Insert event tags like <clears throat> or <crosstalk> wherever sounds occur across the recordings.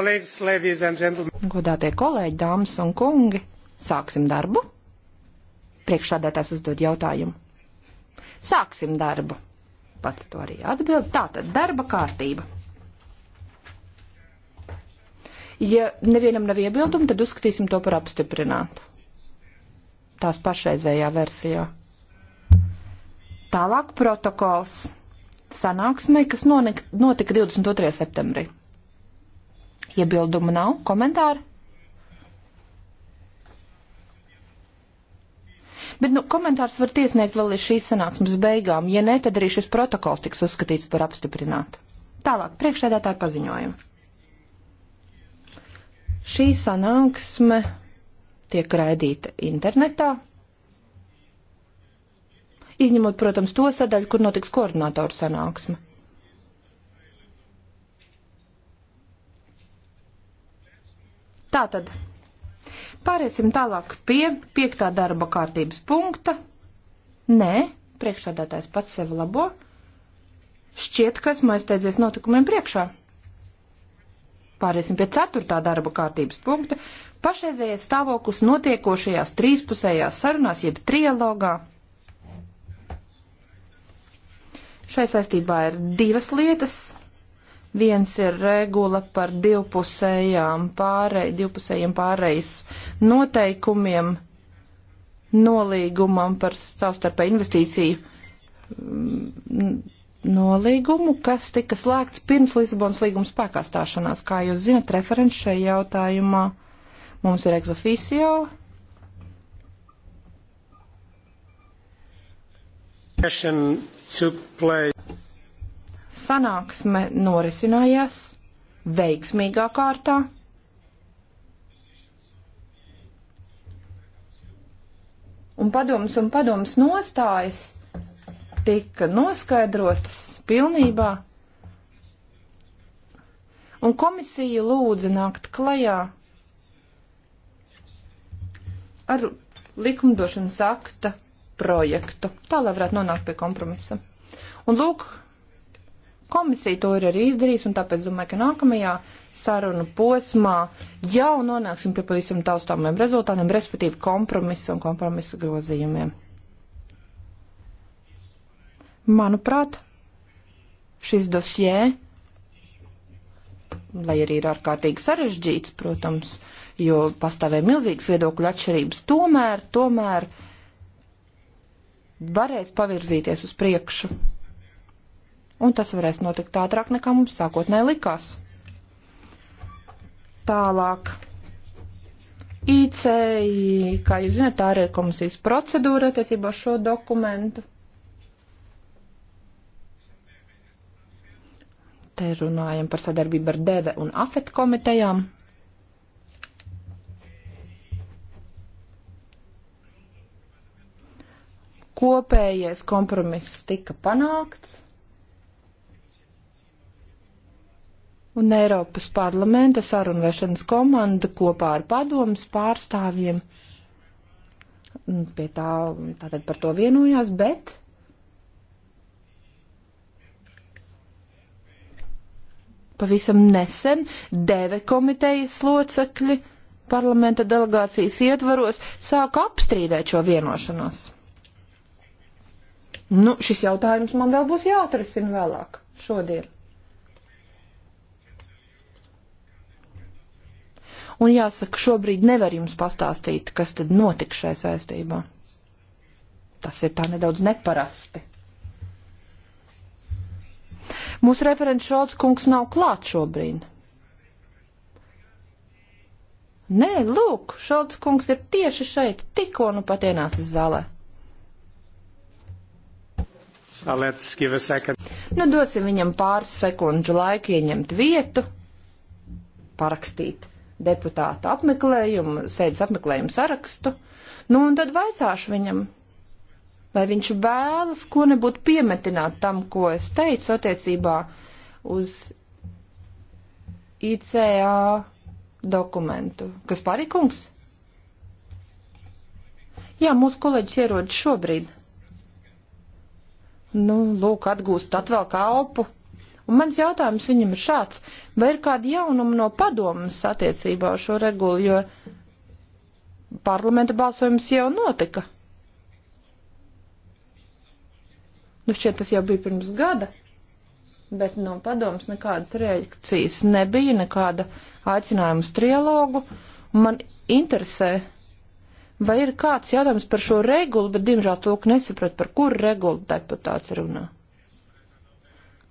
Godātie kolēģi, dāmas un kungi, sāksim darbu. Priekšsādātājs uzdod jautājumu. Sāksim darbu. Pats to arī atbild. Tātad darba kārtība. Ja nevienam nav iebildumu, tad uzskatīsim to par apstiprinātu. Tās pašreizējā versijā. Tālāk protokols sanāksmei, kas notika 22. septembrī. Iebildumu nav? Komentāru? Bet nu, komentārs var tiesniegt vēl līdz šīs sanāksmes beigām. Ja nē, tad arī šis protokols tiks uzskatīts par apstiprinātu. Tālāk, priekšsēdētāji paziņojumi. Šī sanāksme tiek raidīta internetā. Izņemot, protams, to sadaļu, kur notiks koordinātoru sanāksme. Tātad pāriesim tālāk pie piektā darba kārtības punkta. Nē, priekšādātājs pats sevi labo. Šķiet, ka esmu aizteidzies notikumiem priekšā. Pāriesim pie ceturtā darba kārtības punkta. Pašreizējais stāvoklis notiekošajās trīspusējās sarunās, jeb trialogā. Šai saistībā ir divas lietas Viens ir regula par divpusējām pārēj, divpusējiem pārējas noteikumiem nolīgumam par savstarpēju investīciju mm, nolīgumu, kas tika slēgts pirms Lisabonas līguma spēkā stāšanās. Kā jūs zinat, referents šajā jautājumā mums ir exoficio. Session took place sanāksme norisinājās veiksmīgā kārtā. Un padoms un padoms nostājas tika noskaidrotas pilnībā. Un komisija lūdza nākt klajā ar likumdošanas akta projektu, tā lai varētu nonākt pie kompromisa. Un lūk, Komisija to ir arī izdarījusi, un tāpēc domāju, ka nākamajā sarunu posmā jau nonāksim pie pavisam taustāmiem rezultātiem, respektīvi kompromisa un kompromisa grozījumiem. Manuprāt, šis dosjē, lai arī ir ārkārtīgi sarežģīts, protams, jo pastāvēja milzīgas viedokļu atšķirības, tomēr, tomēr varēs pavirzīties uz priekšu un tas varēs notikt ātrāk nekā mums sākotnēji likās. Tālāk. ICI, kā jūs zināt, tā arī ir komisijas procedūra attiecībā šo dokumentu. Te runājam par sadarbību ar DEVE un AFET komitejām. Kopējais kompromiss tika panākts. un Eiropas parlamenta sarunvešanas komanda kopā ar padomus pārstāvjiem. Pie tā, tātad par to vienojās, bet. Pavisam nesen deve komitejas locekļi parlamenta delegācijas ietvaros sāka apstrīdēt šo vienošanos. Nu, šis jautājums man vēl būs jāatrisina vēlāk šodien. un jāsaka, šobrīd nevar jums pastāstīt, kas tad notiks šai saistībā. Tas ir tā nedaudz neparasti. Mūsu referents Šolts kungs nav klāt šobrīd. Nē, lūk, Šolts kungs ir tieši šeit, tikko nu pat ienācis zālē. So nu, dosim viņam pāris sekundžu laiku ieņemt vietu, parakstīt deputātu apmeklējumu, sēdes apmeklējumu sarakstu. Nu, un tad vaicāšu viņam, vai viņš vēlas ko nebūt piemetināt tam, ko es teicu attiecībā uz ICA dokumentu. Kas parikungs? Jā, mūsu kolēģis ierodas šobrīd. Nu, lūk, atgūst atvēl kalpu. Un mans jautājums viņam ir šāds, vai ir kādi jaunumi no padomas attiecībā uz šo regulu, jo parlamenta balsojums jau notika. Nu šķiet, tas jau bija pirms gada, bet no padomas nekādas reakcijas nebija, nekāda aicinājuma uz trialogu. Man interesē, vai ir kāds jautājums par šo regulu, bet dimžēl to, ka nesaprat, par kuru regulu deputāts runā.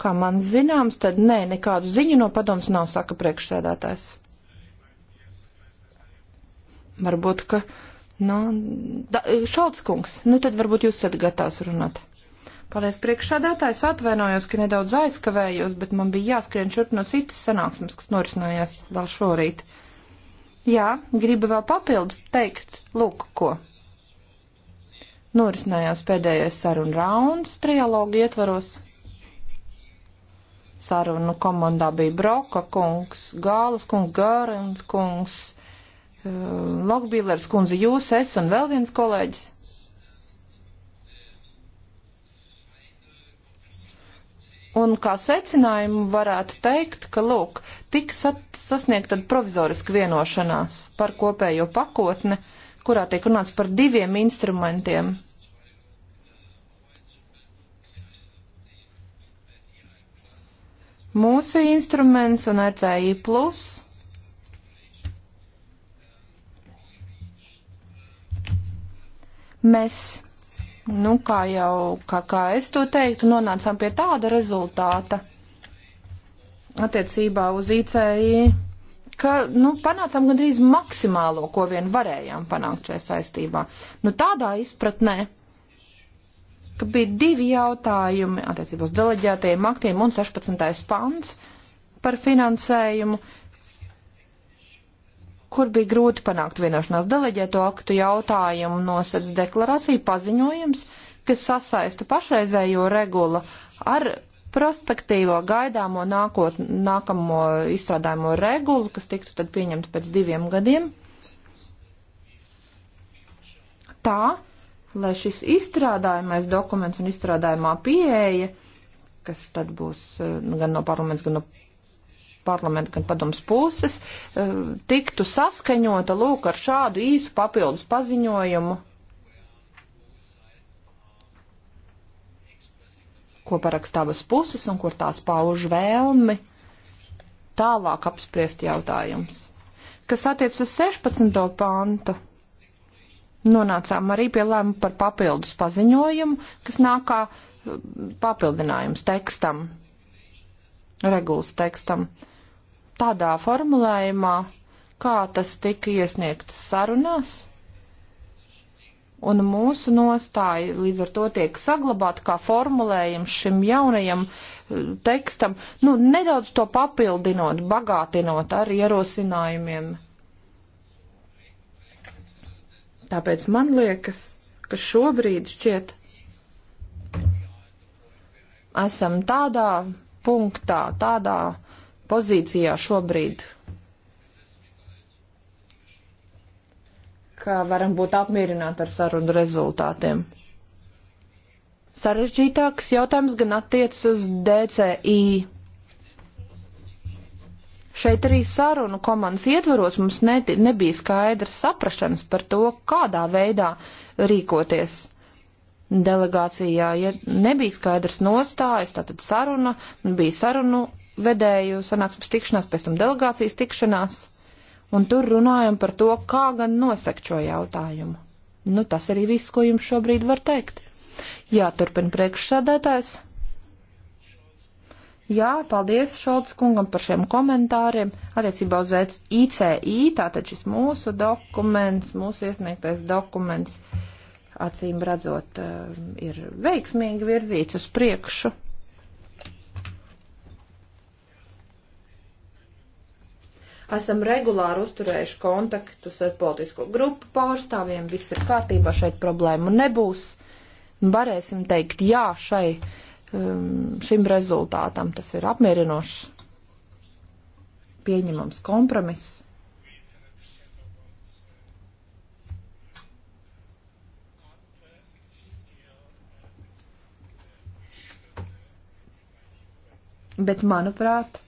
Kā man zināms, tad nē, nekādu ziņu no padoms nav, saka priekšsēdētājs. Varbūt, ka, nu, da, šauts kungs, nu tad varbūt jūs esat gatavs runāt. Paldies priekšsādātājs, atvainojos, ka nedaudz aizkavējos, bet man bija jāskrien šurp no citas sanāksmes, kas norisinājās vēl šorīt. Jā, gribu vēl papildus teikt, lūk, ko. Norisinājās pēdējais saruna rauns trialogu ietvaros sarunu komandā bija Broka kungs, Gālas kungs, Gārens kungs, eh, Lokbīlers kundze, jūs, es un vēl viens kolēģis. Un kā secinājumu varētu teikt, ka, lūk, tika sasniegta tad provizoriska vienošanās par kopējo pakotni, kurā tiek runāts par diviem instrumentiem mūsu instruments un RCI plus. Mēs, nu kā jau, kā, kā es to teiktu, nonācām pie tāda rezultāta attiecībā uz ICI, ka, nu, panācām gandrīz maksimālo, ko vien varējām panākt šajā saistībā. Nu, tādā izpratnē ka bija divi jautājumi attiecībā uz deleģētajiem aktiem un 16. pants par finansējumu, kur bija grūti panākt vienošanās deleģēto aktu jautājumu nosacīts deklarācija paziņojums, kas sasaista pašreizējo regulu ar prospektīvo gaidāmo nākot, nākamo izstrādājumu regulu, kas tiktu tad pieņemta pēc diviem gadiem. Tā, lai šis izstrādājumais dokuments un izstrādājumā pieeja, kas tad būs eh, gan no parlaments, gan no parlamenta, gan padoms puses, eh, tiktu saskaņota lūk ar šādu īsu papildus paziņojumu, ko parakst abas puses un kur tās pauž vēlmi tālāk apspriest jautājums. Kas attiec uz 16. pantu nonācām arī pie lēmuma par papildus paziņojumu, kas nāk kā uh, papildinājums tekstam, regulas tekstam. Tādā formulējumā, kā tas tika iesniegts sarunās, un mūsu nostāja līdz ar to tiek saglabāta kā formulējums šim jaunajam uh, tekstam, nu, nedaudz to papildinot, bagātinot ar ierosinājumiem Tāpēc man liekas, ka šobrīd šķiet esam tādā punktā, tādā pozīcijā šobrīd, ka varam būt apmierināti ar sarunu rezultātiem. Sarežģītāks jautājums gan attiec uz DCI Šeit arī sarunu komandas ietvaros mums neti, nebija skaidrs saprašanas par to, kādā veidā rīkoties. Delegācijā ja nebija skaidrs nostājas, tātad saruna, bija sarunu vedēju sanāksmes tikšanās, pēc tam delegācijas tikšanās, un tur runājam par to, kā gan nosakt šo jautājumu. Nu, tas arī viss, ko jums šobrīd var teikt. Jā, turpina priekšsādētājs. Jā, paldies Šolts kungam par šiem komentāriem. Attiecībā uz ICI, e tātad šis mūsu dokuments, mūsu iesniegtais dokuments, acīm redzot, um, ir veiksmīgi virzīts uz priekšu. esam regulāri uzturējuši kontaktus ar politisko grupu pārstāvjiem, viss ir kārtībā, šeit problēmu nebūs. Varēsim teikt jā šai Um, šim rezultātam. Tas ir apmierinošs, pieņemams kompromiss. Bet, manuprāt,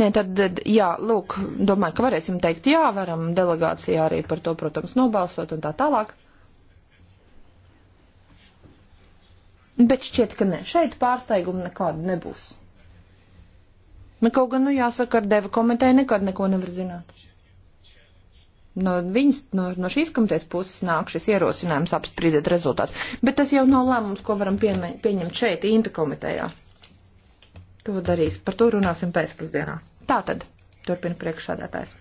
Nē, tad, jā, lūk, domāju, ka varēsim teikt jā, varam delegācijā arī par to, protams, nobalsot un tā tālāk. Bet šķiet, ka ne. Šeit pārsteiguma nekāda nebūs. Nu, kaut gan, nu, jāsaka, ar deva komiteju nekad neko nevar zināt. No viņas, no, no šīs komitejas puses nāk šis ierosinājums apspriedēt rezultāts. Bet tas jau nav lēmums, ko varam pieme, pieņemt šeit, Inta komitejā. To darīs. Par to runāsim pēcpusdienā. Tātad, turpina priekšsādātājs.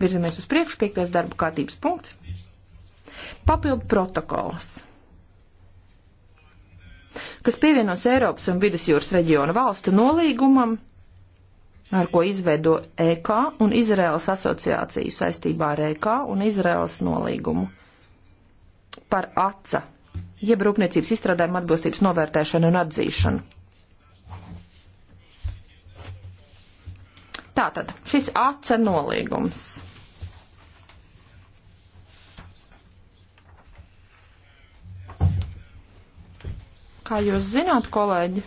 Virzamies uz priekšu, piektais darba kārtības punkts. Papildu protokols kas pievienos Eiropas un Vidusjūras reģiona valstu nolīgumam, ar ko izveido EK un Izraēlas asociāciju saistībā ar EK un Izraēlas nolīgumu par ACA, jeb Rūpniecības izstrādājumu atbilstības novērtēšanu un atzīšanu. Tātad šis ACE nolīgums. Kā jūs zināt, kolēģi,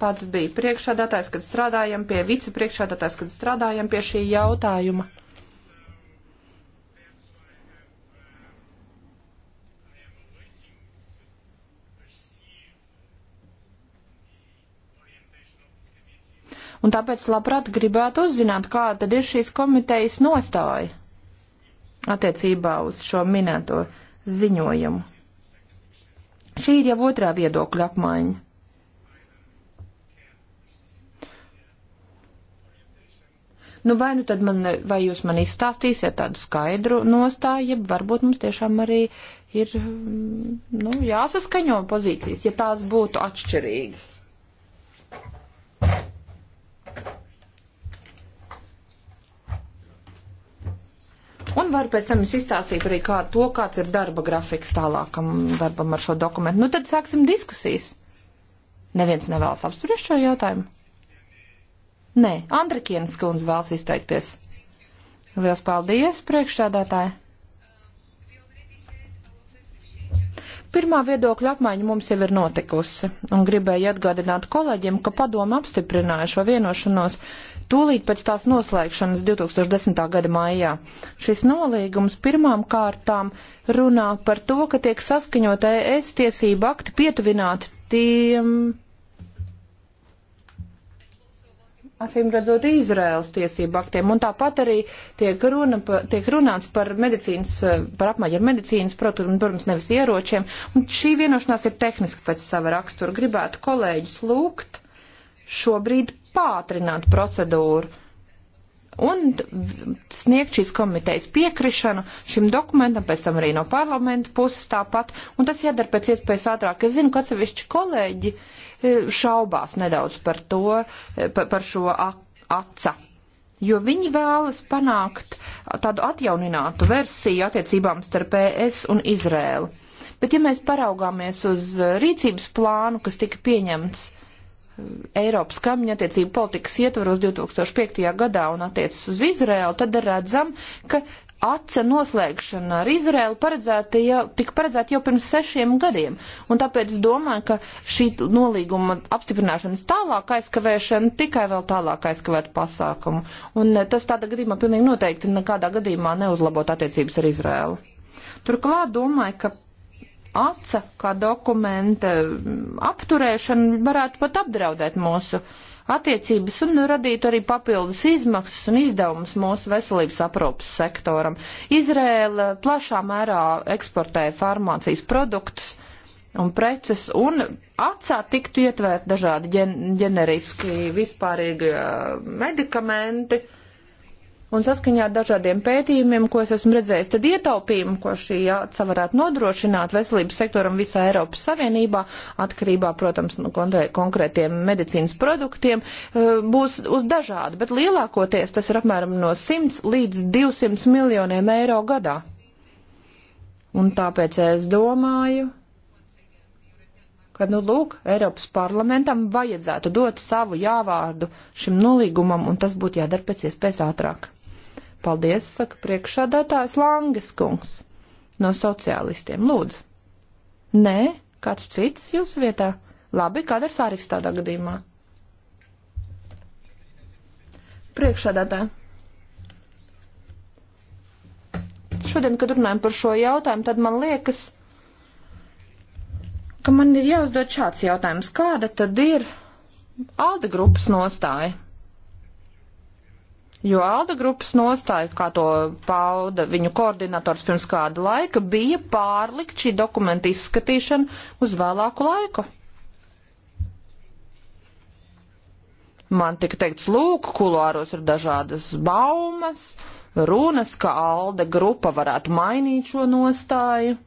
pats bija priekšādātājs, kad strādājam pie vicepriekšādātājs, kad strādājam pie šī jautājuma. Un tāpēc labprāt gribētu uzzināt, kāda tad ir šīs komitejas nostāja attiecībā uz šo minēto ziņojumu. Šī ir jau otrā viedokļa apmaiņa. Nu, vai nu tad man, vai jūs man izstāstīsiet tādu skaidru nostāju, ja varbūt mums tiešām arī ir, mm, nu, jāsaskaņo pozīcijas, ja tās būtu atšķirīgas. Un varu pēc tam jums izstāstīt arī kā, to, kāds ir darba grafiks tālākam darbam ar šo dokumentu. Nu tad sāksim diskusijas. Neviens nevēlas apspriest šo jautājumu? Nē, Andrikienas kundze vēlas izteikties. Lielas paldies, priekšsādātāji! Pirmā viedokļa apmaiņa mums jau ir notikusi, un gribēju atgādināt kolēģiem, ka padoma apstiprināja šo vienošanos tūlīt pēc tās noslēgšanas 2010. gada maijā. Šis nolīgums pirmām kārtām runā par to, ka tiek saskaņot ES tiesību akti pietuvināti tiem acīm redzot, Izraels tiesību aktiem. Un tāpat arī tiek, runa, tiek runāts par medicīnas, eh, par apmaiņu ar medicīnas produktu, un, protams, nevis ieročiem. Un šī vienošanās ir tehniski pēc sava rakstura. Gribētu kolēģus lūgt šobrīd pātrināt procedūru un sniegt šīs komitejas piekrišanu šim dokumentam, pēc tam arī no parlamenta puses tāpat, un tas jādara pēc iespējas ātrāk. Es zinu, ka atsevišķi kolēģi e, šaubās nedaudz par to, e, par, par šo aca. Jo viņi vēlas panākt tādu atjauninātu versiju attiecībām starp ES un Izrēlu. Bet ja mēs paraugāmies uz rīcības plānu, kas tika pieņemts Eiropas kamiņa attiecību politikas ietvaros 2005. gadā un attiecas uz Izraēlu, tad redzam, ka aca noslēgšana ar Izraēlu paredzēta jau, tika paredzēta jau pirms sešiem gadiem. Un tāpēc domāju, ka šī nolīguma apstiprināšanas tālāk aizkavēšana tikai vēl tālāk aizkavētu pasākumu. Un e, tas tādā gadījumā pilnīgi noteikti nekādā gadījumā neuzlabot attiecības ar Izraēlu. Turklāt domāju, ka aca kā dokumenta mm, apturēšana varētu pat apdraudēt mūsu attiecības un radītu arī papildus izmaksas un izdevumus mūsu veselības aprūpas sektoram. Izrēla plašā mērā eksportēja farmācijas produktus un preces, un acā tiktu ietvērt dažādi ģen, ģeneriski vispārīgi medikamenti. Uh, Un saskaņā ar dažādiem pētījumiem, ko es esmu redzējis, tad ietaupījumi, ko šī jāca varētu nodrošināt veselības sektoram visā Eiropas Savienībā, atkarībā, protams, no konkrētiem medicīnas produktiem, eh, būs uz dažādu, bet lielākoties tas ir apmēram no 100 līdz 200 miljoniem eiro gadā. Un tāpēc es domāju, ka, nu, lūk, Eiropas parlamentam vajadzētu dot savu jāvārdu šim nolīgumam, un tas būtu jādara pēc iespējas ātrāk. Paldies, saka priekšādātājs Langes kungs no sociālistiem. Lūdzu. Nē, kāds cits jūsu vietā? Labi, kāda ir sārīks tādā gadījumā? Priekšādātāji. Šodien, kad runājam par šo jautājumu, tad man liekas, ka man ir jāuzdod šāds jautājums. Kāda tad ir Alde grupas nostāja Jo Alda grupas nostāja, kā to pauda viņu koordinators pirms kāda laika, bija pārlikt šī dokumenta izskatīšanu uz vēlāku laiku. Man tika teikts, lūk, kuluāros ir dažādas baumas, runas, ka Alda grupa varētu mainīt šo nostāju.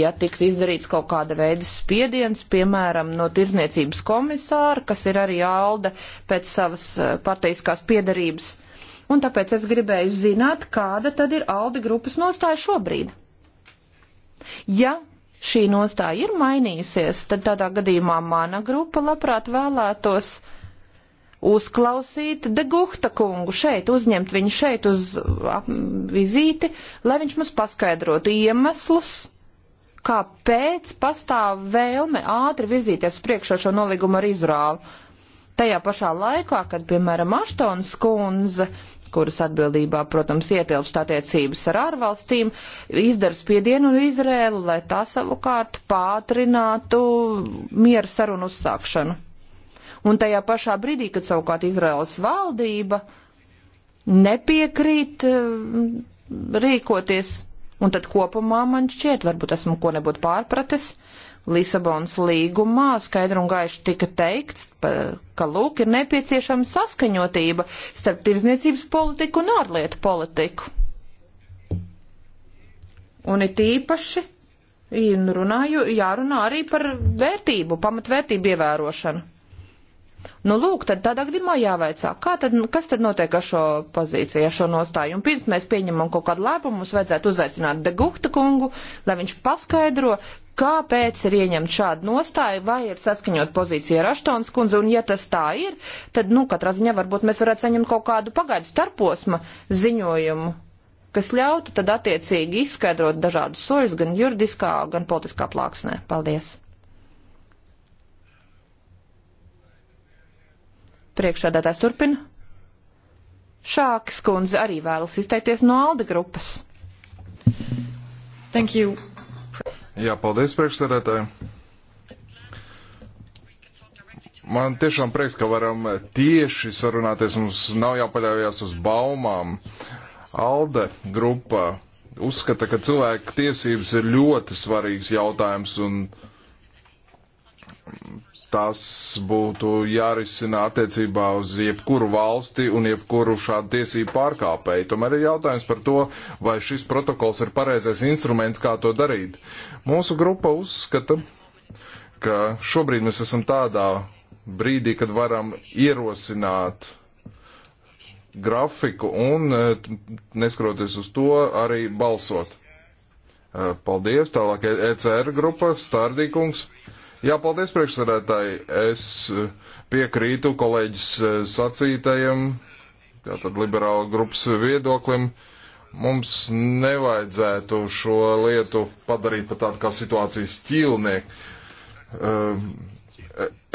Ja tiktu izdarīts kaut kāda veida spiediens, piemēram, no tirzniecības komisāra, kas ir arī Alde pēc savas eh, parteiskās piedarības, un tāpēc es gribēju zināt, kāda tad ir Alde grupas nostāja šobrīd. Ja šī nostāja ir mainījusies, tad tādā gadījumā mana grupa labprāt vēlētos uzklausīt Degukta kungu šeit, uzņemt viņu šeit uz vizīti, lai viņš mums paskaidrotu iemeslus, kāpēc pastāv vēlme ātri virzīties uz priekšu šo nolīgumu ar Izrālu. Tajā pašā laikā, kad, piemēram, Aštons kundze uh, kuras atbildībā, protams, ietilpst attiecības ar ārvalstīm, izdara spiedienu uz Izrēlu, lai tā savukārt pātrinātu miera sarunu uzsākšanu. Un tajā pašā brīdī, kad savukārt Izraels valdība nepiekrīt mm, rīkoties, un tad kopumā man šķiet, varbūt esmu ko nebūtu pārpratis, uh, Lisabonas līgumā skaidri un gaiši tika teikts, ka lūk ir nepieciešama saskaņotība starp tirzniecības politiku un ārlietu politiku. Un it īpaši runāju, jārunā arī par vērtību, pamatvērtību ievērošanu. Nu, lūk, tad tādā gadījumā jāveicā, kā tad, kas tad notiek ar šo pozīciju, ar šo nostāju. Un pirms mēs pieņemam kaut kādu lēmumu, mums vajadzētu uzaicināt Degukta kungu, lai viņš paskaidro, kāpēc ir ieņemta šāda nostāja, vai ir saskaņot pozīcija ar Aštons kundzi, un ja tas tā ir, tad, nu, katrā ziņā varbūt mēs varētu saņemt kaut kādu pagaidu starposma ziņojumu, kas ļautu tad attiecīgi izskaidrot dažādus soļus gan juridiskā, gan politiskā plāksnē. Paldies! Priekšādātājs turpina. Šāks kundze arī vēlas izteikties no Alde grupas. Thank you. Jā, paldies priekšsarētāji. Man tiešām prieks, ka varam tieši sarunāties, mums nav jāpaļaujas uz baumām. Alde grupa uzskata, ka cilvēku tiesības ir ļoti svarīgs jautājums un tas būtu jārisina attiecībā uz jebkuru valsti un jebkuru šādu tiesību pārkāpēju. Tomēr ir jautājums par to, vai šis protokols ir pareizais instruments, kā to darīt. Mūsu grupa uzskata, ka šobrīd mēs esam tādā brīdī, kad varam ierosināt grafiku un, e, neskroties uz to, arī balsot. E, paldies, tālāk ECR grupa, Stārdīkungs. Jā, paldies priekšsarētāji. Es eh, piekrītu kolēģis eh, sacītajam, tātad liberāla grupas viedoklim. Mums nevajadzētu šo lietu padarīt par tādu kā situācijas ķīlnieku. Eh,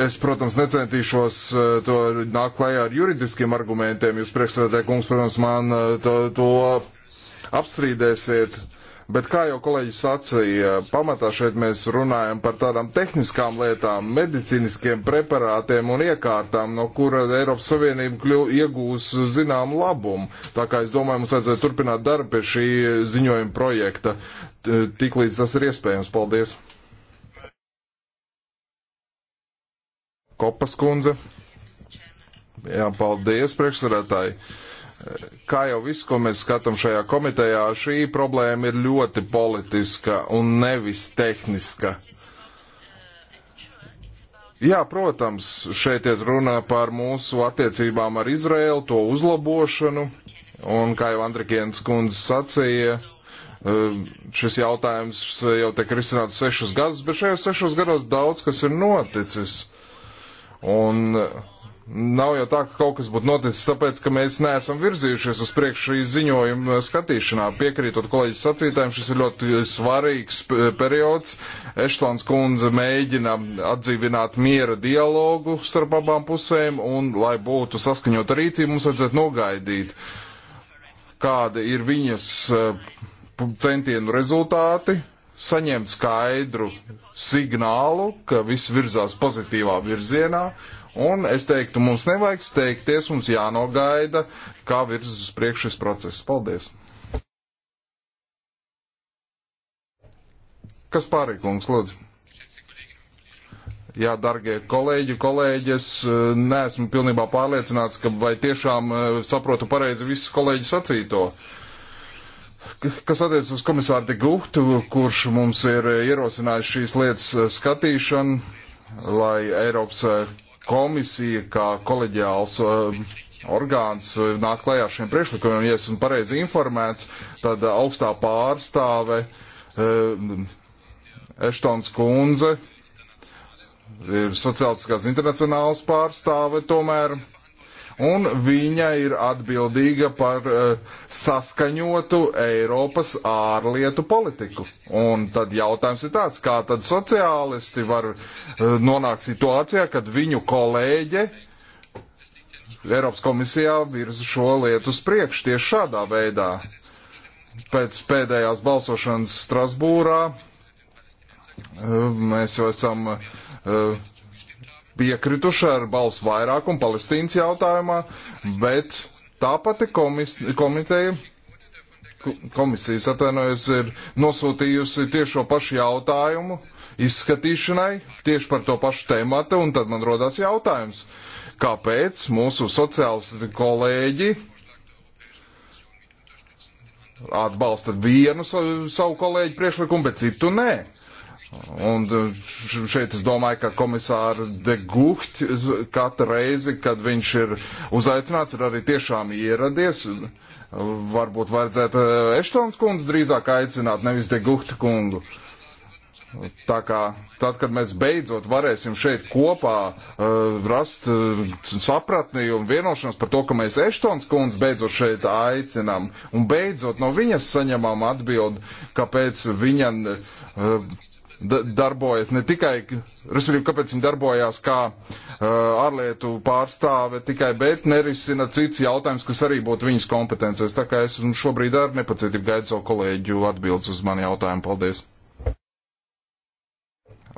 es, protams, necentīšos to nākt klajā ar juridiskiem argumentiem. Jūs priekšsēdētāji kungs, protams, man to, to apstrīdēsiet. Bet, kā jau kolēģis sacīja, pamatā šeit mēs runājam par tādām tehniskām lietām, medicīniskiem preparātiem un iekārtām, no kura Eiropas Savienība kļu, iegūs zinām labumu. Tā kā es domāju, mums vajadzētu turpināt darbu pie šī ziņojuma projekta, tiklīdz tas ir iespējams. Paldies! Kopas kundze. Jā, paldies, priekšsarētāji. Uh, kā jau viss, ko mēs skatām šajā komitejā, šī problēma ir ļoti politiska un nevis tehniska. Jā, protams, šeit ir runa par mūsu attiecībām ar Izraēlu, to uzlabošanu, un kā jau Andrikienas kundze sacīja, eh, šis jautājums jau tiek risināts sešus gadus, bet šajos sešos gados daudz kas ir noticis. Un uh, Nav jau tā, ka kaut kas būtu noticis, tāpēc, ka mēs neesam virzījušies uz priekšu šī ziņojuma skatīšanā. Piekrītot kolēģis sacītājiem, šis ir ļoti svarīgs periods. Ešlons kundze mēģina atdzīvināt miera dialogu starp abām pusēm, un, lai būtu saskaņota rīcība, mums vajadzētu nogaidīt, kāda ir viņas eh, centienu rezultāti, saņemt skaidru signālu, ka viss virzās pozitīvā virzienā Un es teiktu, mums nevajag steigties, mums jānogaida, kā virzas uz priekšu šis process. Paldies! Kas pārīkums, lūdzu? Jā, darbie kolēģi, kolēģis, eh, neesmu pilnībā pārliecināts, ka vai tiešām eh, saprotu pareizi visu kolēģi sacīto. Kas attiecas uz komisāru de Guhtu, kurš mums ir eh, ierosinājis šīs lietas skatīšanu, lai Eiropas komisija kā koleģiāls eh, orgāns eh, nāk klajā ar šiem priekšlikumiem. Ja esmu pareizi informēts, tad eh, augstā pārstāve Eštons Kunze ir sociālistiskās internacionālas pārstāve tomēr un viņa ir atbildīga par uh, saskaņotu Eiropas ārlietu politiku. Un tad jautājums ir tāds, kā tad sociālisti var uh, nonākt situācijā, kad viņu kolēģe Eiropas komisijā virza šo lietu uz priekšu tieši šādā veidā. Pēc pēdējās balsošanas Strasbūrā uh, mēs jau esam uh, piekrituši ar balsu vairākumu Palestīnas jautājumā, bet tā pati komis, komiteja, komisijas atvainojas, ir nosūtījusi tiešo pašu jautājumu izskatīšanai, tieši par to pašu tēmatu, un tad man rodās jautājums, kāpēc mūsu sociālisti kolēģi atbalsta vienu savu, savu kolēģu priekšlikumu, bet citu nē. Un uh, šeit es domāju, ka komisāra de Gucht katru reizi, kad viņš ir uzaicināts, ir arī tiešām ieradies. Varbūt vajadzētu uh, Eštons kundzi drīzāk aicināt, nevis de Gucht kundu. Tā kā tad, kad mēs beidzot varēsim šeit kopā uh, rast uh, sapratni un vienošanos par to, ka mēs Eštons kundz beidzot šeit aicinām un beidzot no viņas saņemam atbildi, kāpēc viņa uh, darbojas ne tikai, respektīvi, kāpēc viņi darbojās kā uh, ārlietu pārstāve tikai, bet nerisina cits jautājums, kas arī būtu viņas kompetences. Tā kā es šobrīd ar nepacietību gaidu savu kolēģu atbildes uz mani jautājumu. Paldies.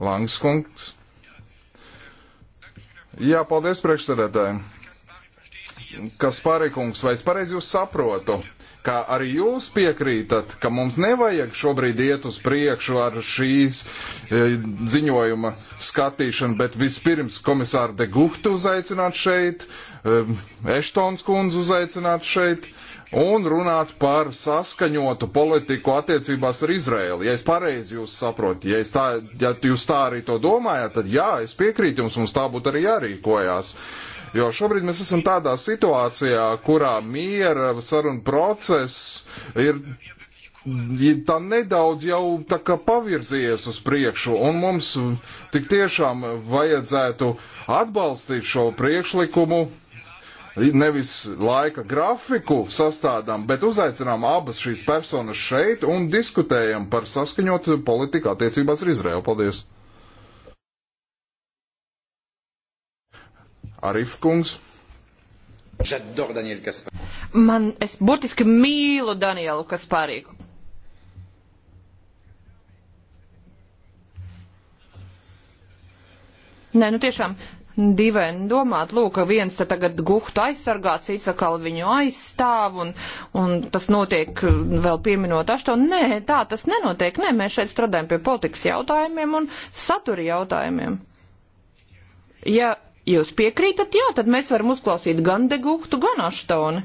Langskungs. Jā, paldies priekšsēdētājiem. Kas pārīkums, vai es pareizi jūs saprotu? ka arī jūs piekrītat, ka mums nevajag šobrīd iet uz priekšu ar šīs e, ziņojuma skatīšanu, bet vispirms komisāru de Guhtu uzaicināt šeit, e, Eštons kundzu uzaicināt šeit un runāt par saskaņotu politiku attiecībās ar Izraēlu. Ja es pareizi jūs saprotu, ja, tā, ja jūs tā arī to domājat, tad jā, es piekrītu jums, mums tā būtu arī jārīkojās. Uh, Jo šobrīd mēs esam tādā situācijā, kurā miera saruna process ir tā nedaudz jau tā kā pavirzījies uz priekšu, un mums tik tiešām vajadzētu atbalstīt šo priekšlikumu. Nevis laika grafiku sastādām, bet uzaicinām abas šīs personas šeit un diskutējam par saskaņotu politiku attiecībās ar Izraēlu. Paldies! Arif kungs. Man, es burtiski mīlu Danielu Kasparīku. Nē, nu tiešām dīvaini domāt, lūk, ka viens te tagad guhtu aizsargā, cits atkal viņu aizstāv, un, un tas notiek vēl pieminot aštonu. Nē, tā tas nenotiek. Nē, mēs šeit strādājam pie politikas jautājumiem un satura jautājumiem. Ja Jūs piekrītat, jā, tad mēs varam uzklausīt gan degūktu, gan aštoni.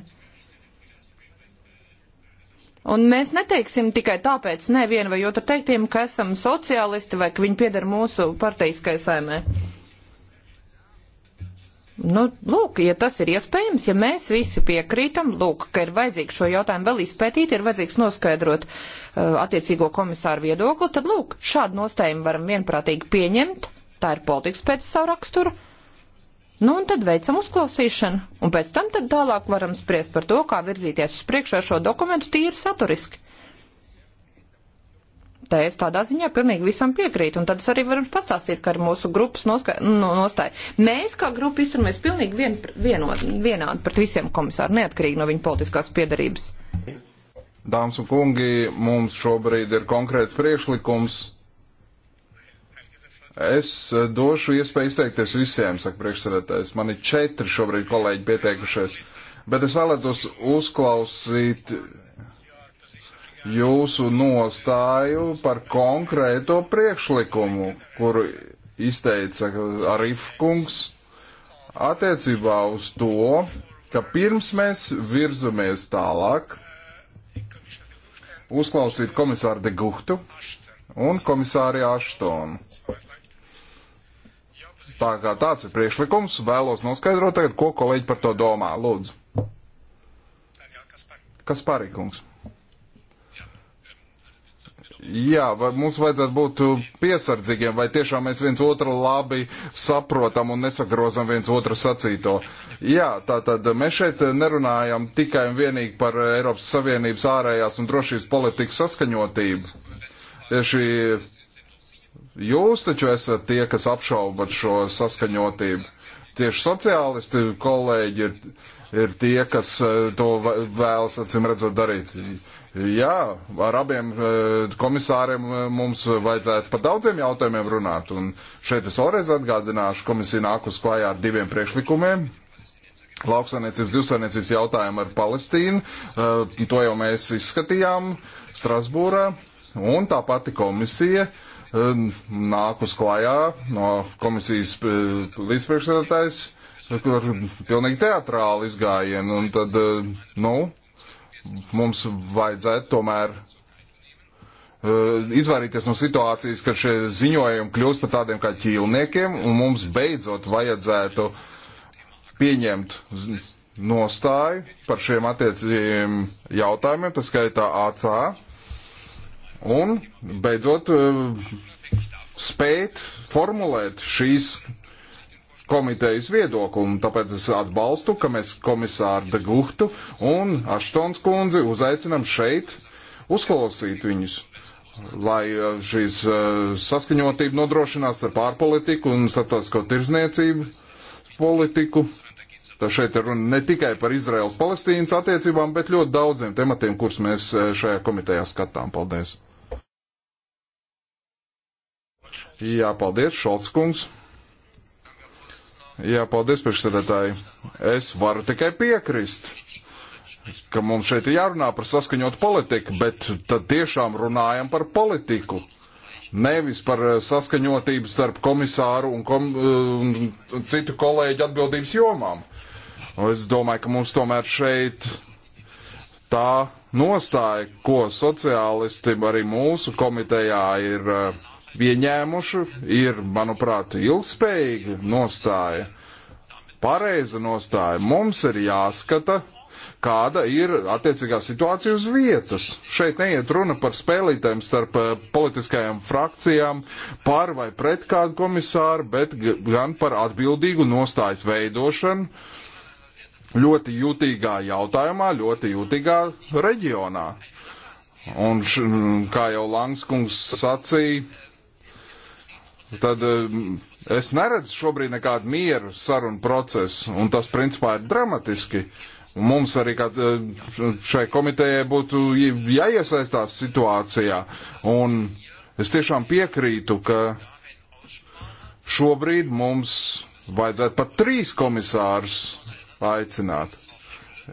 Un mēs neteiksim tikai tāpēc nevienu vai otru teiktiem, ka esam sociālisti vai ka viņi piedara mūsu partijiskai saimē. Nu, lūk, ja tas ir iespējams, ja mēs visi piekrītam, lūk, ka ir vajadzīgs šo jautājumu vēl izpētīt, ir vajadzīgs noskaidrot uh, attiecīgo komisāru viedokli, tad lūk, šādu nostējumu varam vienprātīgi pieņemt. Tā ir politikas pēc savu raksturu. Uh, Nu, un tad veicam uzklausīšanu, un pēc tam tad tālāk varam spriest par to, kā virzīties uz priekšu ar šo dokumentu tīri saturiski. Tā es tādā ziņā pilnīgi visam piekrītu, un tad es arī varu pastāstīt, ka ar mūsu grupas noska... Nu, nostāju. Mēs kā grupa izturamies pilnīgi vien, vieno, vienādi pret visiem komisāru, neatkarīgi no viņa politiskās piedarības. Dāmas un kungi, mums šobrīd ir konkrēts priekšlikums Es eh, došu iespēju izteikties visiem, saka priekšsēdētājs. Man ir četri šobrīd kolēģi pieteikušies, bet es vēlētos uzklausīt jūsu nostāju par konkrēto priekšlikumu, kuru izteica Arif kungs attiecībā uz to, ka pirms mēs virzamies tālāk, uzklausīt komisāru de Guhtu un komisāri Aštonu Tā kā tāds ir priekšlikums, vēlos noskaidrot tagad, ko kolēģi par to domā. Lūdzu. Kas pārīkums? Jā, vai mums vajadzētu būt piesardzīgiem, vai tiešām mēs viens otru labi saprotam un nesagrozam viens otru sacīto. Jā, tātad mēs šeit nerunājam tikai un vienīgi par Eiropas Savienības ārējās un drošības politikas saskaņotību. Tieši Jūs taču esat tie, kas apšaubat šo saskaņotību. Tieši sociālisti kolēģi ir, ir tie, kas eh, to vēlas, acīm redzot, darīt. Jā, ar abiem eh, komisāriem eh, mums vajadzētu par daudziem jautājumiem runāt. Un šeit es vēlreiz atgādināšu, komisija nāk uz klājā ar diviem priekšlikumiem. Lauksaimniecības, zivsaimniecības jautājumu ar Palestīnu. To jau mēs izskatījām Strasbūrā. Un tā pati komisija uh, nāk uz klājā no komisijas eh, līdzpriekšsēdētājs, kur pilnīgi teatrāli izgājienu, un tad, eh, nu, mums vajadzētu tomēr eh, izvairīties no situācijas, ka šie ziņojumi kļūst par tādiem kā ķīlniekiem, un mums beidzot vajadzētu pieņemt nostāju par šiem attiecīgiem jautājumiem, tas skaitā ACA, un beidzot eh, spēt formulēt šīs komitejas viedokli, un tāpēc es atbalstu, ka mēs komisāru de Guhtu un Aštons kundzi uzaicinam šeit uzklausīt viņus, lai eh, šīs eh, saskaņotība nodrošinās ar pārpolitiku un starptautisko tirzniecību politiku. Tā šeit ir runa ne tikai par Izraels-Palestīnas attiecībām, bet ļoti daudziem tematiem, kurus mēs šajā komitejā skatām. Paldies! Jā, paldies, Šolts kungs. Jā, paldies, priekšsēdētāji. Es varu tikai piekrist, ka mums šeit ir jārunā par saskaņot politiku, bet tad tiešām runājam par politiku. Nevis par eh, saskaņotību starp komisāru un kom, eh, citu kolēģu atbildības jomām. Es domāju, ka mums tomēr šeit tā nostāja, ko sociālisti arī mūsu komitejā ir uh, pieņēmuši, ir, manuprāt, ilgspējīga nostāja, pareiza nostāja. Mums ir jāskata, kāda ir attiecīgā situācija uz vietas. Šeit neiet runa par spēlītēm starp eh, politiskajām frakcijām, par vai pret kādu komisāru, bet gan par atbildīgu nostājas veidošanu ļoti jūtīgā jautājumā, ļoti jūtīgā reģionā. Un, š, kā jau Langskungs sacīja, tad um, es neredzu šobrīd nekādu mieru sarunu procesu, un tas principā ir dramatiski. Mums arī kā um, šai komitejai būtu jāiesaistās situācijā, un es tiešām piekrītu, ka šobrīd mums vajadzētu pat trīs komisārus aicināt,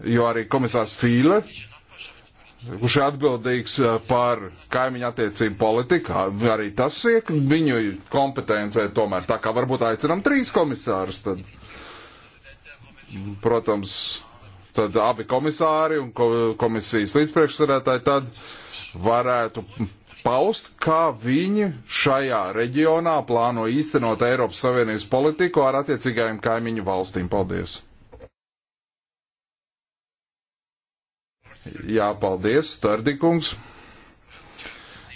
jo arī komisārs Fīle kurš ir atbildīgs eh, par kaimiņu attiecību politiku, arī tas iek viņu kompetencē tomēr. Tā kā varbūt aicinām trīs komisārus, tad, protams, tad abi komisāri un komisijas līdzpriekšsarētāji tad varētu paust, kā viņi šajā reģionā plāno īstenot Eiropas Savienības politiku ar attiecīgajiem kaimiņu valstīm. Paldies! Jā, paldies, Stardikungs.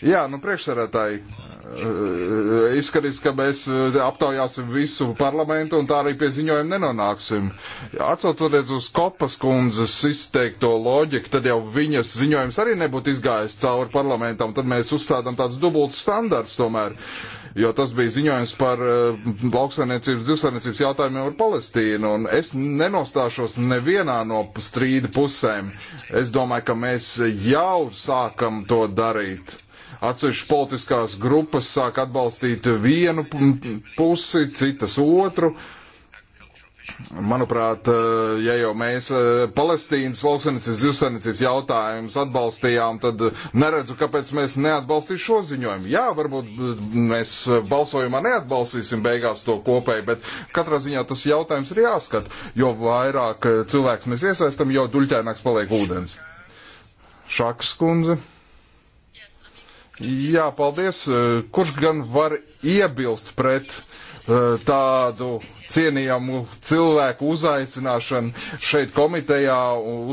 Jā, nu priekšsarētāji, eh, izskatīs, ka mēs eh, aptaujāsim visu parlamentu un tā arī pie ziņojuma nenonāksim. Atcaucoties uz Kopas kundzes izteikto loģiku, tad jau viņas ziņojums arī nebūtu izgājis cauri parlamentam, tad mēs uzstādām tāds dubults standarts tomēr, jo tas bija ziņojums par eh, lauksainiecības, dzīvesainiecības jautājumiem ar Palestīnu, un es nenostāšos nevienā no strīda pusēm. Es domāju, ka mēs jau sākam to darīt atsevišķas politiskās grupas sāk atbalstīt vienu pusi, citas otru. Manuprāt, eh, ja jau mēs eh, Palestīnas lauksanicības zivsanicības jautājumus atbalstījām, tad neredzu, kāpēc mēs neatbalstītu šo ziņojumu. Jā, varbūt eh, mēs balsojumā neatbalstīsim beigās to kopēji, bet katrā ziņā tas jautājums ir jāskat, jo vairāk cilvēks mēs iesaistam, jo duļķēnāks paliek ūdens. Šakas kundze. Jā, paldies. Eh, kurš gan var iebilst pret eh, tādu cienījamu cilvēku uzaicināšanu šeit komitejā,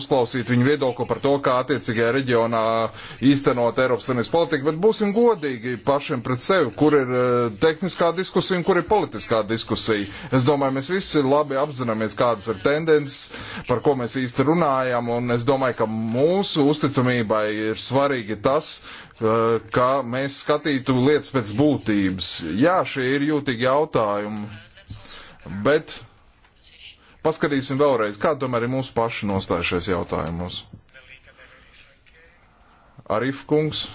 uzklausīt viņu viedokli par to, kā attiecīgajā reģionā īstenot Eiropas Savienības politiku, bet būsim godīgi pašiem pret sevi, kur ir eh, tehniskā diskusija un kur ir politiskā diskusija. Es domāju, mēs visi labi apzināmies, kādas ir tendences, par ko mēs īsti runājam, un es domāju, ka mūsu uzticamībai ir svarīgi tas, ka mēs skatītu lietas pēc būtības. Jā, šie ir jūtīgi jautājumi, bet paskatīsim vēlreiz, kāda tomēr ir mūsu paša nostājušies jautājumos. Arif kungs.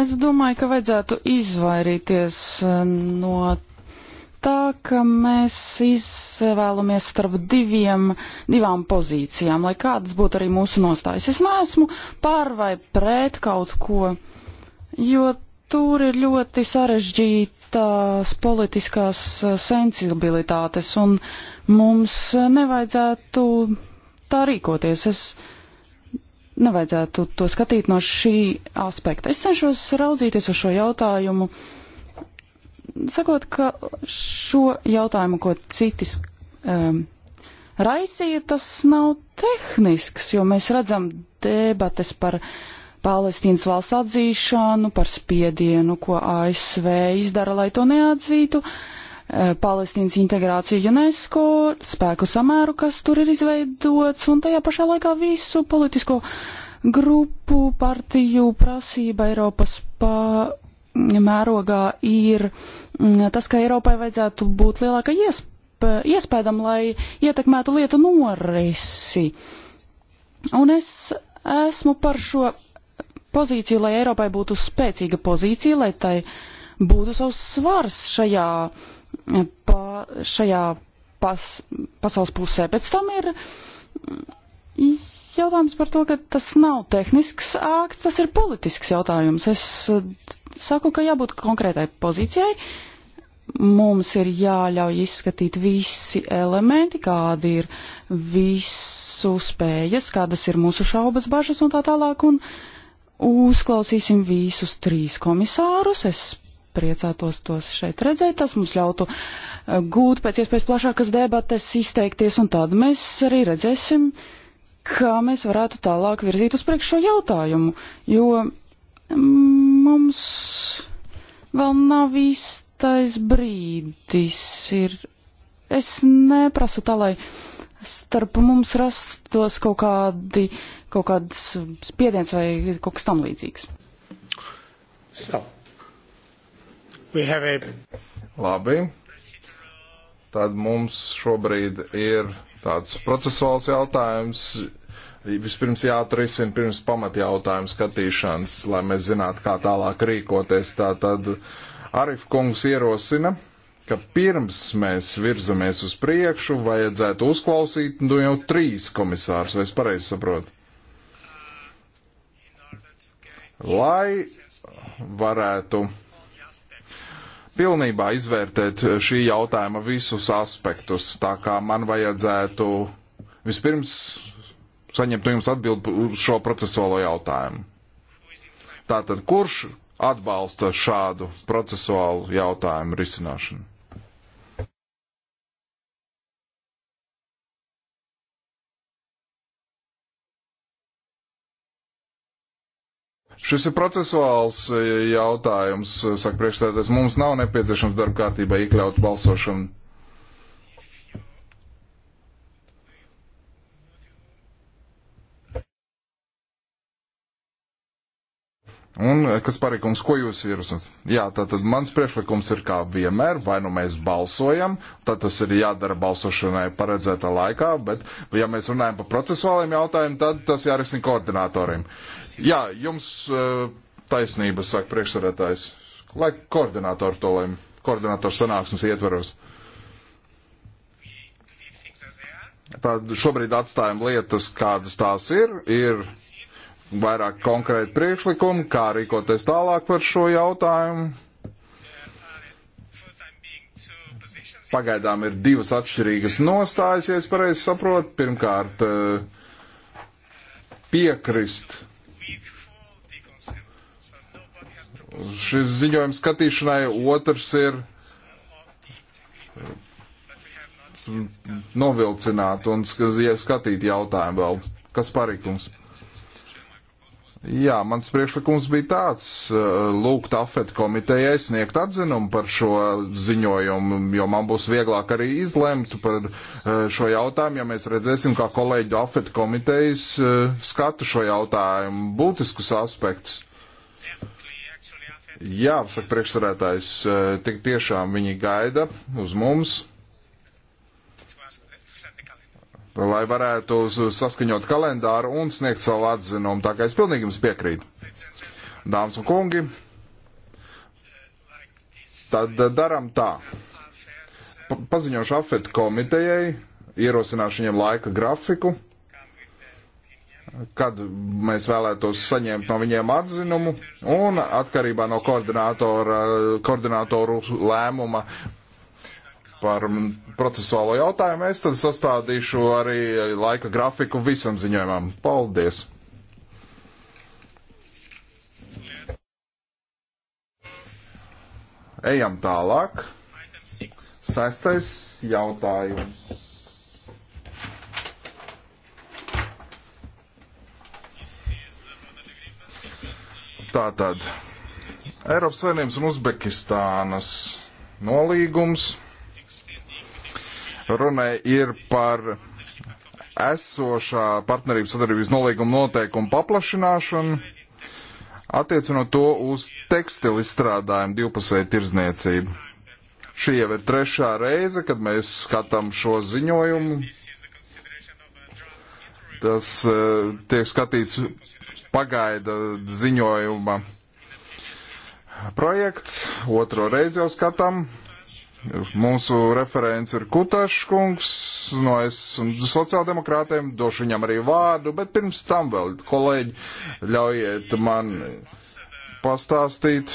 Es domāju, ka vajadzētu izvairīties eh, no tā, ka mēs izvēlamies starp diviem, divām pozīcijām, lai kādas būtu arī mūsu nostājas. Es neesmu pār vai pret kaut ko, jo tur ir ļoti sarežģītās politiskās sensibilitātes, un mums nevajadzētu tā rīkoties. Es nevajadzētu to skatīt no šī aspekta. Es cenšos raudzīties uz šo jautājumu sakot, ka šo jautājumu, ko citis um, raisīja, tas nav tehnisks, jo mēs redzam debates par Palestīnas valsts atzīšanu, par spiedienu, ko ASV izdara, lai to neatzītu, e, Palestīnas integrāciju UNESCO, spēku samēru, kas tur ir izveidots, un tajā pašā laikā visu politisko grupu partiju prasība Eiropas pa mērogā ir mm, tas, ka Eiropai vajadzētu būt lielākai iespē, iespējam, lai ietekmētu lietu norisi. Un es esmu par šo pozīciju, lai Eiropai būtu spēcīga pozīcija, lai tai būtu savs svars šajā, pa, šajā pas, pasaules pusē. Pēc tam ir jautājums par to, ka tas nav tehnisks akts, tas ir politisks jautājums. Es eh, saku, ka jābūt konkrētai pozīcijai. Mums ir jāļauj izskatīt visi elementi, kādi ir visu spējas, kādas ir mūsu šaubas, bažas un tā tālāk. Un uzklausīsim visus trīs komisārus. Es priecātos tos šeit redzēt. Tas mums ļautu eh, gūt pēc iespējas plašākas debates, izteikties, un tad mēs arī redzēsim, uh, kā mēs varētu tālāk virzīt uz priekšu šo jautājumu, jo mums vēl nav īstais brīdis. Ir. Es neprasu tā, lai starp mums rastos kaut, kādi, kaut kāds spiediens vai kaut kas tam līdzīgs. So, a... Labi. Tad mums šobrīd ir tāds procesuāls jautājums. Vispirms jāatrisina pirms pamatjautājuma skatīšanas, lai mēs zinātu, kā tālāk rīkoties. Tā tad Arif kungs ierosina, ka pirms mēs virzamies uz priekšu, vajadzētu uzklausīt nu jau trīs komisārus, vai es pareizi saprotu? Lai varētu pilnībā izvērtēt eh, šī jautājuma visus aspektus, tā kā man vajadzētu vispirms saņemt no jums atbildi uz šo procesuālo jautājumu. Tātad, kurš atbalsta šādu procesuālu jautājumu risināšanu? Šis ir procesuāls eh, jautājums, eh, saka priekšstādātais. Mums nav nepieciešams darba kārtībā iekļaut balsošanu. Un, eh, kas parīkums, ko jūs ierosināt? Jā, tātad mans priekšlikums ir kā vienmēr, vai nu mēs balsojam, tad tas ir jādara balsošanai paredzētā laikā, bet, ja mēs runājam par procesuāliem jautājumiem, tad tas jārisina koordinatoriem. Jā, jums eh, taisnība, saka priekšsarētājs, lai koordinātori to lēma, koordinātori sanāksmes ietveros. Tad šobrīd atstājam lietas, kādas tās ir, ir vairāk konkrēti priekšlikumi, kā rīkoties tālāk par šo jautājumu. Pagaidām ir divas atšķirīgas nostājas, ja es pareizi saprotu. Pirmkārt, eh, piekrist šis ziņojums skatīšanai, otrs ir eh, novilcināt un skatīt jautājumu vēl. Kas parīkums? Jā, mans priekšlikums bija tāds uh, - lūgt afetu komitejai sniegt atzinumu par šo ziņojumu, jo man būs vieglāk arī izlemt par uh, šo jautājumu, ja mēs redzēsim, kā kolēģi afetu komitejas uh, skata šo jautājumu būtiskus aspektus. Jā, saka priekšsarētājs, tik tiešām viņi gaida uz mums lai varētu saskaņot kalendāru un sniegt savu atzinumu. Tā kā es pilnīgi jums piekrītu. Dāmas un kungi, tad daram tā. Pa paziņošu afetu komitejai, ierosināšu viņiem laika grafiku, kad mēs vēlētos saņemt no viņiem atzinumu un atkarībā no koordinātoru lēmuma par procesuālo jautājumu. Es tad sastādīšu arī laika grafiku visam ziņojumam. Paldies! Ejam tālāk. Sestais jautājums. Tātad Eiropas Savienības un Uzbekistānas nolīgums. Runa ir par esošā partnerības sadarbības nolīguma noteikumu paplašināšanu, attiecinot to uz tekstilu izstrādājumu divpusēju tirdzniecību. Šī jau ir trešā reize, kad mēs skatām šo ziņojumu. Tas uh, tiek skatīts pagaida ziņojuma projekts, otro reizi jau skatām. Mūsu referents ir Kutašs kungs no es un sociāldemokrātiem, došu viņam arī vārdu, bet pirms tam vēl, kolēģi, ļaujiet man pastāstīt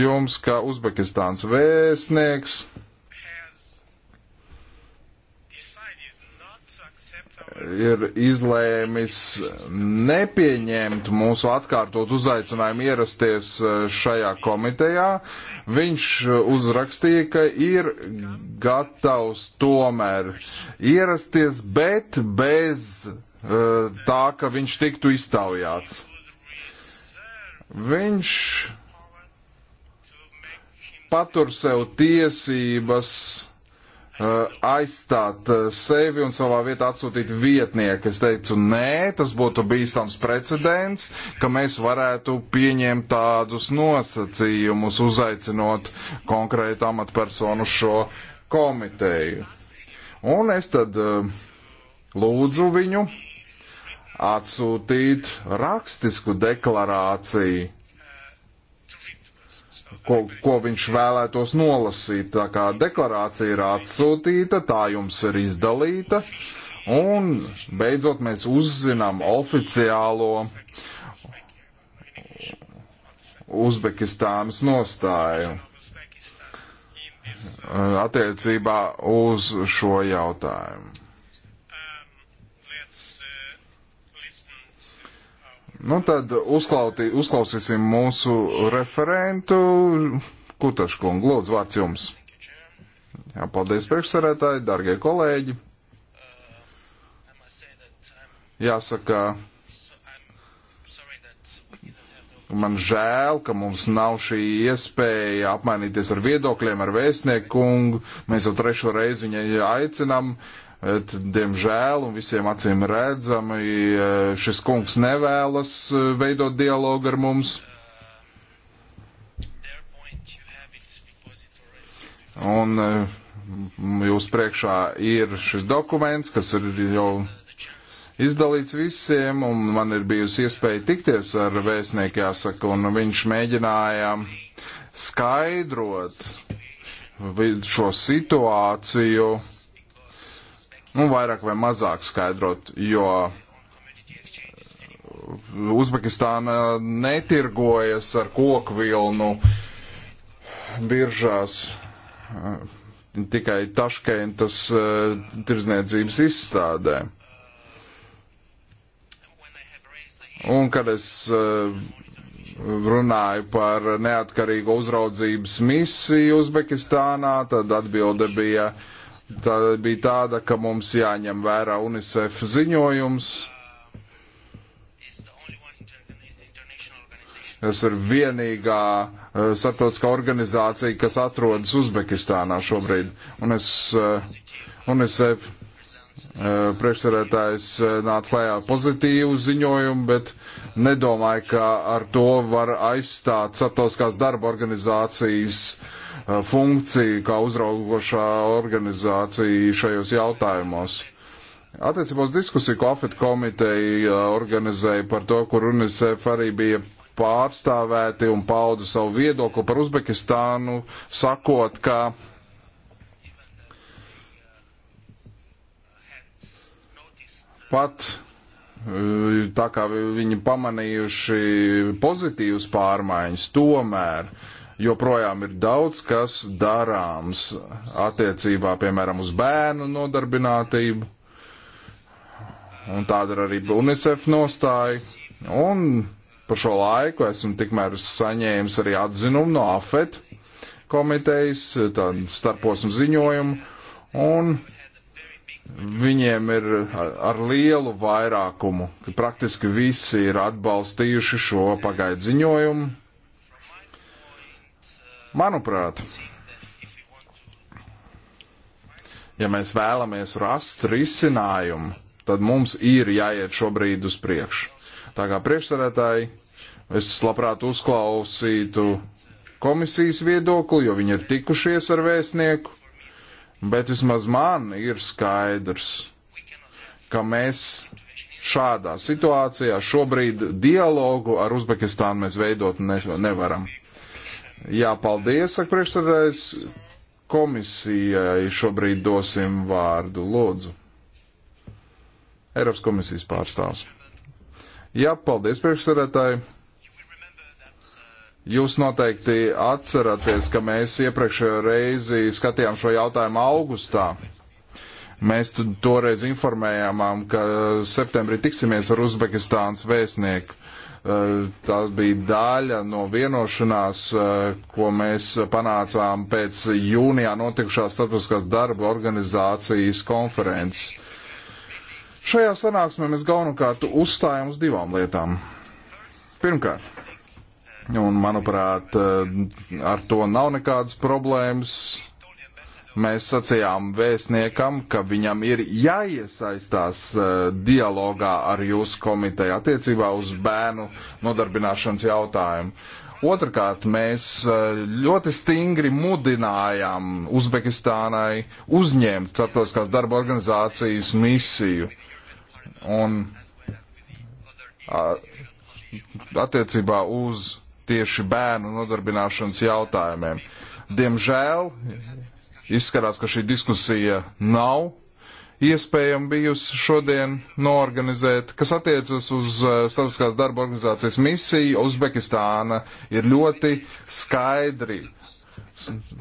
jums, ka Uzbekistāns vēstnieks ir izlēmis nepieņemt mūsu atkārtot uzaicinājumu ierasties e, šajā komitejā. Viņš uzrakstīja, ka ir gatavs tomēr ierasties, bet bez uh, tā, ka viņš tiktu iztaujāts. Viņš patur sev tiesības Uh, aizstāt uh, sevi un savā vietā atsūtīt vietnieku. Es teicu, nē, tas būtu bīstams precedents, ka mēs varētu pieņemt tādus nosacījumus, uzaicinot konkrētu amatpersonu šo komiteju. Un es tad uh, lūdzu viņu atsūtīt rakstisku deklarāciju ko, ko viņš vēlētos nolasīt. Tā kā deklarācija ir atsūtīta, tā jums ir izdalīta, un beidzot mēs uzzinām oficiālo Uzbekistānas nostāju uh, attiecībā uz šo jautājumu. Nu tad uzklauti, uzklausīsim mūsu referentu Kutaškungu. Lūdzu, vārds jums. Jā, paldies priekšsarētāji, dargie kolēģi. Jāsaka, man žēl, ka mums nav šī iespēja apmainīties ar viedokļiem ar vēstnieku kungu. Mēs jau trešo reizi viņai aicinām. Uh, Et, diemžēl, un visiem acīm redzami, e, šis kungs nevēlas e, veidot dialogu ar mums. Un e, jūs priekšā ir šis dokuments, kas ir jau izdalīts visiem, un man ir bijusi iespēja tikties ar vēstnieku, jāsaka, un viņš mēģināja skaidrot šo situāciju nu, vairāk vai mazāk skaidrot, jo uh, Uzbekistāna netirgojas ar koku vilnu biržās uh, tikai Taškentas uh, tirzniecības izstādē. Un kad es runāju par neatkarīgu uzraudzības misiju Uzbekistānā, tad atbilde bija, uh, Tā bija tāda, ka mums jāņem vērā UNICEF ziņojums. Tas ir vienīgā uh, starptautiskā organizācija, kas atrodas Uzbekistānā šobrīd. Un es, uh, UNICEF uh, priekšsarētājs nāca klajā pozitīvu ziņojumu, bet nedomāju, ka ar to var aizstāt starptautiskās darba organizācijas uh, Uh, funkciju kā uzraugošā organizācija šajos jautājumos. Attiecībā uz diskusiju, ko AFET komiteja uh, organizēja par to, kur UNICEF arī bija pārstāvēti un pauda savu viedokli par Uzbekistānu, sakot, ka pat uh, tā kā viņi pamanījuši pozitīvas pārmaiņas, tomēr joprojām ir daudz kas darāms attiecībā, piemēram, uz bērnu nodarbinātību. Un tāda ir arī UNICEF nostāja. Un par šo laiku esmu tikmēr saņēmis arī atzinumu no AFET komitejas, tādu starposmu ziņojumu. Un viņiem ir ar lielu vairākumu, ka praktiski visi ir atbalstījuši šo pagaidu ziņojumu Manuprāt, ja mēs vēlamies rast risinājumu, tad mums ir jāiet šobrīd uz priekšu. Tā kā priekšsarētāji, es labprāt uzklausītu komisijas viedokli, jo viņi ir tikušies ar vēstnieku, bet vismaz man ir skaidrs, ka mēs šādā situācijā šobrīd dialogu ar Uzbekistānu mēs veidot nevaram. Jā, paldies, saka priekšsēdājs. Komisijai šobrīd dosim vārdu, lūdzu. Eiropas komisijas pārstāvs. Jā, paldies, priekšsēdētāji. Jūs noteikti atceraties, ka mēs iepriekšējo reizi skatījām šo jautājumu augustā. Mēs toreiz informējām, ka septembrī tiksimies ar Uzbekistānas vēstnieku. Eh, Tā bija daļa no vienošanās, eh, ko mēs panācām pēc jūnijā notikušās starptautiskās darba organizācijas konferences. Šajā sanāksmē mēs galvenokārt uzstājam uz divām lietām. Pirmkārt, Un, manuprāt, eh, ar to nav nekādas problēmas. Mēs sacījām vēstniekam, ka viņam ir jāiesaistās eh, dialogā ar jūsu komiteju attiecībā uz bērnu nodarbināšanas jautājumu. Otrakārt, mēs eh, ļoti stingri mudinājām Uzbekistānai uzņemt starptautiskās darba organizācijas misiju. Un attiecībā uz tieši bērnu nodarbināšanas jautājumiem. Diemžēl Izskatās, ka šī diskusija nav iespējama bijusi šodien noorganizēt. Kas attiecas uz eh, Starptautiskās darba organizācijas misiju, Uzbekistāna ir ļoti skaidri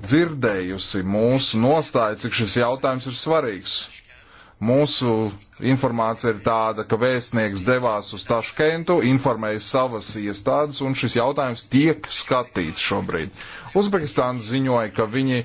dzirdējusi mūsu nostāju, cik šis jautājums ir svarīgs. Mūsu informācija ir tāda, ka vēstnieks devās uz Taškentu, informēja savas iestādes, un šis jautājums tiek skatīts šobrīd. Uzbekistāns ziņoja, ka viņi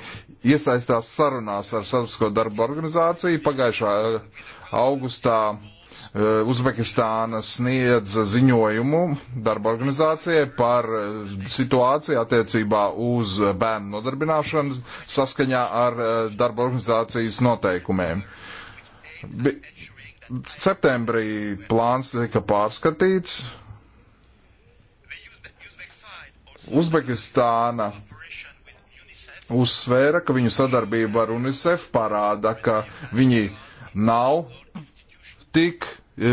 iesaistās sarunās ar Sabiedrisko darbu organizāciju. Pagājušā eh, augustā eh, Uzbekistāna sniedz ziņojumu darba organizācijai par eh, situāciju attiecībā uz bērnu nodarbināšanu saskaņā ar darba organizācijas noteikumiem. Bi septembrī plāns tika pārskatīts. Uzbekistāna uzsvēra, ka viņu sadarbība ar UNICEF parāda, ka viņi nav tik e,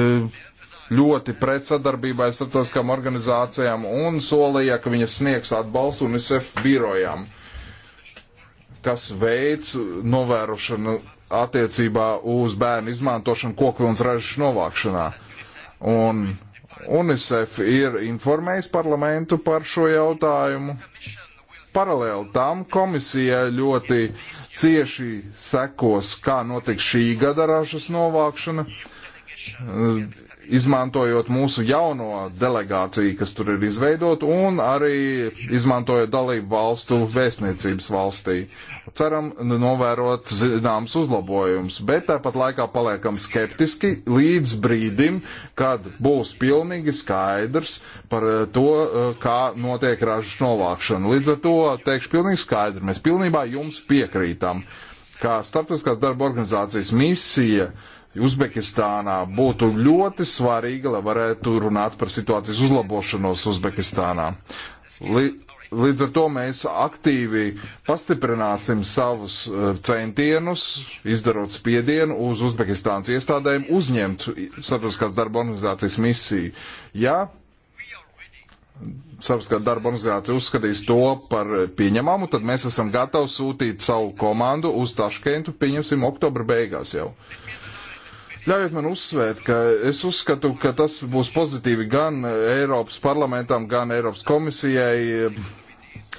ļoti pret sadarbībai starptautiskām organizācijām un solīja, ka viņas sniegs atbalstu UNICEF birojām, kas veids novērošanu attiecībā uz bērnu izmantošanu kokvilnas ražas novākšanā. Un UNICEF ir informējis parlamentu par šo jautājumu. Paralēli tam komisija ļoti cieši sekos, kā notiks šī gada ražas novākšana. Uh, Uh, izmantojot mūsu jauno delegāciju, kas tur ir izveidota, un arī izmantojot dalību valstu vēstniecības valstī. Ceram novērot zināms uzlabojums, bet tāpat laikā paliekam skeptiski līdz brīdim, kad būs pilnīgi skaidrs par uh, to, uh, kā notiek ražas novākšana. Līdz ar to teikšu pilnīgi skaidri, mēs pilnībā jums piekrītam, kā starptautiskās darba organizācijas misija uh, Uzbekistānā būtu ļoti svarīga, lai varētu runāt par situācijas uzlabošanos Uzbekistānā. Līdz ar to mēs aktīvi pastiprināsim savus eh, centienus, izdarot spiedienu uz Uzbekistānas iestādēm uzņemt sabiedriskās darba organizācijas misiju. Ja sabiedriskā darba organizācija uzskatīs to par pieņemamu, tad mēs esam gatavi sūtīt savu komandu uz Taškentu, pieņemsim, oktobra beigās jau. Uh, Ļaujiet man uzsvērt, ka es uzskatu, ka tas būs pozitīvi gan Eiropas parlamentam, gan Eiropas komisijai eh,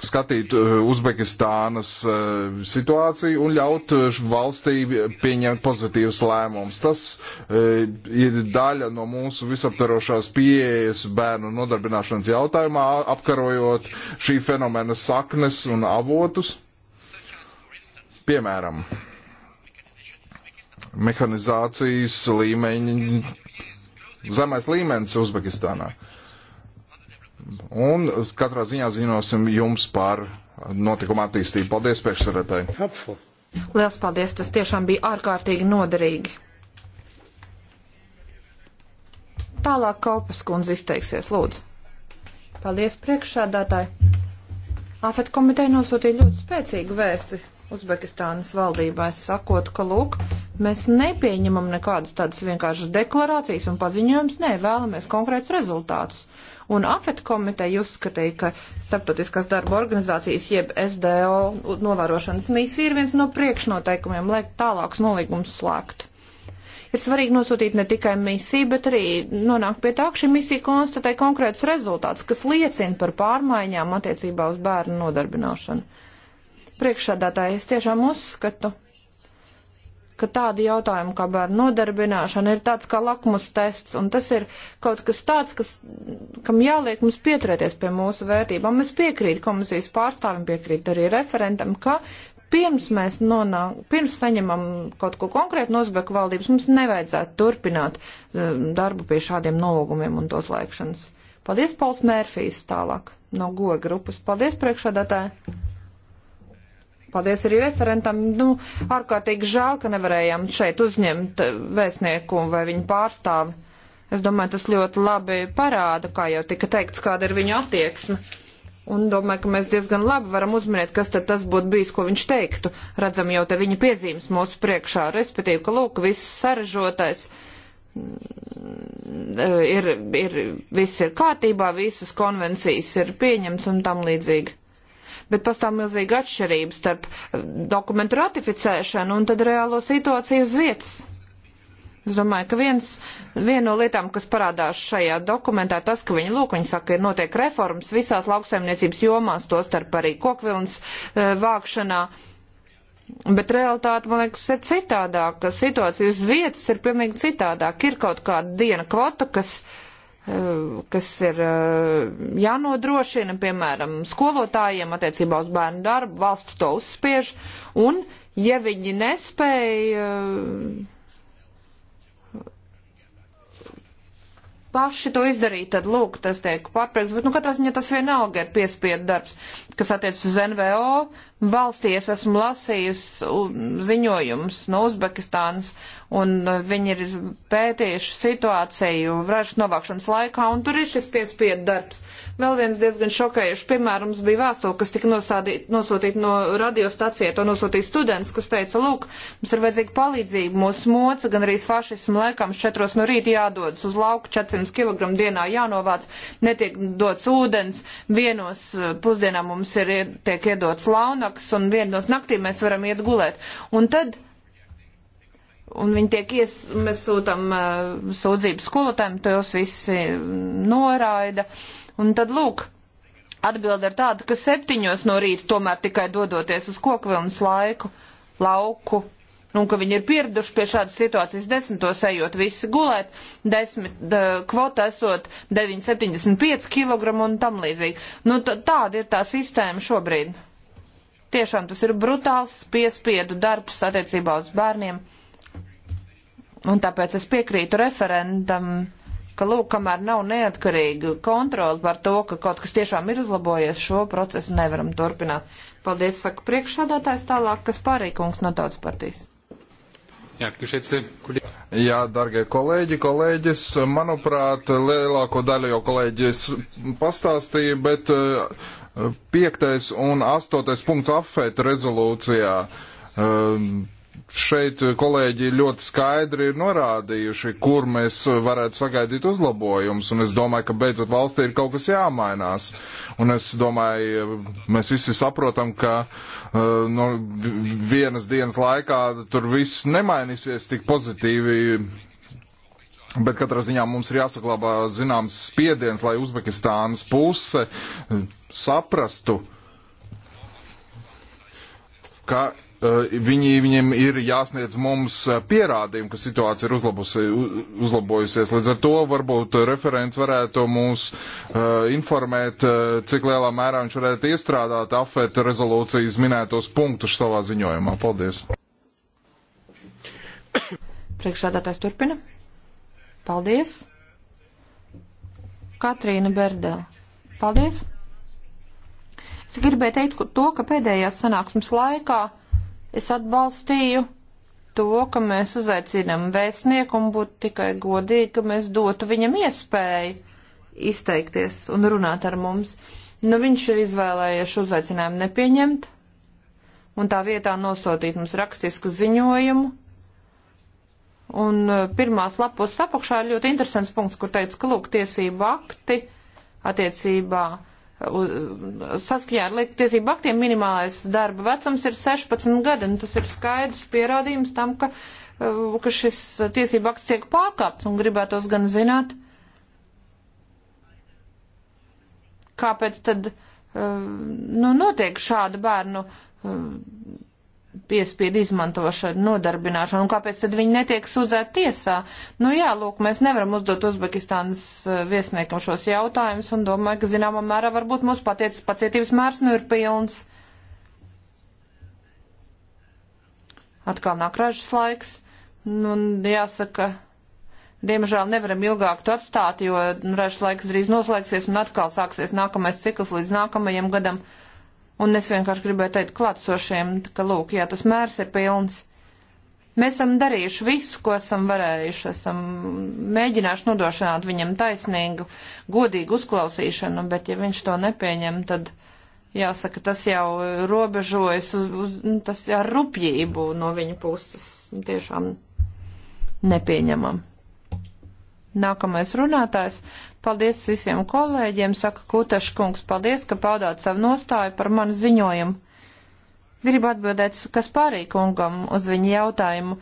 skatīt eh, Uzbekistānas eh, situāciju un ļaut valstī pieņemt pozitīvus lēmumus. Tas ir daļa no mūsu visaptarošās pieejas bērnu nodarbināšanas jautājumā, apkarojot šī fenomena saknes un avotus. Piemēram, mehanizācijas līmeņi, zemais līmenis Uzbekistānā. Un katrā ziņā ziņosim jums par notikuma attīstību. Paldies, priekšsēdētāji! Liels paldies, tas tiešām bija ārkārtīgi noderīgi. Tālāk Kalpas kundze izteiksies, lūdzu. Paldies, priekšsēdētāji! Afet komiteja nosūtīja ļoti spēcīgu vēsti Uzbekistānas valdībai sakot, ka, lūk, mēs nepieņemam nekādas tādas vienkāršas deklarācijas un paziņojums, nē, vēlamies konkrēts rezultātus. Un AFET komiteja uzskatīja, ka Starptautiskās darba organizācijas jeb SDO novērošanas misija ir viens no priekšnoteikumiem, lai tālāks nolīgums slēgtu ir svarīgi nosūtīt ne tikai misiju, bet arī nonākt pie tā, ka šī misija konstatē konkrētus rezultātus, kas liecina par pārmaiņām attiecībā uz bērnu nodarbināšanu. Priekšsēdētāji, es tiešām uzskatu, ka tādi jautājumi kā bērnu nodarbināšana ir tāds kā lakmus tests, un tas ir kaut kas tāds, kas, kam jāliek mums pieturēties pie mūsu vērtībām. Es piekrītu komisijas pārstāvim, piekrītu arī referentam, ka pirms mēs nonāk, pirms saņemam kaut ko konkrētu no Uzbeku valdības, mums nevajadzētu turpināt um, darbu pie šādiem nolūgumiem un to slēgšanas. Paldies, Pauls Mērfijs, tālāk no GOE grupas. Paldies, priekšādātāji! Paldies arī referentam. Nu, ārkārtīgi žēl, ka nevarējām šeit uzņemt vēstnieku vai viņu pārstāvi. Es domāju, tas ļoti labi parāda, kā jau tika teikts, kāda ir viņa attieksme. Un domāju, ka mēs diezgan labi varam uzminēt, kas tad tas būtu bijis, ko viņš teiktu. Redzam jau te viņa piezīmes mūsu priekšā, respektīvi, ka lūk, viss sarežotais mm, ir, ir, viss ir kārtībā, visas konvencijas ir pieņemts un tam līdzīgi bet pastāv milzīga atšķirība starp eh, dokumentu ratificēšanu un tad reālo situāciju uz vietas. Es domāju, ka viens, viena no lietām, kas parādās šajā dokumentā, ir tas, ka viņi lūk, viņi saka, ir notiek reformas visās lauksaimniecības jomās, to starp arī kokvilnas eh, vākšanā. Bet realitāte, man liekas, ir citādāka. Situācija uz vietas ir pilnīgi citādāka. Ir kaut kāda diena kvota, kas. Uh, Eh, kas ir eh, jānodrošina, piemēram, skolotājiem attiecībā uz bērnu darbu, valsts to uzspiež, un ja viņi nespēja eh, paši to izdarīt, tad lūk, tas tiek pārpēc, bet nu katrā ziņā tas vienalga ir piespiedu darbs, kas attiec uz NVO. Valsties esmu lasījusi ziņojumus no Uzbekistānas, un uh, viņi ir pētījuši situāciju ražas novākšanas laikā, un tur ir šis piespiedu darbs. Uh, Vēl viens diezgan šokējuši piemērums bija vēstule, kas tika nosūtīta no radiostacijā. To nosūtīja students, kas teica, lūk, mums ir vajadzīga palīdzība, mūs moca, gan arī fašismu laikam četros no rīta jādodas uz lauku 400 kg dienā jānovāc, netiek dots ūdens, vienos eh, pusdienā mums ir tiek iedots launaks un vienos naktī mēs varam iet gulēt. Un tad Un viņi tiek ies, mēs sūtam uh, sūdzību skolotājiem, tos visi mm, noraida. Uh, Un tad lūk, atbilde ir tāda, ka septiņos no rīta tomēr tikai dodoties uz kokvilnas laiku, lauku, un nu, ka viņi ir pieraduši pie šādas situācijas desmitos ejot visi gulēt, desmit uh, kvota esot 9,75 kg un tam līdzīgi. Nu, tāda ir tā sistēma šobrīd. Tiešām tas ir brutāls piespiedu darbs attiecībā uz bērniem. Un tāpēc es piekrītu referentam ka, lūk, kamēr nav neatkarīga kontrola par to, ka kaut kas tiešām ir uzlabojies, šo procesu nevaram turpināt. Paldies, saka priekšsādātājs tālāk, kas pārīkungs no tautas partijas. Jā, Jā, dargie kolēģi, kolēģis, manuprāt, lielāko daļu jau kolēģis pastāstīja, bet eh, piektais un astotais punkts afēta rezolūcijā. Um, šeit kolēģi ļoti skaidri ir norādījuši, kur mēs varētu sagaidīt uzlabojumus, un es domāju, ka beidzot valstī ir kaut kas jāmainās. Un es domāju, mēs visi saprotam, ka uh, no nu, vienas dienas laikā tur viss nemainīsies tik pozitīvi. Bet katrā ziņā mums ir jāsaklabā zināms spiediens, lai Uzbekistānas puse saprastu, ka Eh, viņi, viņiem ir jāsniedz mums eh, pierādījumi, ka situācija ir uzlabusi, uzlabojusies. Līdz ar to varbūt referents varētu mūs uh, informēt, uh, cik lielā mērā viņš varētu iestrādāt afeta rezolūcijas minētos punktus savā ziņojumā. Paldies! <coughs> Priekšādātājs turpina. Paldies! Katrīna Berdā. Paldies! Es gribēju teikt to, ka pēdējās sanāksmes laikā es atbalstīju to, ka mēs uzaicinām vēstnieku un būtu tikai godīgi, ka mēs dotu viņam iespēju izteikties un runāt ar mums. Nu, viņš ir izvēlējies uzaicinājumu nepieņemt un tā vietā nosūtīt mums rakstisku ziņojumu. Un eh, pirmās lapos apakšā ir ļoti interesants punkts, kur teica, ka lūk, tiesību akti attiecībā saskaņā ar tiesību aktiem minimālais darba vecums ir 16 gadi, un tas ir skaidrs pierādījums tam, ka, uh, ka šis tiesību akts tiek pārkāpts, un gribētos gan zināt, kāpēc tad, uh, nu, notiek šāda bērnu uh, piespiedu izmantošanu, nodarbināšanu, un kāpēc tad viņi netiek sūdzēti tiesā? Nu jā, lūk, mēs nevaram uzdot Uzbekistānas eh, viesniekam šos jautājumus, un domāju, ka zināmā mērā varbūt mūsu patiecas pacietības mērs nu ir pilns. Atkal nāk ražas laiks, nu jāsaka, diemžēl nevaram ilgāk to atstāt, jo nu, ražas laiks drīz noslēgsies, un atkal sāksies nākamais cikls līdz nākamajam gadam. Uh, Un es vienkārši gribēju teikt klātsošiem, ka, lūk, jā, tas mērs ir pilns. Mēs esam darījuši visu, ko esam varējuši, esam mēģinājuši nodošanāt viņam taisnīgu, godīgu uzklausīšanu, bet ja viņš to nepieņem, tad jāsaka, tas jau robežojas uz, uz nu, tas ar rupjību no viņa puses. Tiešām nepieņemam. Nākamais runātājs Paldies visiem kolēģiem, saka Kutaškungs, paldies, ka paudāt savu nostāju par manu ziņojumu. Gribu atbildēt, kas pārī kungam uz viņa jautājumu.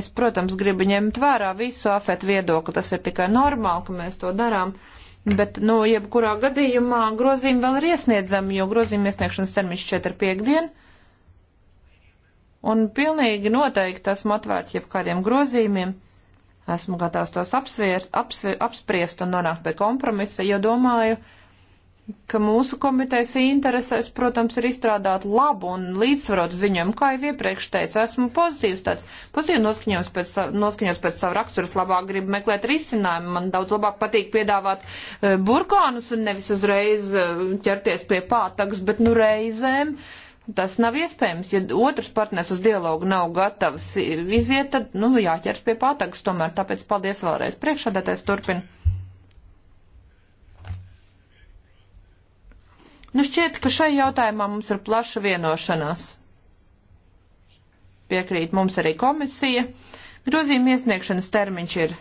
Es, protams, gribu ņemt vērā visu afetu viedokli, tas ir tikai normāli, ka mēs to darām, bet, nu, jebkurā gadījumā grozījumi vēl ir iesniedzami, jo grozījumi iesniegšanas termiņš 4 piekdienu. Un pilnīgi noteikti esmu atvērts jebkādiem grozījumiem. Esmu gatavs tos apsviert, apsvier, apspriest un nonākt pie kompromisa, jo domāju, ka mūsu komitejas interesēs, protams, ir izstrādāt labu un līdzsvarotu ziņojumu. Kā jau iepriekš teicu, esmu pozitīvs tāds, pozitīvi noskaņojums pēc, noskaņojums pēc savu raksturs, labāk gribu meklēt risinājumu, man daudz labāk patīk piedāvāt eh, burkānus un nevis uzreiz eh, ķerties pie pātagas, bet nu reizēm. Uh, Tas nav iespējams, ja otrs partners uz dialogu nav gatavs iziet, tad, nu, jāķers pie pātagas tomēr, tāpēc paldies vēlreiz. Priekšādātais turpina. Nu, šķiet, ka šai jautājumā mums ir plaša vienošanās. Piekrīt mums arī komisija. Grozījuma iesniegšanas termiņš ir,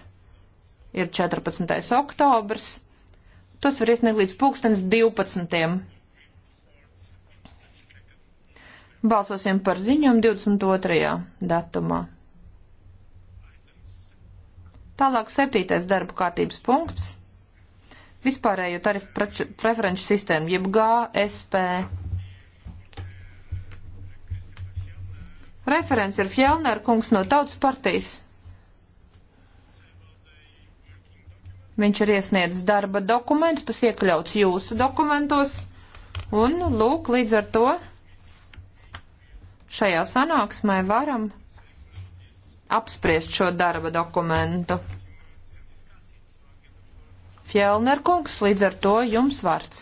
ir 14. oktobrs. Tos var iesniegt līdz pulkstens 12. Balsosim par ziņojumu 22. datumā. Tālāk septītais darbu kārtības punkts. Vispārējo tarifu preferenču sistēmu, jeb GSP. Referents ir Fjellner kungs no Tautas partijas. Viņš ir iesniedzis darba dokumentu, tas iekļauts jūsu dokumentos. Un, lūk, līdz ar to šajā sanāksmē varam apspriest šo darba dokumentu. Fjellner kungs, līdz ar to jums vārds.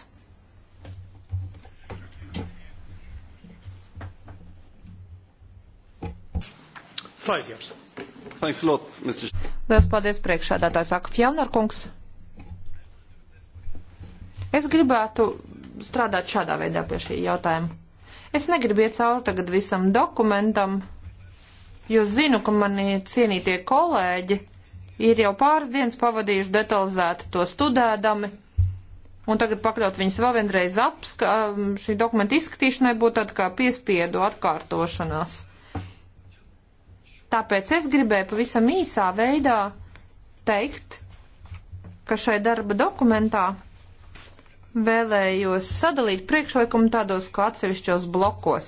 Lot, Lielas paldies priekšādātā saka Fjellner kungs. Es gribētu strādāt šādā veidā pie šī jautājuma. Es negribu iet cauri tagad visam dokumentam, jo zinu, ka mani cienītie kolēģi ir jau pāris dienas pavadījuši detalizēti to studēdami. Un tagad pakļaut viņus vēl vienreiz apska, um, šī dokumenta izskatīšanai būtu tāda kā piespiedu atkārtošanās. Tāpēc es gribēju pavisam īsā veidā teikt, ka šai darba dokumentā vēlējos sadalīt priekšlikumu tādos kā atsevišķos blokos.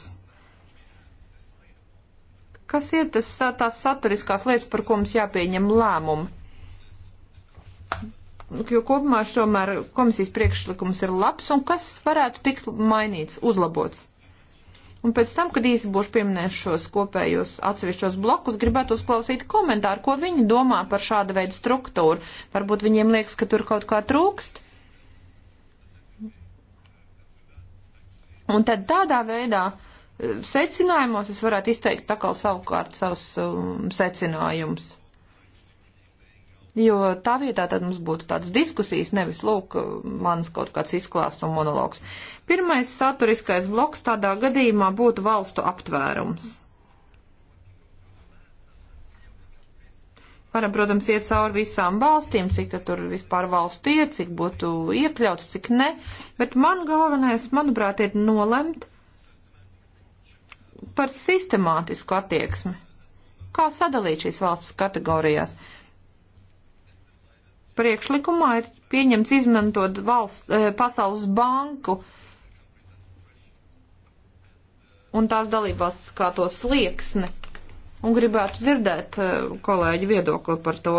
Kas ir tas, tās saturiskās lietas, par ko mums jāpieņem lēmumu? Jo kopumā tomēr komisijas priekšlikums ir labs, un kas varētu tikt mainīts, uzlabots? Un pēc tam, kad īsi būšu pieminējuši šos kopējos atsevišķos blokus, gribētu uzklausīt komentāru, ko viņi domā par šādu veidu struktūru. Varbūt viņiem liekas, ka tur kaut kā trūkst, Un tad tādā veidā e, secinājumos es varētu izteikt atkal savukārt savus um, secinājumus. Jo tā vietā tad mums būtu tādas diskusijas, nevis lūk, mans kaut kāds izklāsts un monologs. Pirmais saturiskais bloks tādā gadījumā būtu valstu aptvērums. Varam, protams, iet cauri visām valstīm, cik tur vispār valstu ir, cik būtu iekļauts, cik ne. Bet man galvenais, manuprāt, ir nolemt par sistemātisku attieksmi. Kā sadalīt šīs valsts kategorijās? Priekšlikumā ir pieņemts izmantot valsts, eh, pasaules banku un tās dalībvalsts kā to slieksni un gribētu dzirdēt eh, kolēģi viedokli par to.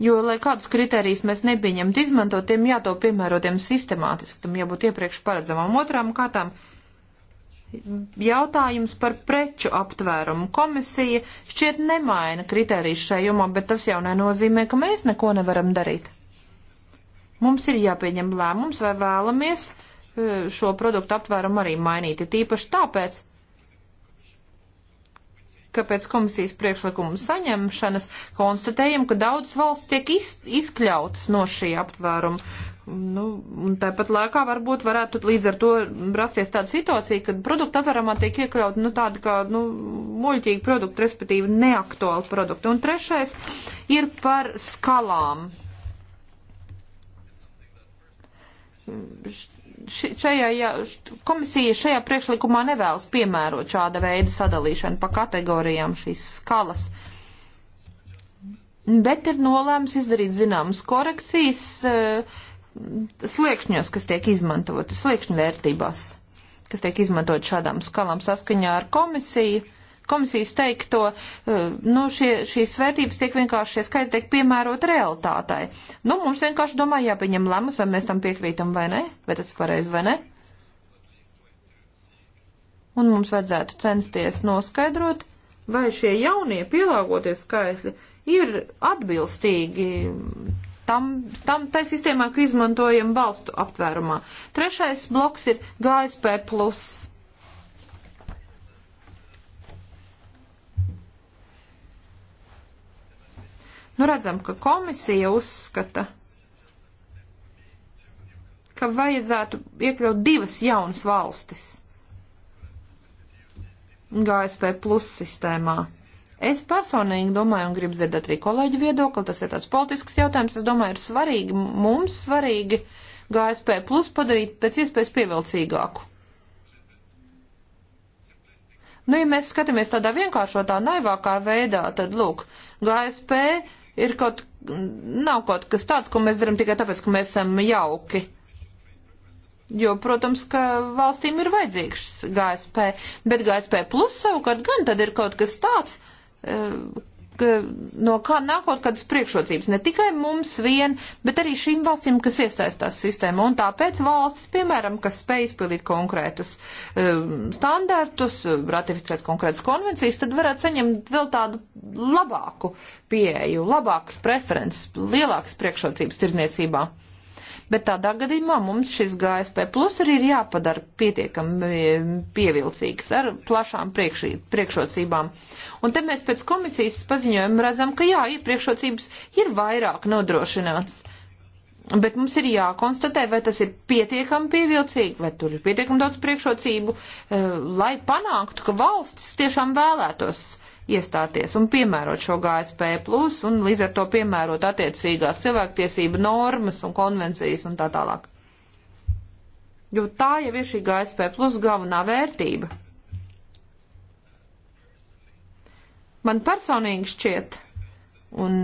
Jo, lai kādus kriterijus mēs nebiņemt izmantot, tiem jāto piemērotiem sistemātiski, tam jābūt iepriekš paredzamam. Otrām kārtām jautājums par preču aptvērumu. Komisija šķiet nemaina kriterijus šai jomā, bet tas jau nenozīmē, ka mēs neko nevaram darīt. Mums ir jāpieņem lēmums, vai vēlamies E, šo produktu aptvērumu arī mainīt. Tīpaši tāpēc, ka pēc komisijas priekšlikuma saņemšanas konstatējam, ka daudzas valsts tiek iz, izkļautas no šī aptvēruma. Nu, un tāpat laikā varbūt varētu līdz ar to rasties tāda situācija, kad produktu apvērumā tiek iekļaut nu, tādi kā nu, muļķīgi produkti, respektīvi neaktuāli produkti. Un trešais ir par skalām šajā, jā, komisija šajā priekšlikumā nevēlas piemērot šāda veida sadalīšanu pa kategorijām šīs skalas, bet ir nolēms izdarīt zināmas korekcijas eh, sliekšņos, kas tiek izmantoti, sliekšņu vērtībās, kas tiek izmantot šādām skalām saskaņā ar komisiju komisijas teikto, eh, nu, šie, šīs vērtības tiek vienkārši, šie skaiti tiek piemērot realitātei. Nu, mums vienkārši domā jāpieņem lēmums, vai mēs tam piekrītam vai nē, vai tas ir pareizi vai nē. Un mums vajadzētu censties noskaidrot, vai šie jaunie pielāgotie skaitļi ir atbilstīgi tam, tam tai sistēmā, ka izmantojam balstu aptvērumā. Trešais bloks ir GSP plus Nu redzam, ka komisija uzskata, ka vajadzētu iekļaut divas jaunas valstis GSP plus sistēmā. Es personīgi domāju un gribu dzirdēt arī kolēģu viedokli, tas ir tāds politisks jautājums, es domāju, ir svarīgi, mums svarīgi GSP plus padarīt pēc iespējas pievilcīgāku. Nu, ja mēs skatāmies tādā vienkāršotā, naivākā veidā, tad, lūk, GSP ir kaut, nav kaut kas tāds, ko mēs darām tikai tāpēc, ka mēs esam jauki. Jo, protams, ka valstīm ir vajadzīgs GSP, bet GSP plus savukārt gan tad ir kaut kas tāds, eh, no kā nākot kādas priekšrocības ne tikai mums vien, bet arī šīm valstīm, kas iesaistās sistēmā. Un tāpēc valstis, piemēram, kas spēj izpildīt konkrētus um, standartus, ratificēt konkrētas konvencijas, tad varētu saņemt vēl tādu labāku pieeju, labākas preferences, lielākas priekšrocības tirdzniecībā bet tādā gadījumā mums šis GSP plus arī ir jāpadara pietiekami eh, pievilcīgs ar plašām priekšī, priekšrocībām. Un te mēs pēc komisijas paziņojuma redzam, ka jā, ir priekšrocības, ir vairāk nodrošināts. Bet mums ir jākonstatē, vai tas ir pietiekami pievilcīgi, vai tur ir pietiekami daudz priekšrocību, eh, lai panāktu, ka valstis tiešām vēlētos uh, iestāties un piemērot šo GSP plus un līdz ar to piemērot attiecīgās cilvēktiesība normas un konvencijas un tā tālāk. Jo tā jau ir šī GSP plus galvenā vērtība. Man personīgi šķiet, un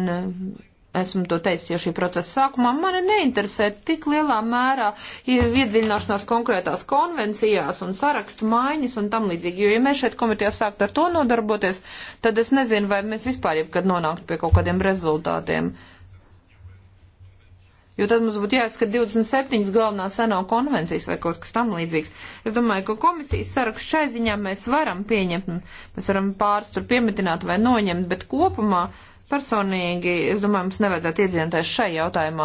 esmu to teicis jau šī procesa sākumā, mani neinteresē tik lielā mērā iedziļināšanās konkrētās konvencijās un sarakstu maiņas un tam līdzīgi, jo ja mēs šeit komitejā sāktu ar to nodarboties, tad es nezinu, vai mēs vispār jebkad nonāktu pie kaut kādiem rezultātiem. Jo tad mums būtu jāskat 27 galvenās ANO konvencijas vai kaut kas tam līdzīgs. Es domāju, ka komisijas sarakstu šai ziņā mēs varam pieņemt, mēs varam pāris tur piemetināt vai noņemt, bet kopumā uh, Personīgi, es domāju, mums nevajadzētu iedzināties šai jautājumā.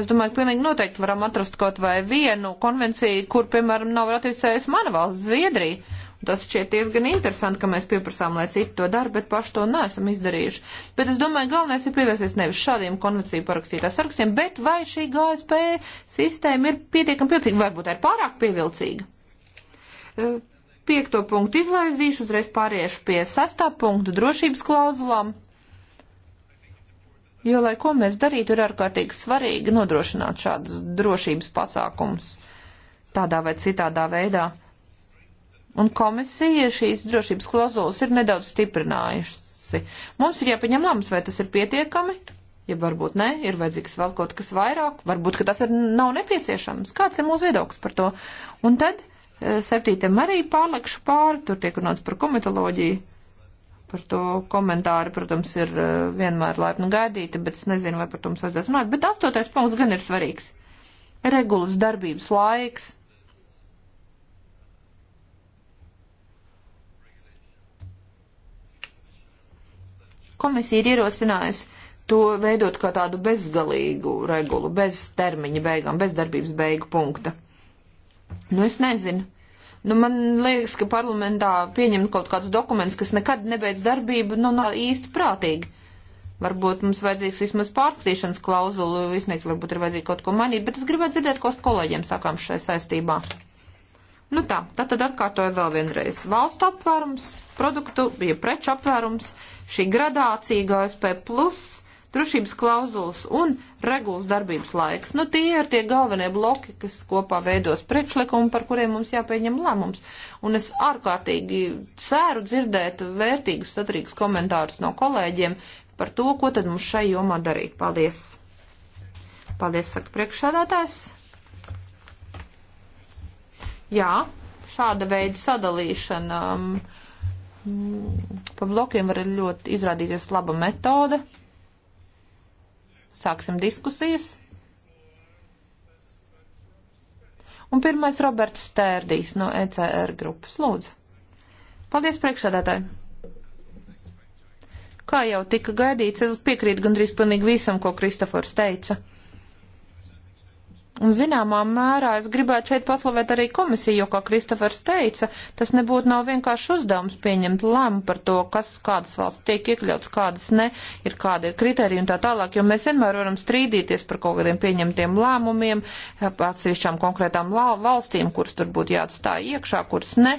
Es domāju, ka pilnīgi noteikti varam atrast kaut vai vienu konvenciju, kur, piemēram, nav ratificējusi mana valsts Zviedrija. Tas šķiet diezgan interesanti, ka mēs pieprasām, lai citi to dara, bet paši to neesam izdarījuši. Bet es domāju, galvenais ir pievērsties nevis šādiem konvenciju parakstītā sarakstiem, bet vai šī GSP sistēma ir pietiekami pievilcīga, varbūt ir pārāk pievilcīga. Eh, piekto punktu izlaizīšu, uzreiz pāriešu pie sastā punktu drošības klauzulām. Jo, lai ko mēs darītu, ir ārkārtīgi svarīgi nodrošināt šādus drošības pasākumus tādā vai citādā veidā. Un komisija šīs drošības klauzulas ir nedaudz stiprinājusi. Mums ir jāpaņem lēmums, vai tas ir pietiekami, ja varbūt nē, ir vajadzīgs vēl kaut kas vairāk, varbūt, ka tas ir, nav nepieciešams. Kāds ir mūsu viedoklis par to? Un tad eh, septītam arī pārlikšu pāri, tur tiek runāts par komitoloģiju Par to komentāri, protams, ir eh, vienmēr laipni gaidīti, bet es nezinu, vai par to mums vajadzētu runāt. Bet astotais punkts gan ir svarīgs. Regulas darbības laiks. Komisija ir ierosinājusi to veidot kā tādu bezgalīgu regulu, bez termiņa beigām, bez darbības beigu punkta. Nu, es nezinu. Nu, man liekas, ka parlamentā pieņemt kaut kādus dokumentus, kas nekad nebeidz darbību, nu, nav īsti prātīgi. Varbūt mums vajadzīgs vismaz pārskatīšanas klauzulu, visnieks varbūt ir vajadzīgi kaut ko mainīt, bet es gribētu dzirdēt, ko kolēģiem sakām šai saistībā. Nu tā, tā tad atkārtoju vēl vienreiz. Valstu apvērums, produktu, bija preču apvērums, šī gradācija GSP plus drošības klauzulas un regulas darbības laiks. Nu, tie ir tie galvenie bloki, kas kopā veidos priekšlikumu, par kuriem mums jāpieņem lēmums. Un es ārkārtīgi ceru dzirdēt vērtīgus, saturīgus komentārus no kolēģiem par to, ko tad mums šai jomā darīt. Paldies! Paldies, saka priekšsādātājs. Jā, šāda veida sadalīšana um, pa blokiem var ļoti izrādīties laba metode. Sāksim diskusijas. Un pirmais Roberts Stērdīs no ECR grupas. Lūdzu. Paldies priekšsēdētāji. Kā jau tika gaidīts, es piekrītu gandrīz pilnīgi visam, ko Kristofors teica. Un zināmā mērā es gribētu šeit paslavēt arī komisiju, jo, kā Kristofers teica, tas nebūtu nav vienkārši uzdevums pieņemt lēmu par to, kas kādas valsts tiek iekļauts, kādas ne, ir kādi ir kriteriji un tā tālāk, jo mēs vienmēr varam strīdīties par kaut kādiem pieņemtiem lēmumiem, atsevišķām konkrētām valstīm, kuras tur būtu jāatstāja iekšā, kuras ne.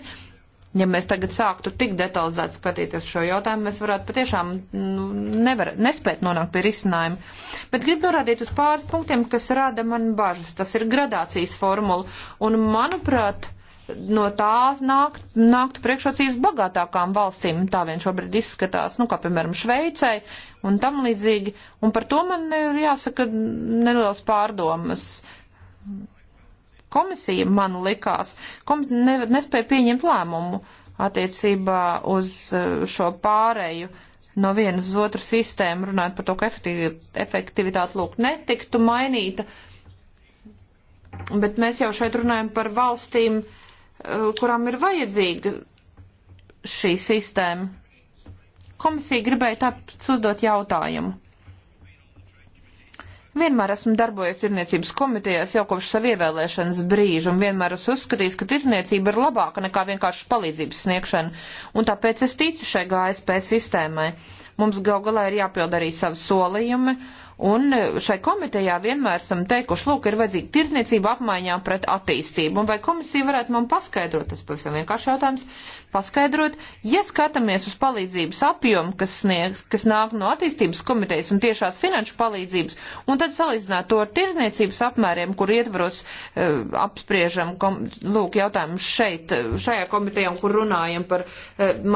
Ja mēs tagad sāktu tik detalizēti skatīties šo jautājumu, mēs varētu patiešām nu, nevar, nespēt nonākt pie risinājuma. Bet gribu norādīt uz pāris punktiem, kas rada man bažas. Tas ir gradācijas formula. Un, manuprāt, no tās nākt, nāktu priekšrocības bagātākām valstīm. Tā vien šobrīd izskatās, nu, kā piemēram Šveicai un tam līdzīgi. Un par to man ir jāsaka nelielas pārdomas komisija, man likās, kom ne, nespēja pieņemt lēmumu attiecībā uz eh, šo pārēju no vienas uz otru sistēmu, runājot par to, ka efektivitāte lūk netiktu mainīta. Bet mēs jau šeit runājam par valstīm, eh, kurām ir vajadzīga šī sistēma. Komisija gribēja tāpēc uzdot jautājumu. Vienmēr esmu darbojies tirniecības komitejās jau kopš savu ievēlēšanas brīžu un vienmēr esmu uzskatījis, ka tirniecība ir labāka nekā vienkārši palīdzības sniegšana, un tāpēc es ticu šai GSP sistēmai. Mums gal galā ir jāpild arī savi solījumi, un šai komitejā vienmēr esam teikuši, lūk, ir vajadzīga tirniecība apmaiņā pret attīstību, un vai komisija varētu man paskaidrot, tas pavisam vienkārši jautājums, paskaidrot, ja skatāmies uz palīdzības apjomu, kas, sniegs, kas nāk no attīstības komitejas un tiešās finanšu palīdzības, un tad salīdzināt to ar tirzniecības apmēriem, kur ietvaros uh, apspriežam, kom, lūk, jautājumus šeit, eh, šajā komitejā, kur runājam par uh,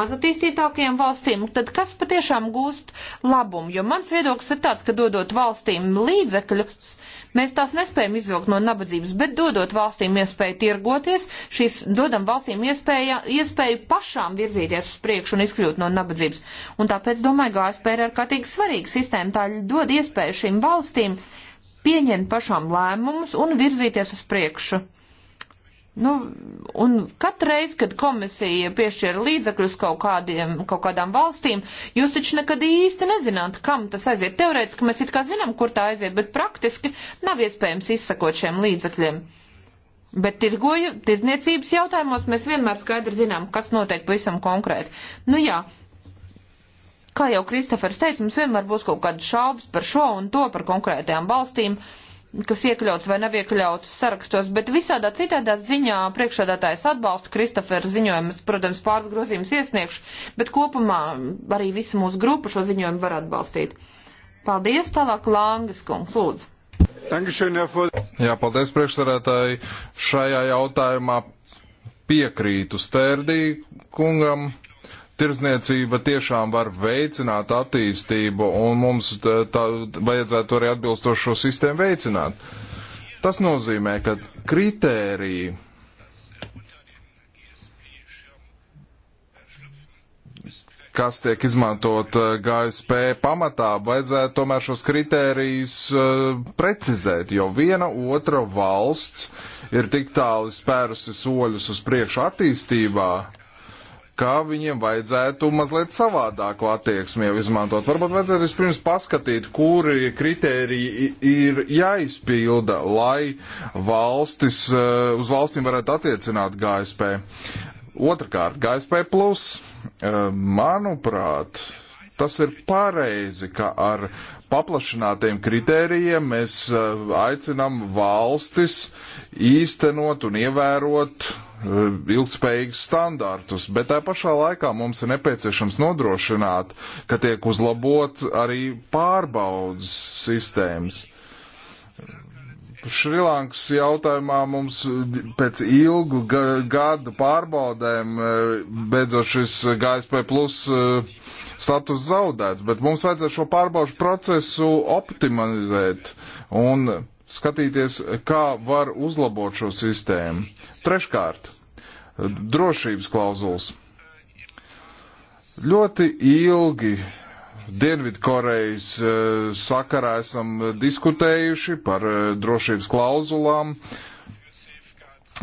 mazatīstītākajām valstīm, tad kas patiešām gūst labumu? Jo mans viedoklis ir tāds, ka dodot valstīm līdzekļus, uh, Mēs tās nespējam izvilkt no nabadzības, bet dodot valstīm iespēju tirgoties, šīs dodam valstīm iespēja, iespēju pašām virzīties uz priekšu un izkļūt no nabadzības. Un tāpēc, domāju, GSP ir ārkārtīgi svarīga sistēma, tā dod iespēju šīm valstīm pieņemt pašām lēmumus un virzīties uz priekšu. Nu, un katreiz, kad komisija piešķir līdzekļus kaut, kādiem, kaut kādām valstīm, jūs taču nekad īsti nezināt, kam tas aiziet. Teorētiski mēs it kā zinām, kur tā aiziet, bet praktiski nav iespējams izsakot šiem līdzekļiem. Bet tirgoju, tirdzniecības jautājumos mēs vienmēr skaidri zinām, kas notiek pavisam konkrēti. Nu jā, kā jau Kristofers teica, mums vienmēr būs kaut kāda šaubas par šo un to, par konkrētajām valstīm. Uh, kas iekļauts vai nav iekļauts sarakstos, bet visādā citādā ziņā priekšādātājs atbalstu Kristoferu ziņojumu, es, protams, pāris grozījumus iesniegšu, bet kopumā arī visa mūsu grupa šo ziņojumu var atbalstīt. Paldies, tālāk Langas kungs, lūdzu. Jā, paldies priekšsarētāji. Šajā jautājumā piekrītu Stērdī kungam tirzniecība tiešām var veicināt attīstību, un mums tā, vajadzētu arī atbilstošo sistēmu veicināt. Tas nozīmē, ka kritēriji kas tiek izmantot uh, GSP pamatā, vajadzētu tomēr šos kritērijus uh, precizēt, jo viena otra valsts ir tik tālu spērusi soļus uz priekšu attīstībā, ka viņiem vajadzētu mazliet savādāku attieksmi jau izmantot. Varbūt vajadzētu vispirms paskatīt, kuri kriteriji ir jāizpilda, lai valstis, eh, uz valstīm varētu attiecināt GSP. Otrakārt, GSP plus, eh, manuprāt, tas ir pareizi, ka ar paplašinātiem kritērijiem mēs eh, aicinām valstis īstenot un ievērot Eh, ilgspējīgus standartus, bet tā pašā laikā mums ir nepieciešams nodrošināt, ka tiek uzlabot arī pārbaudas sistēmas. Šrilankas jautājumā mums pēc ilgu gadu pārbaudēm eh, beidzot šis GSP plus eh, status zaudēts, bet mums vajadzētu šo pārbaudu procesu optimalizēt un skatīties, kā var uzlabot šo sistēmu. Treškārt, drošības klauzulas. Ļoti ilgi Dienvidkorejas e, sakarā esam diskutējuši par e, drošības klauzulām,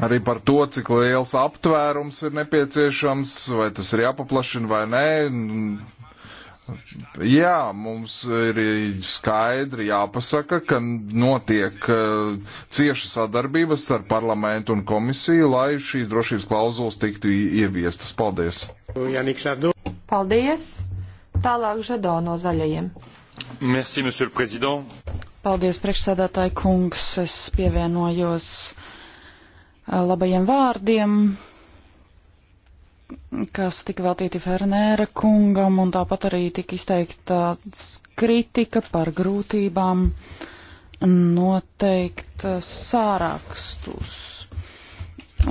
arī par to, cik liels aptvērums ir nepieciešams, vai tas ir jāpaplašina vai nē Jā, mums ir skaidri jāpasaka, ka notiek uh, cieša sadarbības ar parlamentu un komisiju, lai šīs drošības klauzulas tiktu ieviestas. Paldies! Paldies! Tālāk žado no zaļajiem. Merci, monsieur le président. Paldies, priekšsēdētāji kungs. Es pievienojos uh, labajiem vārdiem kas tika veltīti Fernēra kungam, un tāpat arī tika izteikta kritika par grūtībām noteikt sārakstus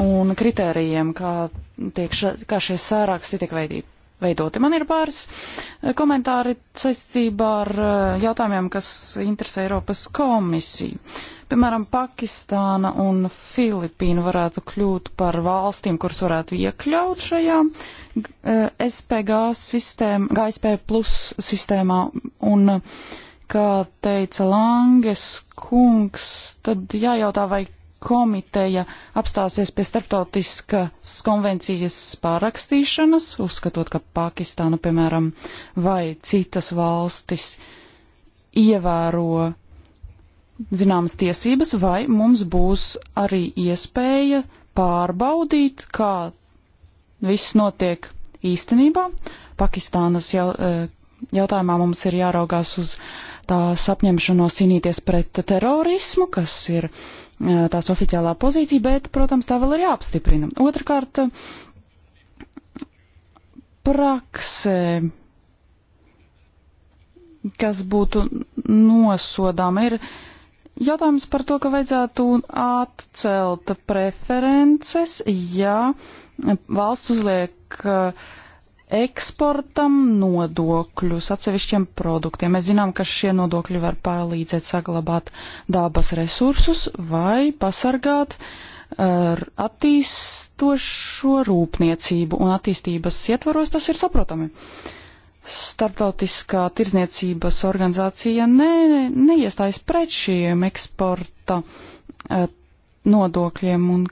un kritērijiem, kā, tiek, kā šie sāraksti tiek veidīti veidoti. Man ir pāris eh, komentāri saistībā ar eh, jautājumiem, kas interesē Eiropas komisiju. Piemēram, Pakistāna un Filipīna varētu kļūt par valstīm, kuras varētu iekļaut šajā eh, SPG sistēmā, GSP plus sistēmā. Un, kā teica Langes kungs, tad jājautā, vai komiteja apstāsies pie starptautiskas konvencijas pārakstīšanas, uzskatot, ka Pakistāna, piemēram, vai citas valstis ievēro zināmas tiesības, vai mums būs arī iespēja pārbaudīt, kā viss notiek īstenībā. Pakistānas jau, e, jautājumā mums ir jāraugās uz tās apņemšanos cīnīties pret terorismu, kas ir uh, tās oficiālā pozīcija, bet, protams, tā vēl ir jāapstiprina. Otrakārt, praksē, kas būtu nosodām, ir jautājums par to, ka vajadzētu atcelt preferences, ja valsts uzliek uh, eksportam nodokļus atsevišķiem produktiem. Mēs zinām, ka šie nodokļi var palīdzēt saglabāt dabas resursus vai pasargāt eh, attīstošo rūpniecību un attīstības ietvaros tas ir saprotami. Starptautiskā tirzniecības organizācija ne, neiestājas pret šiem eksporta eh, nodokļiem un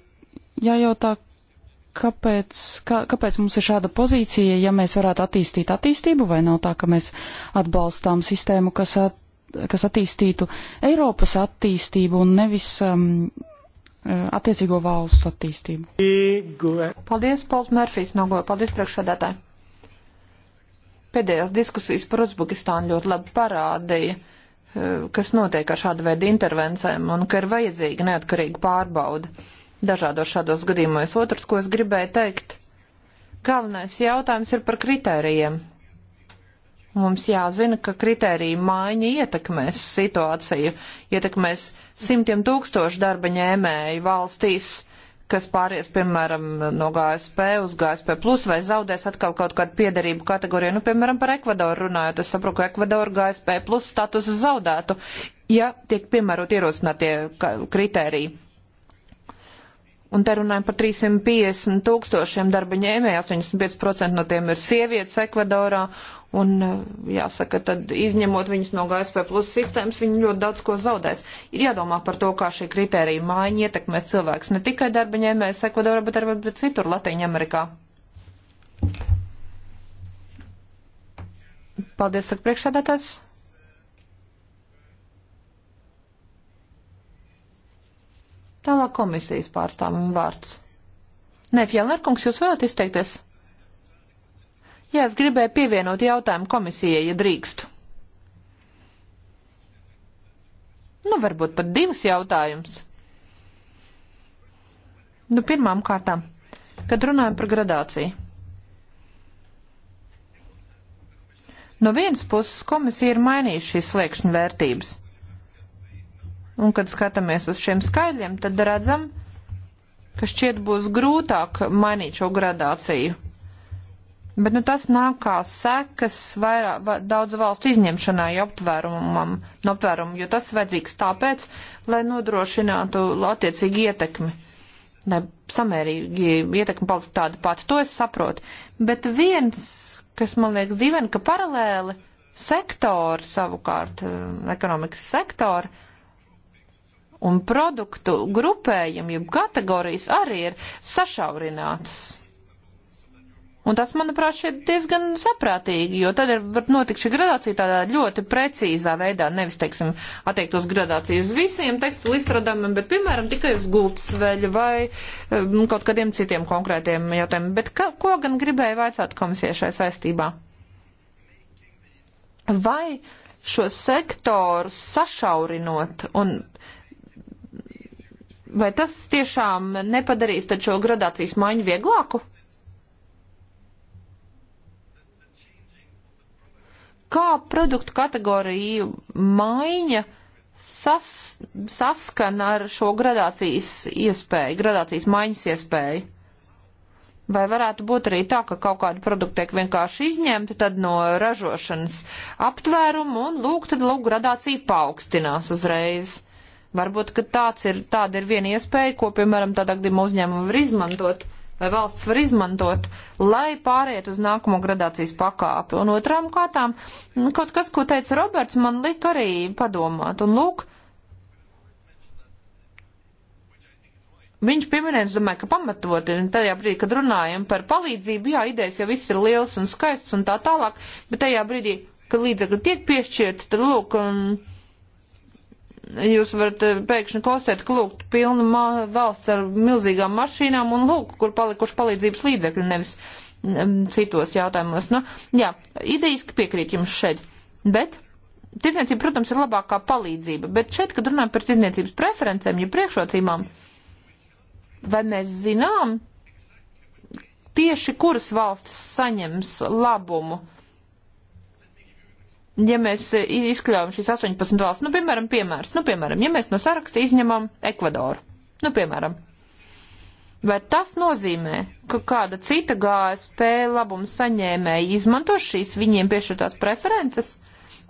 jājautā, ja kāpēc, kā, kāpēc mums ir šāda pozīcija, ja mēs varētu attīstīt attīstību, vai nav tā, ka mēs atbalstām sistēmu, kas, at, kas attīstītu Eiropas attīstību un nevis um, eh, attiecīgo valstu attīstību? Paldies, Pauls Mērfijs no Goja. Paldies, priekšsēdētāji. Pēdējās diskusijas par Uzbekistānu ļoti labi parādīja eh, kas notiek ar šādu veidu intervencēm un ka ir vajadzīga neatkarīga pārbauda dažādos šādos gadījumos. Otrs, ko es gribēju teikt, galvenais jautājums ir par kritērijiem. Mums jāzina, ka kritērija maiņa ietekmēs situāciju, ietekmēs simtiem tūkstošu darba ņēmēju valstīs, kas pāries, piemēram, no GSP uz GSP plus vai zaudēs atkal kaut kādu piedarību kategoriju. Nu, piemēram, par Ekvadoru runājot, es saprotu, ka Ekvadoru GSP plus statusu zaudētu, ja tiek piemērot ierosinātie kritēriji. Un te runājam par 350 tūkstošiem darba ņēmēju, 85% no tiem ir sievietes Ekvadorā. Un, eh, jāsaka, tad izņemot viņus no GSP plus sistēmas, viņi ļoti daudz ko zaudēs. Ir jādomā par to, kā šī kritērija mājiņa ietekmēs cilvēks ne tikai darba ņēmējas Ekvadorā, bet arī bet citur Latīņa Amerikā. Paldies, saka priekšsēdētājs. Tālāk komisijas pārstāvam vārds. Nē, Fjellnerkungs, jūs vēlat izteikties? Jā, es gribēju pievienot jautājumu komisijai, ja drīkstu. Nu, varbūt pat divus jautājumus. Nu, pirmām kārtām, kad runājam par gradāciju. No vienas puses komisija ir mainījusi šīs sliekšņu vērtības, Un, kad skatāmies uz šiem skaidriem, tad redzam, ka šķiet būs grūtāk mainīt šo gradāciju. Bet nu, tas nāk kā sekas vairāk, va, daudzu valstu izņemšanai aptvērumam, no aptvērumu, jo tas vajadzīgs tāpēc, lai nodrošinātu attiecīgi ietekmi. Lai samērīgi ietekmi paliktu tāda pati, to es saprotu. Bet viens, kas man liekas dīvaini, ka paralēli sektori savukārt, eh, ekonomikas sektori, un produktu grupējumi, jeb kategorijas arī ir sašaurinātas. Un tas, manuprāt, šeit diezgan saprātīgi, jo tad ir, var notikt šī gradācija tādā ļoti precīzā veidā, nevis, teiksim, attiektos gradāciju uz visiem tekstu listradamiem, bet, piemēram, tikai uz gultas veļu vai um, kaut kādiem citiem konkrētiem jautājumiem. Bet ka, ko gan gribēja vaicāt komisijai šai saistībā? Vai šo sektoru sašaurinot un Vai tas tiešām nepadarīs tad šo gradācijas maiņu vieglāku? Kā produktu kategoriju maiņa sas, saskana ar šo gradācijas iespēju, gradācijas maiņas iespēju? Vai varētu būt arī tā, ka kaut kādi produkti tiek vienkārši izņemti tad no ražošanas aptvērumu un lūk, tad lūk, gradācija paaugstinās uzreiz? Varbūt, ka tāds ir, tāda ir viena iespēja, ko, piemēram, tādā gadījumā uzņēmuma var izmantot vai valsts var izmantot, lai pāriet uz nākamo gradācijas pakāpi. Un otrām kārtām, nu, kaut kas, ko teica Roberts, man lika arī padomāt. Un lūk, Viņš pieminēja, es domāju, ka pamatot, un tajā brīdī, kad runājam par palīdzību, jā, idejas jau viss ir liels un skaists un tā tālāk, bet tajā brīdī, kad līdzekļi tiek piešķirti, tad lūk, un jūs varat eh, pēkšņi konstatēt, ka lūk, pilna valsts ar milzīgām mašīnām un lūk, kur palikuši palīdzības līdzekļi, nevis um, citos jautājumos. Nu, jā, idejiski piekrīt jums šeit, bet tirdzniecība, protams, ir labākā palīdzība, bet šeit, kad runājam par tirdzniecības preferencēm, ja priekšrocībām, vai mēs zinām tieši, kuras valstis saņems labumu? ja mēs izkļaujam šīs 18 valsts, nu, piemēram, piemērs, nu, piemēram, ja mēs no saraksta izņemam Ekvadoru, nu, piemēram, vai tas nozīmē, ka kāda cita GSP labums saņēmēja izmanto šīs viņiem piešķirtās preferences?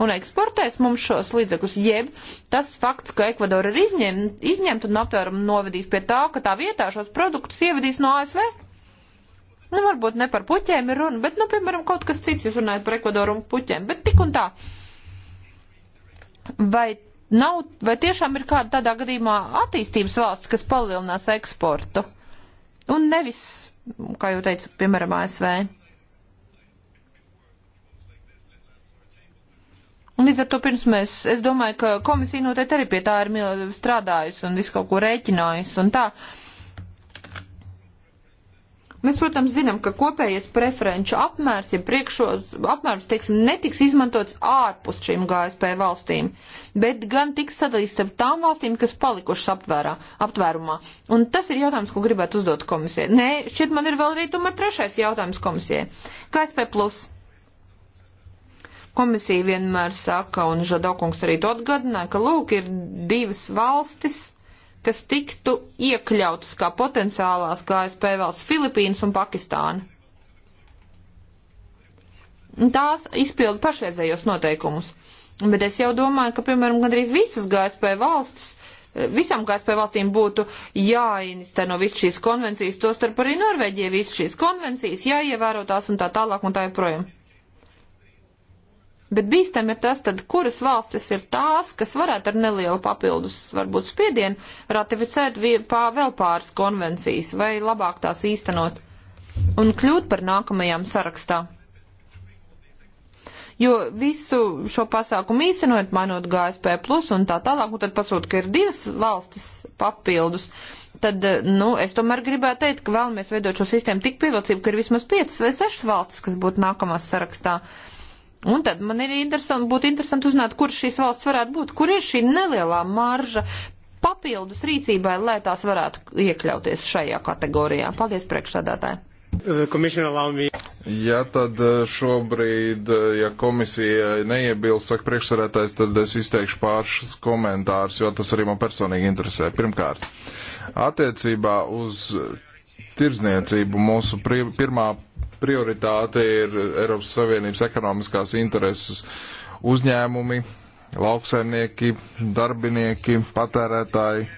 Un eksportēs mums šos līdzekļus, jeb tas fakts, ka Ekvadora ir izņem, izņemta un aptvērumu novedīs pie tā, ka tā vietā šos produktus ievedīs no ASV? Nu, varbūt ne par puķiem ir runa, bet, nu, piemēram, kaut kas cits, jūs runājat par Ekvadoru un puķiem, bet tik un tā. Vai nav, vai tiešām ir kāda tādā gadījumā attīstības valsts, kas palielinās eksportu? Un nevis, kā jau teicu, piemēram, ASV. Un līdz ar to pirms mēs, es domāju, ka komisija noteikti arī pie tā ir strādājusi un visu kaut ko rēķinājusi un tā. Uh, Mēs, protams, zinām, ka kopējais preferenču apmērs, ja priekšos apmērs, teiksim, netiks izmantots ārpus šīm GSP valstīm, bet gan tiks sadalīts ar tām valstīm, kas palikušas aptvērā, aptvērumā. Un tas ir jautājums, ko gribētu uzdot komisijai. Nē, šķiet man ir vēl arī tomēr trešais jautājums komisijai. GSP plus. Komisija vienmēr saka, un Žadokungs arī to atgādināja, ka lūk, ir divas valstis kas tiktu iekļautas kā potenciālās KSP valsts Filipīnas un Pakistāna. Tās izpilda pašreizējos noteikumus, bet es jau domāju, ka, piemēram, gandrīz visas GSP valstis visām KSP valstīm būtu jāinisteno visas šīs konvencijas, tostarp arī Norvēģija visas šīs konvencijas, jāievēro tās un tā tālāk un tā joprojām. Ja Bet bīstam ir tas, tad kuras valstis ir tās, kas varētu ar nelielu papildus, varbūt spiedienu, ratificēt pā, vēl pāris konvencijas vai labāk tās īstenot un kļūt par nākamajām sarakstā. Jo visu šo pasākumu īstenot, mainot GSP plus un tā tālāk, un tad pasūt, ka ir divas valstis papildus, tad, nu, es tomēr gribētu teikt, ka vēlamies veidot šo sistēmu tik pievilcību, ka ir vismaz piecas vai sešas valstis, kas būtu nākamās sarakstā. Uh, Un tad man ir interesanti, būtu interesanti uzzināt, kur šīs valsts varētu būt, kur ir šī nelielā marža papildus rīcībai, lai tās varētu iekļauties šajā kategorijā. Paldies, priekšsādātāji! Uh, ja tad uh, šobrīd, uh, ja komisija neiebilst, saka priekšsarētājs, tad es izteikšu pāris komentārus, jo tas arī man personīgi interesē. Pirmkārt, attiecībā uz tirzniecību mūsu pri pirmā prioritāte ir Eiropas Savienības ekonomiskās intereses uzņēmumi, lauksaimnieki, darbinieki, patērētāji.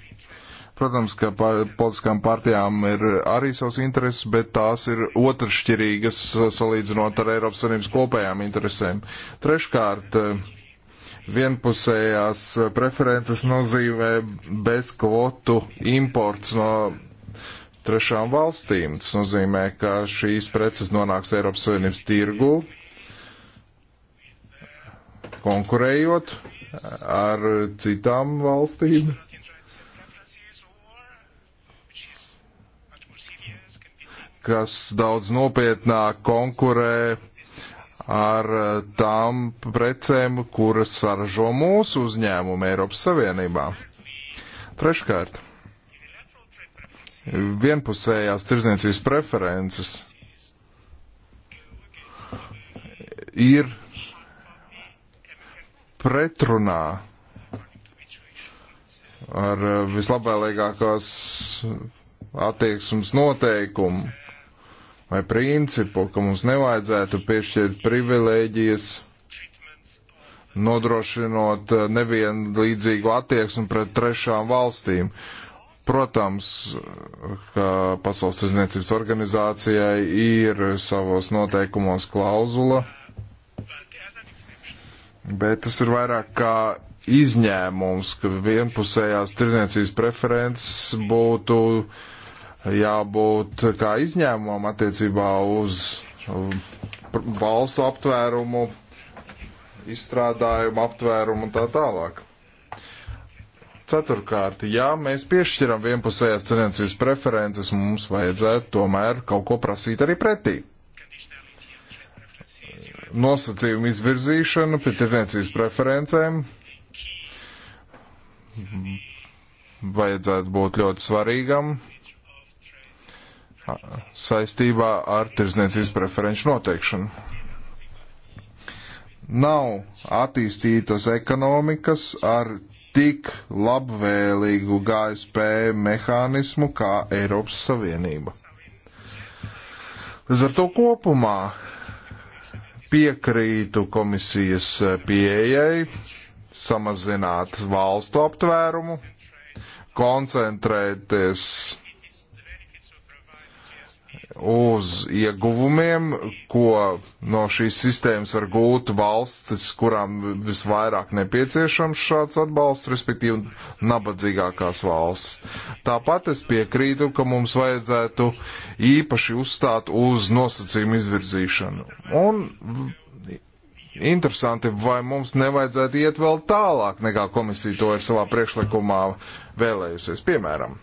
Protams, ka politiskām partijām ir arī savas intereses, bet tās ir otršķirīgas salīdzinot ar Eiropas Savienības kopējām interesēm. Treškārt, vienpusējās preferences nozīmē bezkvotu imports no trešām valstīm. Tas nozīmē, ka šīs preces nonāks Eiropas Savienības tirgu, konkurējot ar citām valstīm. kas daudz nopietnāk konkurē ar tām precēm, kuras saražo mūsu uzņēmumu Eiropas Savienībā. Treškārt, vienpusējās tirdzniecības preferences ir pretrunā ar vislabvēlīgākās attieksmes noteikumu vai principu, ka mums nevajadzētu piešķirt privilēģijas, nodrošinot nevienlīdzīgu attieksmi pret trešām valstīm. Uh, Protams, ka Pasaules tirdzniecības organizācijai ir savos noteikumos klauzula, bet tas ir vairāk kā izņēmums, ka vienpusējās tirdzniecības preferences būtu jābūt kā izņēmumam attiecībā uz um, valstu aptvērumu, izstrādājumu aptvērumu un tā tālāk. Ceturkārt, ja mēs piešķiram vienpusējās tirdzniecības preferences, mums vajadzētu tomēr kaut ko prasīt arī pretī. Nosacījumu izvirzīšanu pie tirdzniecības preferencēm vajadzētu būt ļoti svarīgam saistībā ar tirdzniecības preferenču noteikšanu nav attīstītas ekonomikas ar tik labvēlīgu GSP mehānismu kā Eiropas Savienība. Līdz ar to kopumā piekrītu komisijas pieejai samazināt valstu aptvērumu, koncentrēties uz ieguvumiem, ko no šīs sistēmas var gūt valstis, kurām visvairāk nepieciešams šāds atbalsts, respektīvi nabadzīgākās valsts. Tāpat es piekrītu, ka mums vajadzētu īpaši uzstāt uz nosacījumu izvirzīšanu. Un interesanti, vai mums nevajadzētu iet vēl tālāk, nekā komisija to ir savā priekšlikumā vēlējusies, piemēram.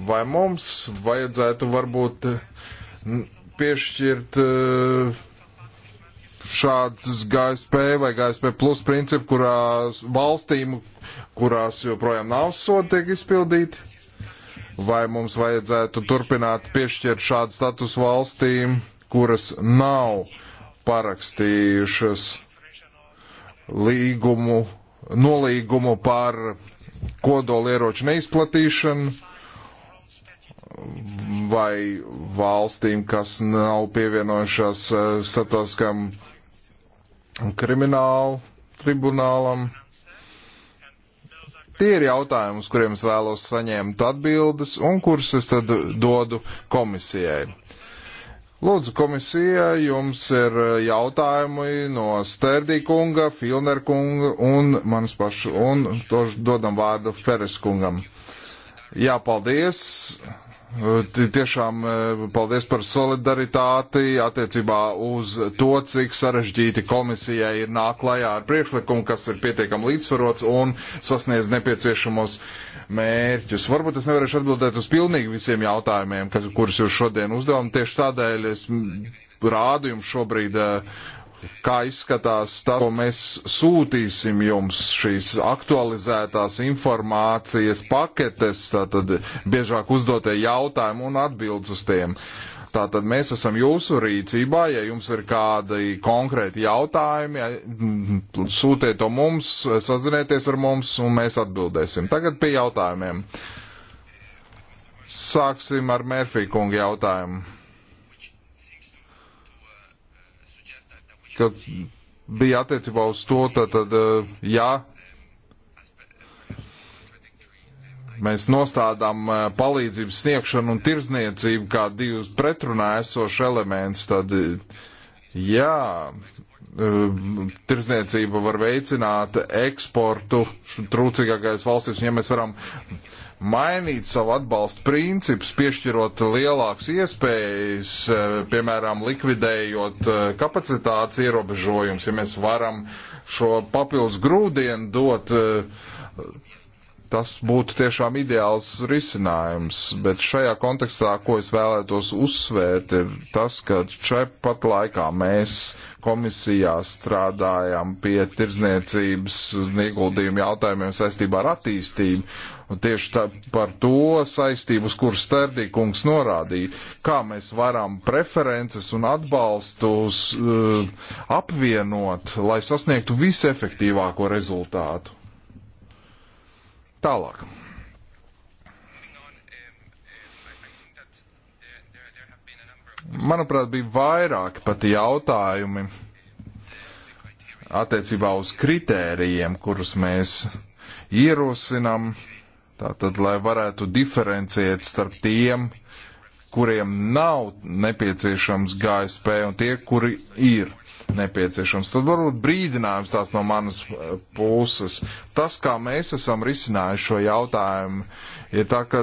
Vai mums vajadzētu varbūt eh, piešķirt eh, šāds GSP vai GSP plus principu, kurās valstīm, kurās joprojām nav sodi, tiek izpildīti? Vai mums vajadzētu turpināt piešķirt šādu status valstīm, kuras nav parakstījušas līgumu, nolīgumu par kodolieroču neizplatīšanu? vai valstīm, kas nav pievienojušās eh, starptautiskam kriminālu tribunālam. Tie ir jautājumi, uz kuriem es vēlos saņemt atbildes un kurus es tad dodu komisijai. Lūdzu, komisija, jums ir jautājumi no Sterdī kunga, Filner kunga un manas pašu, un to dodam vārdu Feres kungam. Jā, paldies. Tiešām e, paldies par solidaritāti attiecībā uz to, cik sarežģīti komisijai ir nāk klajā ar priekšlikumu, kas ir pietiekami līdzsvarots un sasniedz nepieciešamos mērķus. Varbūt es nevarēšu atbildēt uz pilnīgi visiem jautājumiem, kas, kurus jūs šodien uzdevam. Tieši tādēļ es rādu jums šobrīd uh, kā izskatās tas, ko mēs sūtīsim jums šīs aktualizētās informācijas paketes, tātad biežāk uzdotie jautājumi un atbildes uz tiem. Tātad mēs esam jūsu rīcībā, ja jums ir kādi konkrēti jautājumi, sūtiet to mums, sazinieties ar mums un mēs atbildēsim. Tagad pie jautājumiem. Sāksim ar Mērfī kunga jautājumu. kas bija attiecībā uz to, tad, tad eh, jā, mēs nostādām eh, palīdzības sniegšanu un tirzniecību kā divus pretrunā esošu elementus, tad eh, jā, Um, tirzniecība var veicināt eksportu trūcīgākais valstīs, ja mēs varam mainīt savu atbalstu principus, piešķirot lielākas iespējas, uh, piemēram, likvidējot uh, kapacitātes ierobežojums, ja mēs varam šo papildus grūdienu dot uh, Tas būtu tiešām ideāls risinājums, bet šajā kontekstā, ko es vēlētos uzsvērt, ir tas, ka šeit pat laikā mēs komisijā strādājam pie tirdzniecības ieguldījumu jautājumiem saistībā ar attīstību. Un tieši tā, par to saistību, uz kur Sterdīkungs norādīja, kā mēs varam preferences un atbalstus uh, apvienot, lai sasniegtu visefektīvāko rezultātu. Tālāk. Manuprāt, bija vairāki pat jautājumi attiecībā uz kritērijiem, kurus mēs ierosinām, tātad, lai varētu diferenciēt starp tiem, kuriem nav nepieciešams GSP un tie, kuri ir nepieciešams. Tad varbūt brīdinājums tās no manas eh, puses. Tas, kā mēs esam risinājuši šo jautājumu, ir tā, ka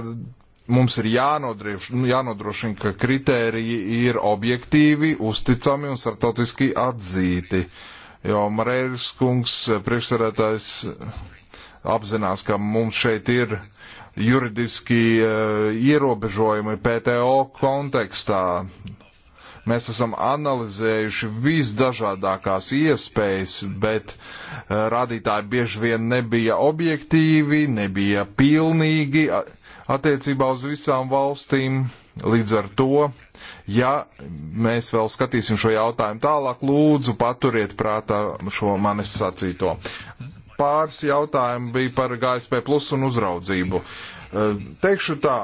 mums ir jānodrošina, ka kritēriji ir objektīvi, uzticami un startautiski atzīti. Jo Marēris kungs, priekšsarētājs, apzinās, ka mums šeit ir uh, juridiski eh, ierobežojumi PTO kontekstā. Mēs esam analizējuši visdažādākās iespējas, bet eh, rādītāji bieži vien nebija objektīvi, nebija pilnīgi attiecībā uz visām valstīm. Līdz ar to, ja mēs vēl skatīsim šo jautājumu tālāk, lūdzu paturiet prātā šo manis sacīto pāris jautājumu bija par GSP plus un uzraudzību. E, teikšu tā.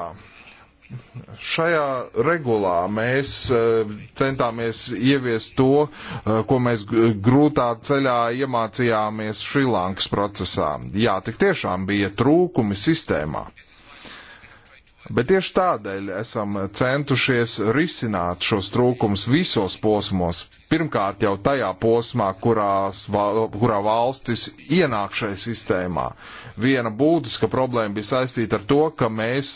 Šajā regulā mēs e, centāmies ieviest to, e, ko mēs grūtā ceļā iemācījāmies Šrilankas procesā. Jā, tik tiešām bija trūkumi sistēmā. Bet tieši tādēļ esam centušies risināt šos trūkumus visos posmos. Pirmkārt jau tajā posmā, kurās, kurā valstis ienāk šai sistēmā. Viena būtiska problēma bija saistīta ar to, ka mēs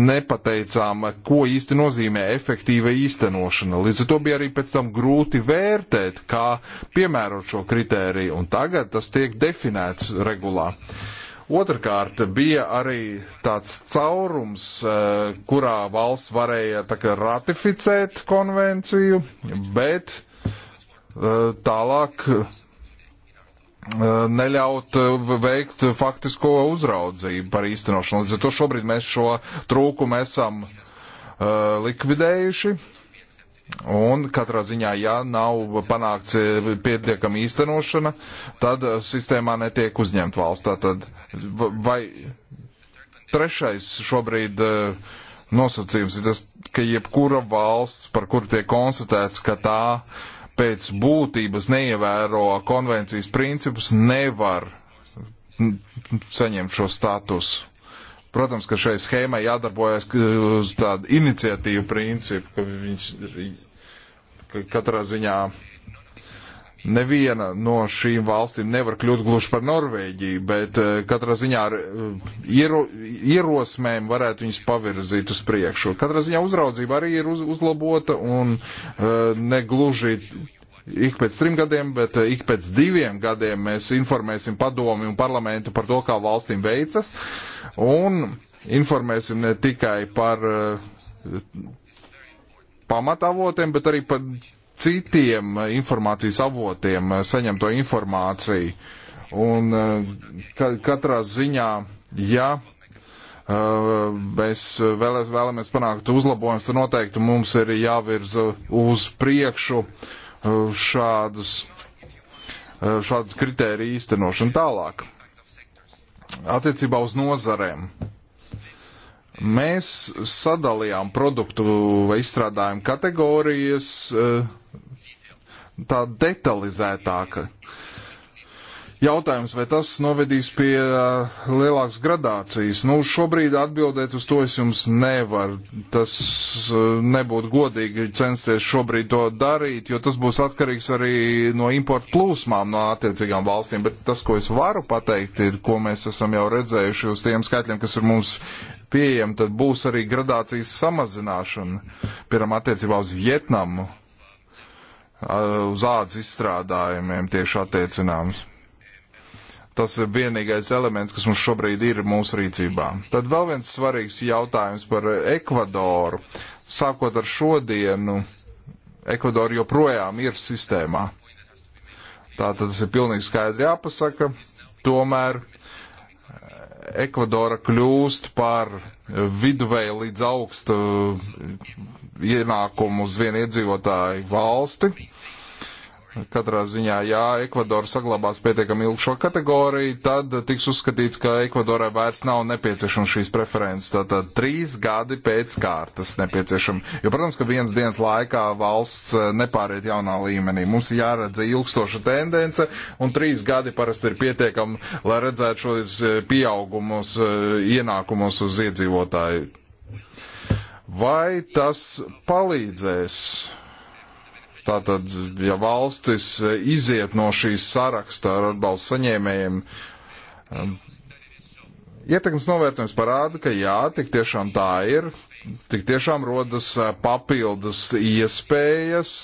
nepateicām, ko īsti nozīmē efektīva īstenošana. Līdz ar to bija arī pēc tam grūti vērtēt, kā piemērot šo kritēriju, un tagad tas tiek definēts regulā. Uh, Otrakārt, bija arī tāds caurums, eh, kurā valsts varēja kā, ratificēt konvenciju, bet eh, tālāk eh, neļaut veikt faktisko uzraudzību par īstenošanu. Līdz ar to šobrīd mēs šo trūkumu esam likvidējuši Un katrā ziņā, ja nav panākts eh, pietiekama īstenošana, tad eh, sistēmā netiek uzņemt valsts. Tātad, vai trešais šobrīd eh, nosacījums ir tas, ka jebkura valsts, par kuru tiek konstatēts, ka tā pēc būtības neievēro konvencijas principus, nevar saņemt šo statusu. Protams, ka šai schēmai jādarbojas uz tādu iniciatīvu principu, ka viņš ka katrā ziņā neviena no šīm valstīm nevar kļūt gluži par Norvēģiju, bet eh, katrā ziņā ar eh, iero, ierosmēm varētu viņus pavirzīt uz priekšu. Katrā ziņā uzraudzība arī ir uz, uzlabota un uh, negluži ik pēc trim gadiem, bet eh, ik pēc diviem gadiem mēs informēsim padomi un parlamentu par to, kā valstīm veicas, un informēsim ne tikai par eh, pamatavotiem, bet arī par citiem eh, informācijas avotiem saņemto informāciju. Un ka, katrā ziņā, ja mēs vēlamies panākt uzlabojumus, tad noteikti mums ir jāvirza uz priekšu uh, šādas, uh, šādas uh, kritēriju īstenošanu tālāk. Attiecībā uz nozarēm. Mēs sadalījām produktu vai izstrādājumu kategorijas uh, tā detalizētāka. Uh, Jautājums, vai tas novedīs pie lielākas gradācijas? Nu, šobrīd atbildēt uz to es jums nevaru. Tas nebūtu godīgi censties šobrīd to darīt, jo tas būs atkarīgs arī no importu plūsmām no attiecīgām valstīm. Bet tas, ko es varu pateikt, ir, ko mēs esam jau redzējuši uz tiem skaitļiem, kas ir mums pieejami, tad būs arī gradācijas samazināšana. Piemēram, attiecībā uz Vietnamu, uz ādas izstrādājumiem tieši attiecināms. Tas ir vienīgais elements, kas mums šobrīd ir mūsu rīcībā. Tad vēl viens svarīgs jautājums par Ekvadoru. Sākot ar šodienu, Ekvadora joprojām ir sistēmā. Tātad tas ir pilnīgi skaidri jāpasaka. Tomēr eh, Ekvadora kļūst par viduvēju līdz augstu eh, ienākumu uz vienu iedzīvotāju valsti Katrā ziņā, ja Ekvadora saglabās pietiekami ilgu šo kategoriju, tad tiks uzskatīts, ka Ekvadorai vairs nav nepieciešams šīs preferences. Tātad trīs gadi pēc kārtas nepieciešama. Jo, protams, ka viens dienas laikā valsts eh, nepāriet jaunā līmenī. Mums ir jāredz ilgstoša tendence, un trīs gadi parasti ir pietiekami, lai redzētu šos eh, pieaugumus eh, ienākumus uz iedzīvotāju. Vai tas palīdzēs? Tātad, ja valstis e, iziet no šīs saraksta ar atbalstu saņēmējiem, um, ietekmes novērtējums parāda, ka jā, tik tiešām tā ir, tik tiešām rodas e, papildus iespējas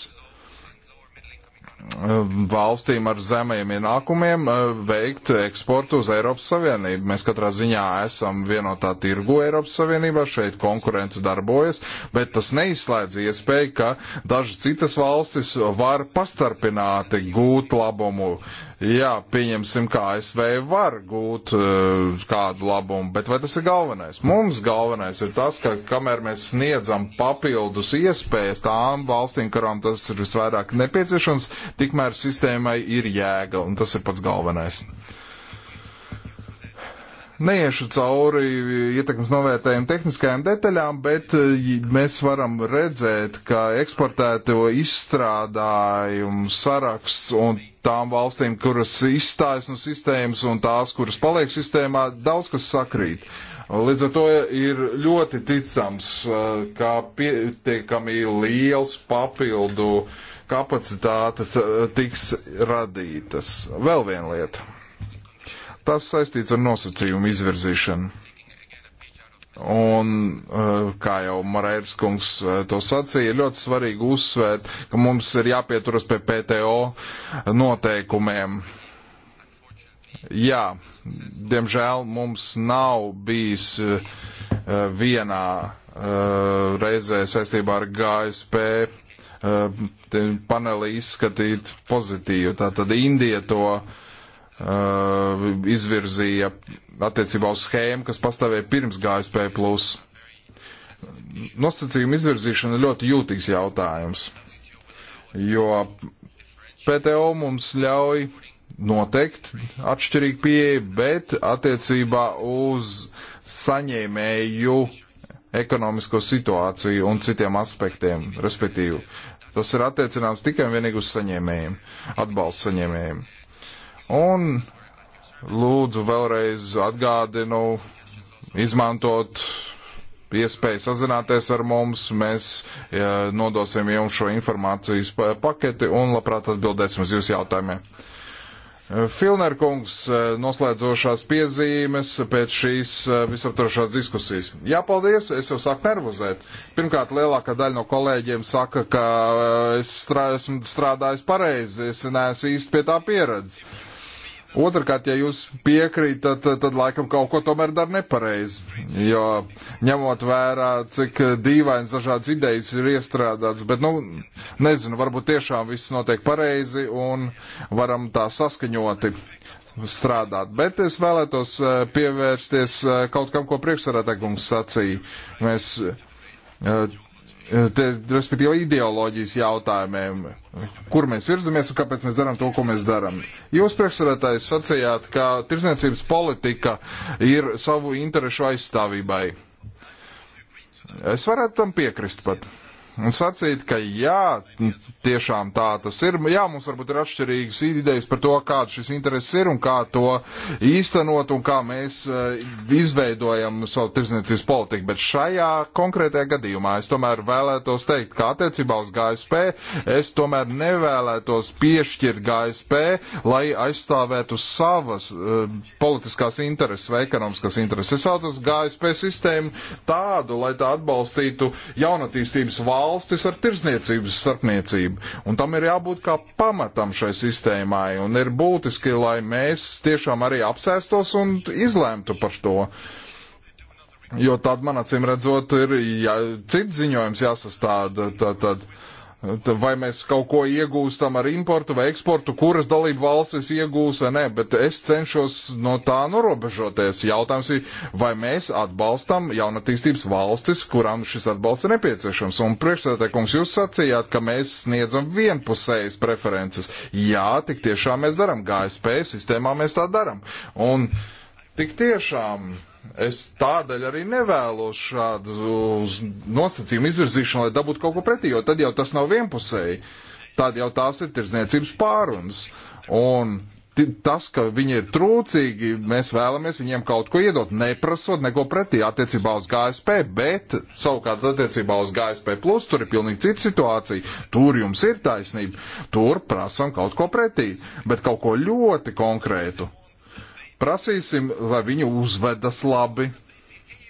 valstīm ar zemajiem ienākumiem eh, veikt eksportu uz Eiropas Savienību. Mēs katrā ziņā esam vienotā tirgu Eiropas Savienībā, šeit konkurence darbojas, bet tas neizslēdz iespēju, ka dažas citas valstis var pastarpināti gūt labumu jā, pieņemsim, ka ASV var gūt uh, kādu labumu, bet vai tas ir galvenais? Mums galvenais ir tas, ka kamēr mēs sniedzam papildus iespējas tām valstīm, kurām tas ir visvairāk nepieciešams, tikmēr sistēmai ir jēga, un tas ir pats galvenais. Uh, Neiešu cauri ietekmes novērtējumu tehniskajām detaļām, bet eh, mēs varam redzēt, ka eksportēto izstrādājumu saraksts un tām valstīm, kuras izstājas no sistēmas un tās, kuras paliek sistēmā, daudz kas sakrīt. Līdz ar to ir ļoti ticams, eh, ka pietiekami liels papildu kapacitātes eh, tiks radītas. Vēl viena lieta Tas saistīts ar nosacījumu izvirzīšanu. Un, eh, kā jau Marērs kungs eh, to sacīja, ļoti svarīgi uzsvērt, ka mums ir jāpieturas pie PTO noteikumiem. Jā, diemžēl mums nav bijis eh, vienā reizē saistībā ar GSP paneli izskatīt pozitīvu. Tātad Indija to uh, Uh, izvirzīja attiecībā uz schēmu, kas pastāvēja pirms GSP. Nosacījuma izvirzīšana ir ļoti jūtīgs jautājums, jo PTO mums ļauj noteikt atšķirīgu pieeju, bet attiecībā uz saņēmēju ekonomisko situāciju un citiem aspektiem, respektīvi. Tas ir attiecināms tikai un vienīgi uz saņēmējiem, atbalsta saņēmējiem. Un lūdzu vēlreiz atgādinu, izmantot iespēju sazināties ar mums. Mēs ja, nodosim jums šo informācijas paketi un labprāt atbildēsim uz jūsu jautājumiem. Filnerkungs, noslēdzošās piezīmes pēc šīs visaptarošās diskusijas. Jā, paldies, es jau sāku nervozēt. Pirmkārt, lielākā daļa no kolēģiem saka, ka eh, es strā, esmu strādājis pareizi, es neesmu īsti pie tā pieredzes. Otrakārt, ja jūs piekrītat, tad, tad laikam kaut ko tomēr dara nepareizi, jo ņemot vērā, cik dīvains dažādas idejas ir iestrādāts, bet, nu, nezinu, varbūt tiešām viss notiek pareizi un varam tā saskaņoti strādāt, bet es vēlētos eh, pievērsties eh, kaut kam, ko priekšsarētājums sacīja. Mēs eh, Eh, te, respektīvi ideoloģijas jautājumiem, kur mēs virzamies un kāpēc mēs darām to, ko mēs darām. Jūs priekšsēdētājs sacījāt, ka tirzniecības politika ir savu interešu aizstāvībai. Es varētu tam piekrist pat un sacīt, ka jā, tiešām tā tas ir. Jā, mums varbūt ir atšķirīgas idejas par to, kāda šis interesi ir un kā to īstenot un kā mēs eh, izveidojam savu tirzniecības politiku. Bet šajā konkrētajā gadījumā es tomēr vēlētos teikt, ka attiecībā uz GSP es tomēr nevēlētos piešķirt GSP, lai aizstāvētu savas uh, politiskās intereses vai ekonomiskās intereses. Es vēlētos GSP sistēmu tādu, lai tā atbalstītu jaunatīstības valsts valstis ar tirsniecības starpniecību. Un tam ir jābūt kā pamatam šai sistēmai, un ir būtiski, lai mēs tiešām arī apsēstos un izlēmtu par to. Jo tad man acīm redzot ir jā, cits ziņojums jāsastāda. Tad, tad, tad vai mēs kaut ko iegūstam ar importu vai eksportu, kuras dalību valstis iegūs vai nē, bet es cenšos no tā norobežoties. Jautājums ir, vai mēs atbalstam jaunatīstības valstis, kurām šis atbalsts ir nepieciešams. Un priekšsēdētājums jūs sacījāt, ka mēs sniedzam vienpusējas preferences. Jā, tik tiešām mēs daram. GSP sistēmā mēs tā daram. Un tik tiešām Es tādēļ arī nevēlos šādu nosacījumu izvirzīšanu, lai dabūtu kaut ko pretī, jo tad jau tas nav vienpusēji. Tad jau tās ir tirzniecības pārunas. Un tas, ka viņi ir trūcīgi, mēs vēlamies viņiem kaut ko iedot, neprasot neko pretī attiecībā uz GSP, bet savukārt attiecībā uz GSP plus tur ir pilnīgi cita situācija. Tur jums ir taisnība, tur prasam kaut ko pretī, bet kaut ko ļoti konkrētu. Prasīsim, lai viņi uzvedas labi,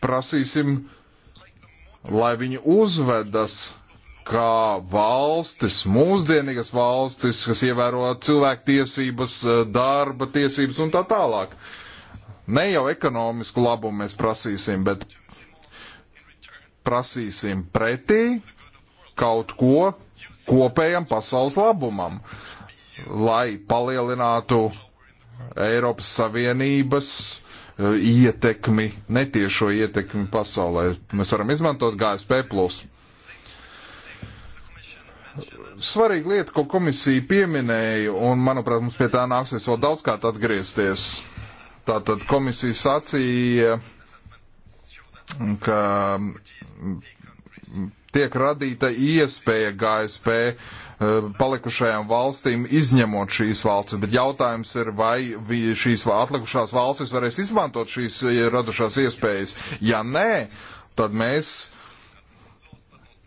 prasīsim, lai viņi uzvedas kā valstis, mūsdienīgas valstis, kas ievēro cilvēktiesības, darba tiesības un tā tālāk. Ne jau ekonomisku labumu mēs prasīsim, bet prasīsim pretī kaut ko kopējam pasaules labumam, lai palielinātu Eiropas Savienības eh, ietekmi, netiešo ietekmi pasaulē. Mēs varam izmantot GSP. Svarīga lieta, ko komisija pieminēja, un manuprāt, mums pie tā nāksies vēl daudzkārt atgriezties. Tātad komisija sacīja, ka tiek radīta iespēja GSP eh, palikušajām valstīm izņemot šīs valstis, bet jautājums ir, vai šīs atlikušās valstis varēs izmantot šīs eh, radušās iespējas. Ja nē, tad mēs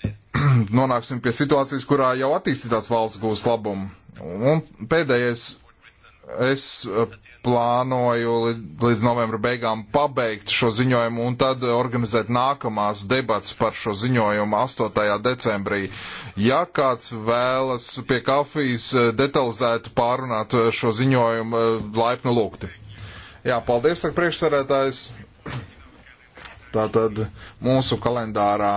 <clears throat> nonāksim pie situācijas, kurā jau attīstītās valsts gūs labumu. Un pēdējais, es eh, plānoju līdz novembra beigām pabeigt šo ziņojumu un tad organizēt nākamās debats par šo ziņojumu 8. decembrī. Ja kāds vēlas pie kafijas eh, detalizēti pārunāt eh, šo ziņojumu, eh, laipni lūgti. Jā, paldies, saka priekšsarētājs. Tātad mūsu kalendārā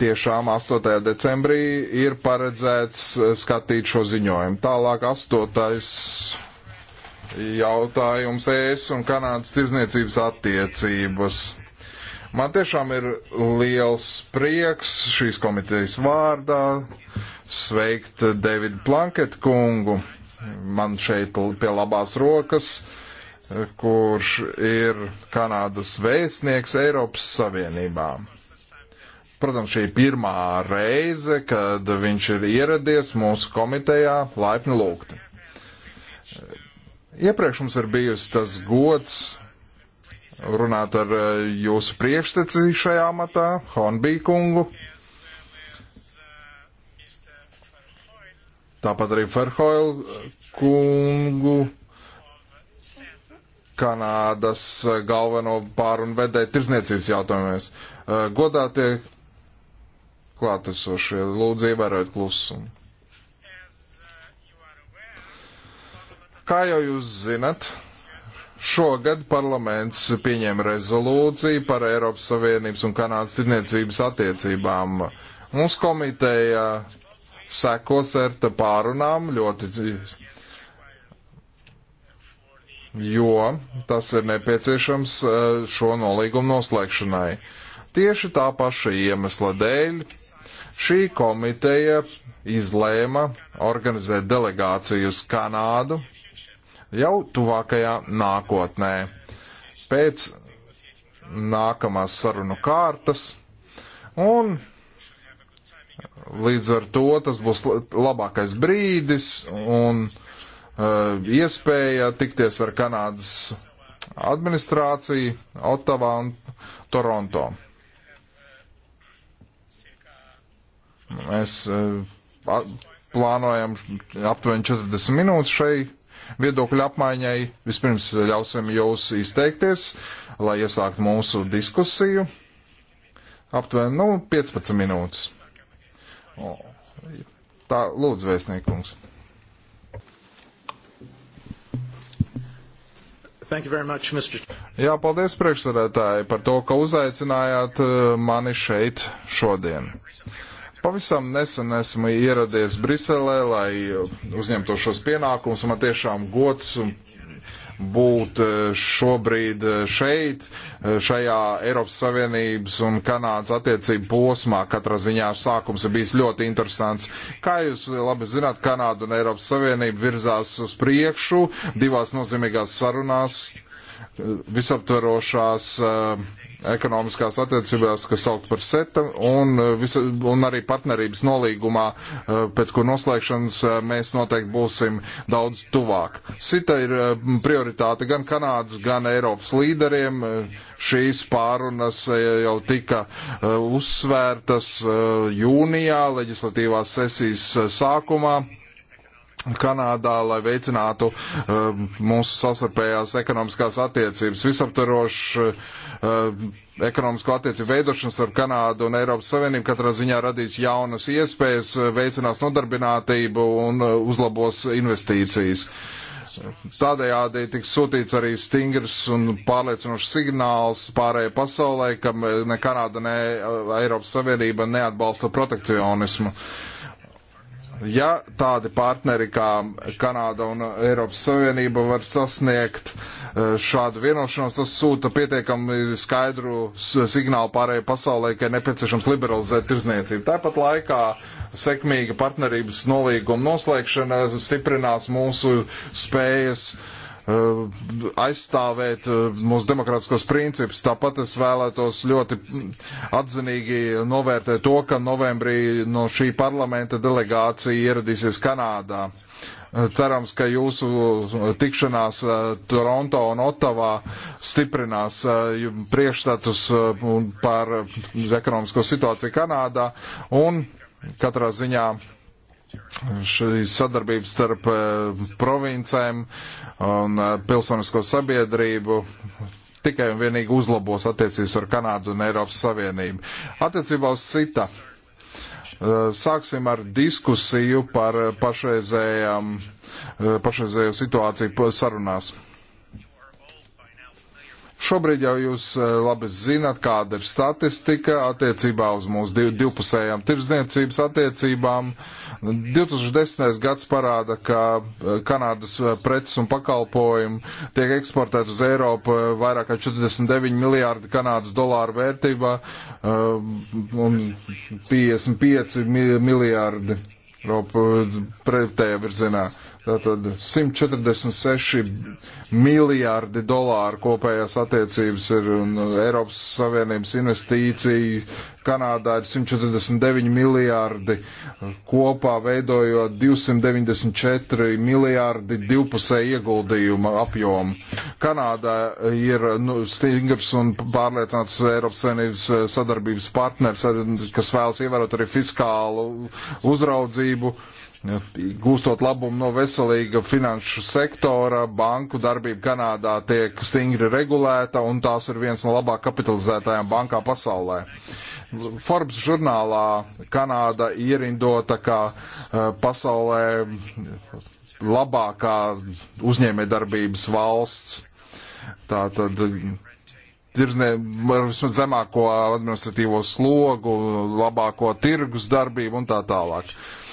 tiešām 8. decembrī ir paredzēts eh, skatīt šo ziņojumu. Tālāk 8. jautājums ES un Kanādas tirzniecības attiecības. Man tiešām ir liels prieks šīs komitejas vārdā sveikt Davidu Planketu kungu. Man šeit pie labās rokas kurš ir Kanādas vēstnieks Eiropas Savienībā. Protams, šī ir pirmā reize, kad viņš ir ieradies mūsu komitejā laipni lūgti. Iepriekš mums ir bijusi tas gods runāt ar eh, jūsu priekšteci šajā matā, Honbī kungu. Tāpat arī Ferhoil kungu, Kanādas galveno pārunu vedēju tirzniecības jautājumos. Eh, Godātie klātesošie. Lūdzu, ievērojiet klusumu. Kā jau jūs zinat, šogad parlaments pieņēma rezolūciju par Eiropas Savienības un Kanādas tirniecības attiecībām. Mums komiteja sekos ar te pārunām ļoti dzīves jo tas ir nepieciešams eh, šo nolīgumu noslēgšanai. Tieši tā paša iemesla dēļ Šī komiteja izlēma organizēt delegāciju uz Kanādu jau tuvākajā nākotnē. Pēc nākamās sarunu kārtas un līdz ar to tas būs labākais brīdis un uh, iespēja tikties ar Kanādas administrāciju Otavā un Toronto. Mēs e, plānojam aptuveni 40 minūtes šai viedokļu apmaiņai. Vispirms ļausim jūs izteikties, lai iesākt mūsu diskusiju. Aptuveni, nu, 15 minūtes. Tā, lūdzu, vēstniekums. Much, Mr. Jā, paldies priekšsarētāji par to, ka uzaicinājāt e, mani šeit šodien. Uh, Pavisam nesen esmu ieradies Briselē, lai uzņemtu šos pienākumus. Man tiešām gods būt e, šobrīd e, šeit, e, šajā Eiropas Savienības un Kanādas attiecību posmā. Katrā ziņā sākums ir bijis ļoti interesants. Kā jūs labi zināt, Kanāda un Eiropas Savienība virzās uz priekšu divās nozīmīgās sarunās, visaptverošās uh, ekonomiskās attiecībās, kas saukt par SETA, un, eh, visa, un arī partnerības nolīgumā, eh, pēc kur noslēgšanas eh, mēs noteikti būsim daudz tuvāk. SITA ir prioritāte gan Kanādas, gan Eiropas līderiem. Šīs pārunas jau tika uzsvērtas jūnijā, leģislatīvās sesijas sākumā Kanādā, lai veicinātu uh, mūsu savstarpējās ekonomiskās attiecības, visaptarošu uh, um, ekonomisko attiecību veidošanas ar Kanādu un Eiropas Savienību katrā ziņā radīs jaunas iespējas, veicinās nodarbinātību un uh, uzlabos investīcijas. Tādējādi tiks sūtīts arī stingrs un pārliecinošs signāls pārējai pasaulē, ka ne Kanāda, ne uh, Eiropas Savienība neatbalsta protekcionismu. Uh, Ja tādi partneri kā Kanāda un Eiropas Savienība var sasniegt e, šādu vienošanos, tas sūta pietiekami skaidru signālu pārējai pasaulē, ka ir nepieciešams liberalizēt tirzniecību. Tāpat laikā sekmīga partnerības nolīguma noslēgšana stiprinās mūsu spējas uh, Uh, aizstāvēt uh, mūsu demokrātiskos principus. Tāpat es vēlētos ļoti atzinīgi novērtēt to, ka novembrī no šī parlamenta delegācija ieradīsies Kanādā. Uh, cerams, ka jūsu tikšanās Toronto un Otavā stiprinās priekšstatus par ekonomisko situāciju Kanādā un katrā ziņā šī sadarbība starp eh, provincēm un eh, pilsonisko sabiedrību tikai un vienīgi uzlabos attiecības ar Kanādu un Eiropas Savienību. Attiecībā uz cita. Eh, sāksim ar diskusiju par pašreizējo situāciju sarunās. Šobrīd jau jūs eh, labi zināt, kāda ir statistika attiecībā uz mūsu div, divpusējām tirdzniecības attiecībām. 2010. gads parāda, ka eh, Kanādas eh, preces un pakalpojumi tiek eksportēti uz Eiropu vairāk kā 49 miljārdi Kanādas dolāru vērtībā un 55 miljārdi Eiropu pretējā virzienā. Tātad 146 miljārdi dolāru kopējās attiecības ir un Eiropas Savienības investīcija. Kanādā ir 149 miljārdi kopā veidojot 294 miljārdi divpusēji ieguldījuma apjomu. Kanādā ir nu, stingrs un pārliecināts Eiropas Savienības eh, sadarbības partners, kas vēlas ievērot arī fiskālu uzraudzību. Uh, Gūstot labumu no veselīga finanšu sektora, banku darbība Kanādā tiek stingri regulēta un tās ir viens no labāk kapitalizētajām bankām pasaulē. Forbes žurnālā Kanāda ierindota kā eh, pasaulē labākā uzņēmējdarbības valsts. Tātad tirznie, vismaz zemāko administratīvo slogu, labāko tirgus darbību un tā tālāk. Uh,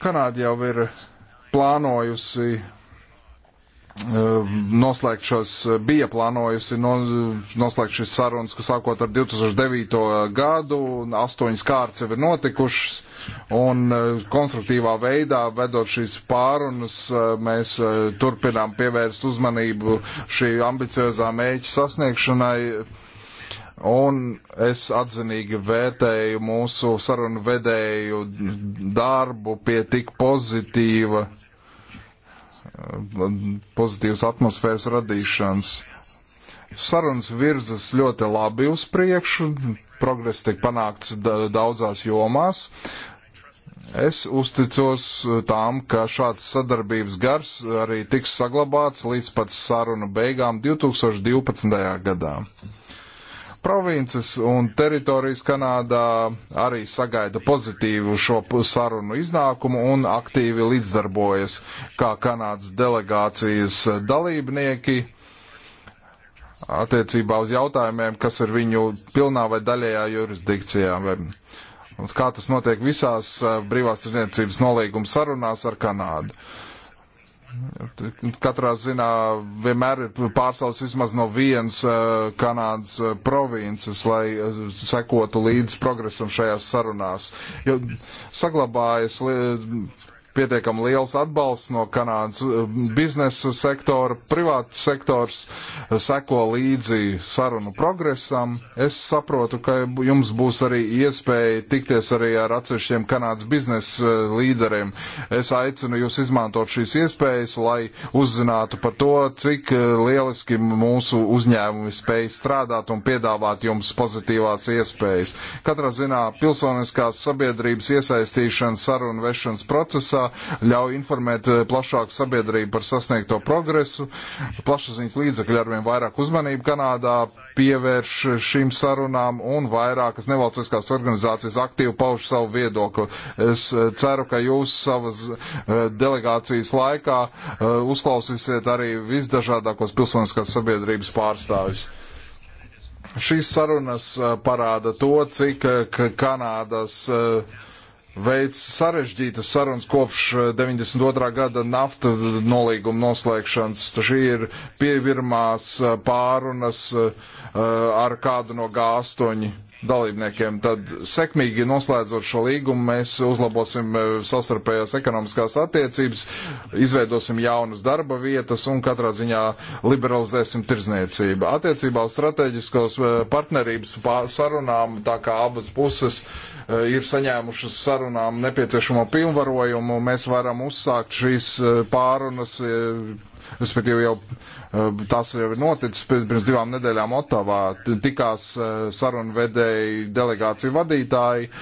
Kanāda jau ir plānojusi eh, noslēgt šos, bija plānojusi no, noslēgt šīs sarunas, kas sākot ar 2009. gadu, astoņas kārtas jau ir notikušas, un eh, konstruktīvā veidā vedot šīs pārunas, eh, mēs turpinām pievērst uzmanību šī ambiciozā mēķa sasniegšanai Un es atzinīgi vērtēju mūsu sarunu vedēju darbu pie tik pozitīva, pozitīvas atmosfēras radīšanas. Sarunas virzas ļoti labi uz priekšu, progress tiek panākts daudzās jomās. Es uzticos tām, ka šāds sadarbības gars arī tiks saglabāts līdz pat sarunu beigām 2012. gadā. Provinces un teritorijas Kanādā arī sagaida pozitīvu šo sarunu iznākumu un aktīvi līdzdarbojas kā Kanādas delegācijas dalībnieki attiecībā uz jautājumiem, kas ir viņu pilnā vai daļējā jurisdikcijā. Kā tas notiek visās eh, brīvās tirdzniecības nolīguma sarunās ar Kanādu. Uh, Katrā ziņā vienmēr ir pārsaucis vismaz no vienas eh, Kanādas eh, provinces, lai eh, sekotu līdz progresam šajās sarunās. Jo saglabājas pietiekami liels atbalsts no Kanādas um, biznesa sektora, privāts sektors uh, seko līdzi sarunu progresam. Es saprotu, ka jums būs arī iespēja tikties arī ar atsevišķiem Kanādas biznesa uh, līderiem. Es aicinu jūs izmantot šīs iespējas, lai uzzinātu par to, cik uh, lieliski mūsu uzņēmumi spēj strādāt un piedāvāt jums pozitīvās iespējas. Katrā zinā pilsoniskās sabiedrības iesaistīšana sarunu vešanas procesā gaisā, ļauj informēt eh, plašāku sabiedrību par sasniegto progresu. Plašsaziņas līdzekļi arvien vairāk uzmanību Kanādā pievērš šīm sarunām un vairākas nevalstiskās organizācijas aktīvi pauž savu viedokli. Es eh, ceru, ka jūs savas eh, delegācijas laikā uzklausīsiet arī visdažādākos pilsoniskās sabiedrības pārstāvis. Šīs sarunas parāda to, cik Kanādas uh, veids sarežģītas sarunas kopš 92. Eh, gada nafta nolīguma noslēgšanas. Šī ir pievirmās eh, pārunas eh, ar kādu no G8 dalībniekiem, tad sekmīgi noslēdzot šo līgumu, mēs uzlabosim e, savstarpējās ekonomiskās attiecības, izveidosim jaunas darba vietas un katrā ziņā liberalizēsim tirzniecību. Attiecībā uz strateģiskos e, partnerības sarunām, tā kā abas puses e, ir saņēmušas sarunām nepieciešamo pilnvarojumu, mēs varam uzsākt šīs pārunas respektīvi jau eh, tas jau ir noticis pirms divām nedēļām Otavā, tikās eh, sarunvedēji delegāciju vadītāji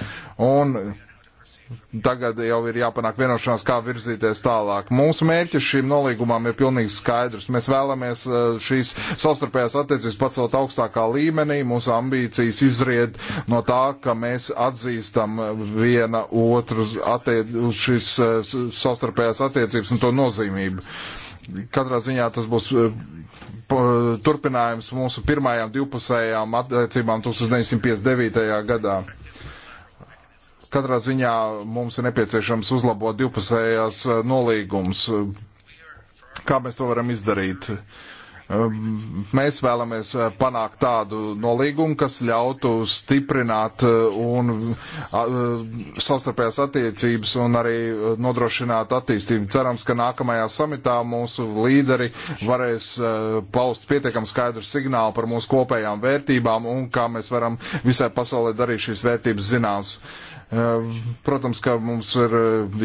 un Tagad jau ir jāpanāk vienošanās, kā virzīties tālāk. Mūsu mērķis šīm nolīgumām ir pilnīgi skaidrs. Mēs vēlamies eh, šīs savstarpējās attiecības pacelt augstākā līmenī. Mūsu ambīcijas izried no tā, ka mēs atzīstam viena otru attiec, šīs savstarpējās attiecības un to nozīmību. Uh, katrā ziņā tas būs eh, turpinājums mūsu pirmajām divpusējām attiecībām 1959. gadā. Katrā ziņā mums ir nepieciešams uzlabot divpusējās eh, nolīgums. Kā mēs to varam izdarīt? Uh, Ehm, mēs vēlamies eh, panākt tādu nolīgumu, kas ļautu stiprināt eh, un eh, savstarpējās attiecības un arī nodrošināt attīstību. Cerams, ka nākamajā samitā mūsu līderi varēs paust pietiekam skaidru signālu par mūsu kopējām vērtībām un kā mēs varam visai pasaulē darīt šīs vērtības zināmas. Ehm, protams, ka mums ir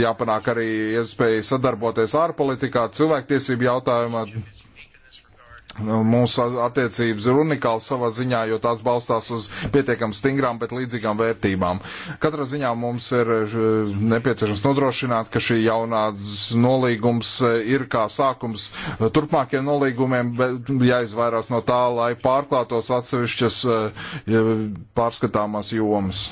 jāpanāk arī iespēja sadarboties ārpolitikā, cilvēktiesību jautājumā, Mūsu attiecības ir unikālas savā ziņā, jo tās balstās uz pietiekami stingrām, bet līdzīgām vērtībām. Katrā ziņā mums ir eh, nepieciešams nodrošināt, ka šī jaunā nolīgums eh, ir kā sākums turpmākiem nolīgumiem, bet jāizvairās no tā, lai pārklātos atsevišķas eh, pārskatāmās jomas.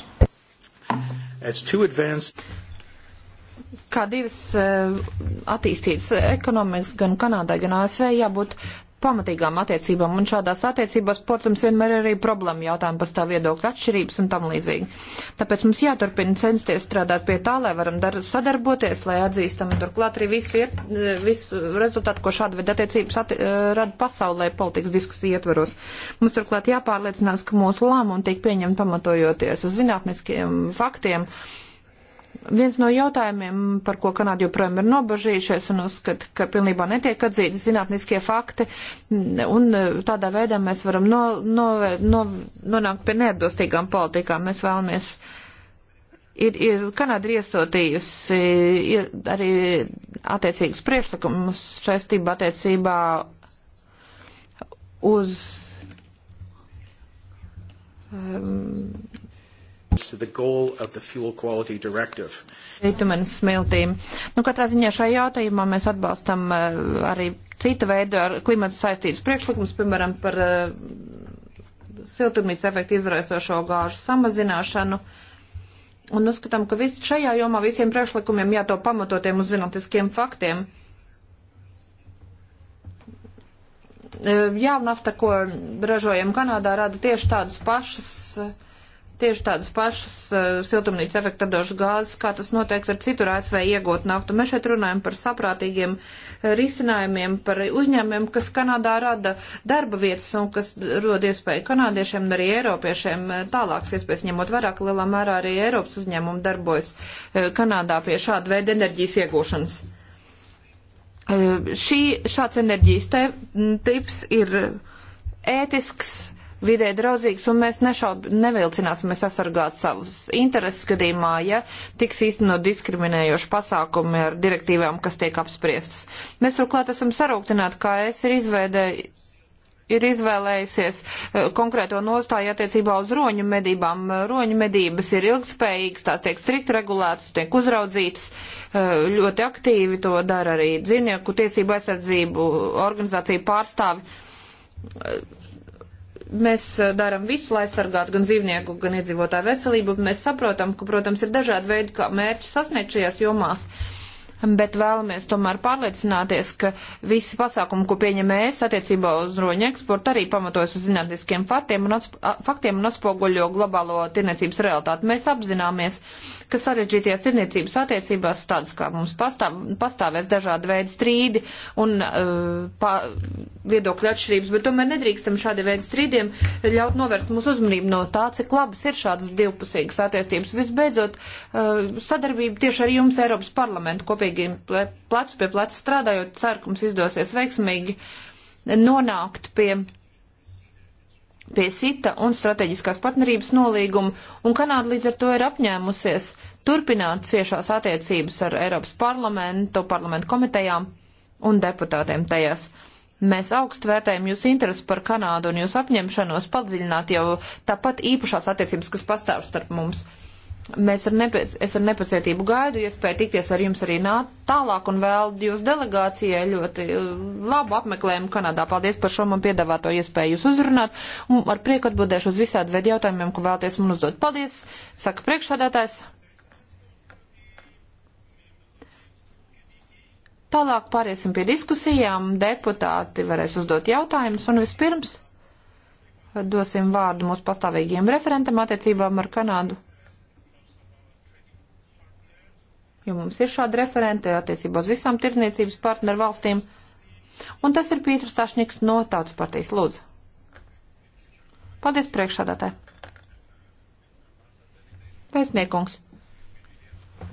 Kā divas attīstītas ekonomikas, gan Kanādai, gan ASV, jābūt pamatīgām attiecībām, un šādās attiecībās, protams, vienmēr arī problēma jautājumi pastāv viedokļu atšķirības un tam līdzīgi. Tāpēc mums jāturpina censties strādāt pie tā, lai varam dar, sadarboties, lai atzīstam turklāt arī visu, iet, visu rezultātu, ko šāda veida attiecības atti, eh, rada pasaulē politikas diskusiju ietveros. Mums turklāt jāpārliecinās, ka mūsu lēmumi tiek pieņemti pamatojoties uz zinātniskiem faktiem. Uh, Viens no jautājumiem, par ko Kanāda joprojām ir nobažījušies un uzskata, ka pilnībā netiek atzīti zinātniskie fakti, un e, tādā veidā mēs varam no, no, no, nonākt pie neatbilstīgām politikām. Mēs vēlamies. Ir, ir Kanāda ir iesūtījusi ir arī attiecīgus priekšlikumus saistībā attiecībā uz um, Bitumenes smiltīm. Nu, katrā ziņā šajā jautājumā mēs atbalstam uh, arī cita veida ar klimatu saistītas priekšlikums, piemēram, par uh, siltumnīca efektu izraisošo gāžu samazināšanu. Un uzskatām, ka vis, šajā jomā visiem priekšlikumiem jāto pamatotiem uz zinātniskiem faktiem. Eh, Jālnafta, ko ražojam Kanādā, rada tieši tādas pašas uh, tieši tādas pašas uh, siltumnīca efekta radošas gāzes, kā tas notiek ar citur ASV iegūt naftu. Mēs šeit runājam par saprātīgiem eh, risinājumiem, par uzņēmumiem, kas Kanādā rada darba vietas un kas rod iespēju kanādiešiem un arī eiropiešiem eh, tālāks iespējas ņemot vairāk, lielā mērā arī Eiropas uzņēmumi darbojas uh, Kanādā pie šāda veida enerģijas iegūšanas. Uh, šī, šāds enerģijas te, tips ir ētisks vidē draudzīgs, un mēs nešaub, nevilcināsimies aizsargāt savus intereses gadījumā, ja tiks īstenot diskriminējoši pasākumi ar direktīvām, kas tiek apspriestas. Mēs turklāt esam sarūktināti, kā es ir izveidēju ir izvēlējusies eh, konkrēto nostāju attiecībā uz roņu medībām. Roņu medības ir ilgspējīgas, tās tiek strikt regulētas, tiek uzraudzītas, eh, ļoti aktīvi to dara arī dzīvnieku tiesību aizsardzību organizāciju pārstāvi eh, mēs eh, darām visu, lai sargātu gan dzīvnieku, gan iedzīvotāju veselību. Mēs saprotam, ka, protams, ir dažādi veidi, kā mērķu sasniegt šajās jomās. Uh, bet vēlamies tomēr pārliecināties, ka visi pasākumi, ko pieņem mēs attiecībā uz roņu eksportu, arī pamatojas uz zinātniskiem faktiem un, faktiem un atspoguļo globālo tirniecības realitāti. Mēs apzināmies, ka sarežģītajās tirniecības attiecībās tādas, kā mums pastāv, pastāvēs dažādi veidi strīdi un uh, pā, viedokļu atšķirības, bet tomēr nedrīkstam šādi veidi strīdiem ļaut novērst mūsu uzmanību no tā, cik labas ir šādas divpusīgas attiecības. Visbeidzot, uh, sadarbība tieši ar jums Eiropas parlamentu kopīgi kopīgi plecu pie pleca strādājot, ceru, ka mums izdosies veiksmīgi nonākt pie pie SITA un strateģiskās partnerības nolīguma, un Kanāda līdz ar to ir apņēmusies turpināt ciešās attiecības ar Eiropas parlamentu, parlamentu komitejām un deputātiem tajās. Mēs augstu vērtējam jūsu interesi par Kanādu un jūsu apņemšanos padziļināt jau tāpat īpašās attiecības, kas pastāv starp mums. Mēs ar, nepēc, ar nepacietību gaidu iespēju ja tikties ar jums arī nā, tālāk un vēl jūs delegācijai ļoti uh, labu apmeklējumu Kanādā. Paldies par šo man piedāvāto iespēju jūs uzrunāt un ar prieku atbildēšu uz visādi veidu jautājumiem, ko vēlties man uzdot. Paldies, saka priekšsādātājs. Tālāk pāriesim pie diskusijām. Deputāti varēs uzdot jautājumus un vispirms dosim vārdu mūsu pastāvīgiem referentam attiecībām ar Kanādu. jo mums ir šāda referente attiecībā uz visām tirdzniecības partneru valstīm. Un tas ir Pīters Sašņiks no Tautas partijas. Lūdzu. Paldies priekšādātē. Pēcniekungs.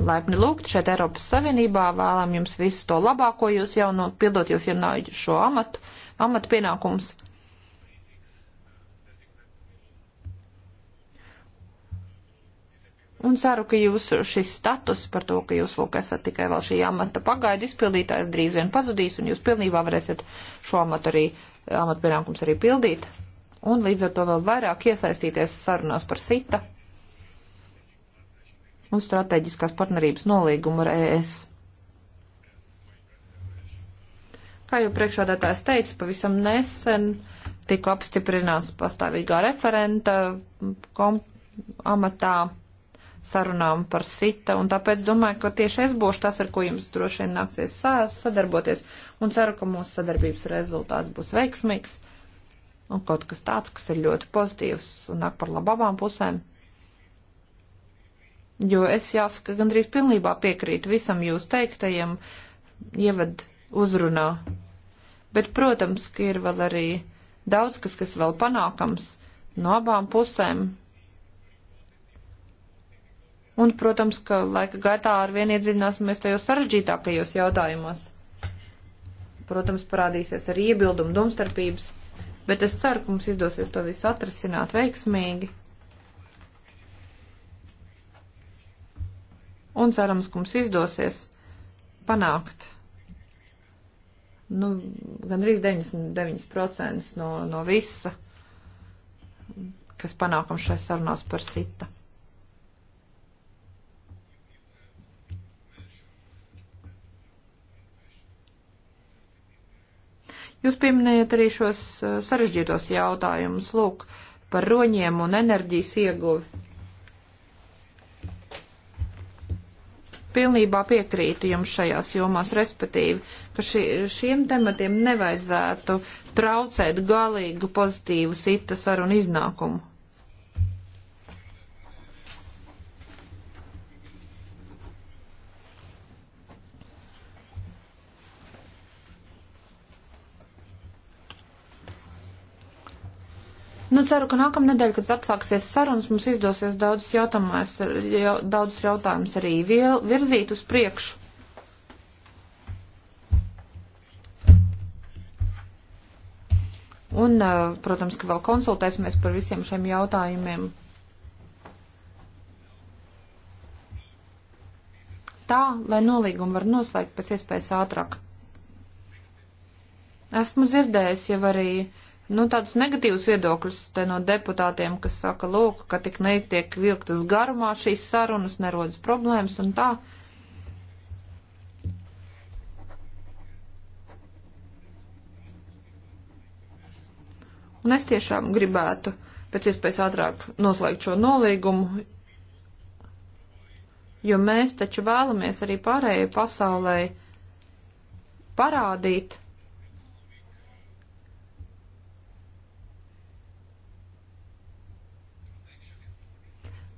Laipni lūgt šeit Eiropas Savienībā, vēlam jums visu to labāko, jūs jau no, pildot jūs jau šo amatu, amatu pienākumus. Un ceru, ka jūs šis status par to, ka jūs lūk esat tikai vēl šī amata pagaidu izpildītājs, drīz vien pazudīs, un jūs pilnībā varēsiet šo amatu arī, amatu pienākums arī pildīt. Un līdz ar to vēl vairāk iesaistīties sarunās par sita un strateģiskās partnerības nolīgumu ar ES. Kā jau priekšādātājs teica, pavisam nesen tika apstiprināts pastāvīgā referenta kom, amatā sarunām par sita, un tāpēc domāju, ka tieši es būšu tas, ar ko jums droši vien nāksies sadarboties, un ceru, ka mūsu sadarbības rezultāts būs veiksmīgs, un kaut kas tāds, kas ir ļoti pozitīvs un nāk par labu abām pusēm. Jo es jāsaka, gandrīz pilnībā piekrītu visam jūs teiktajam ievad uzrunā. Bet, protams, ka ir vēl arī daudz kas, kas vēl panākams no abām pusēm, Un, protams, ka laika gaitā ar vien iedziļināsimies tajos sarežģītākajos jautājumos. Protams, parādīsies arī iebildumi, domstarpības, bet es ceru, ka mums izdosies to visu atrasināt veiksmīgi. Un cerams, ka mums izdosies panākt nu, gandrīz 99% no, no visa, kas panākam šai sarunās par sita. Jūs pieminējat arī šos uh, sarežģītos jautājumus, lūk, par roņiem un enerģijas ieguvi. Pilnībā piekrītu jums šajās jomās, respektīvi, ka ši, šiem tematiem nevajadzētu traucēt galīgu pozitīvu sita sarunu iznākumu. Nu, ceru, ka nākamnedēļ, kad atsāksies sarunas, mums izdosies daudzas jautājumas, jau, daudzas jautājumas arī viel, virzīt uz priekšu. Un, protams, ka vēl konsultēsimies par visiem šiem jautājumiem. Tā, lai nolīgumu var noslēgt pēc iespējas ātrāk. Esmu dzirdējis jau arī nu, tādus negatīvus viedokļus te no deputātiem, kas saka, lūk, ka tik netiek vilktas garumā šīs sarunas, nerodas problēmas un tā. Un es tiešām gribētu pēc iespējas ātrāk noslēgt šo nolīgumu, jo mēs taču vēlamies arī pārējai pasaulē parādīt,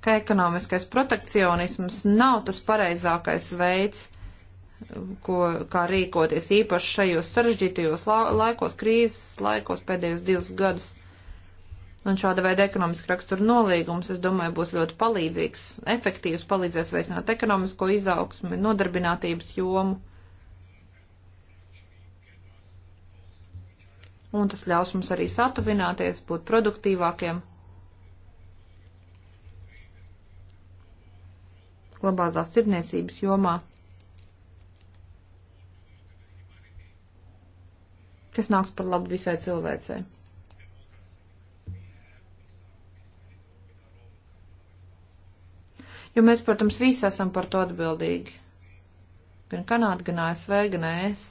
ka ekonomiskais protekcionisms nav tas pareizākais veids, ko, kā rīkoties īpaši šajos sarežģītajos laikos, krīzes laikos pēdējos divus gadus. Un šāda veida ekonomiska rakstura nolīgums, es domāju, būs ļoti palīdzīgs, efektīvs, palīdzēs veicināt ekonomisko izaugsmi, nodarbinātības jomu. Un tas ļaus mums arī satuvināties, būt produktīvākiem globālās tirdzniecības jomā, kas nāks par labu visai cilvēcei. Jo mēs, protams, visi esam par to atbildīgi. Gan Kanāda, gan ASV, gan ES,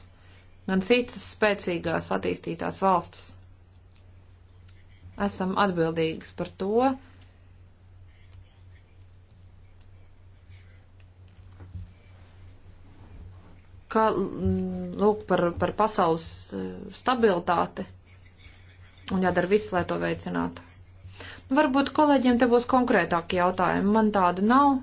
gan citas spēcīgās attīstītās valstis. Esam atbildīgas par to, ka, mm, lūk, par, par pasaules eh, stabilitāti un jādara viss, lai to veicinātu. Nu, varbūt kolēģiem te būs konkrētāki jautājumi. Man tāda nav.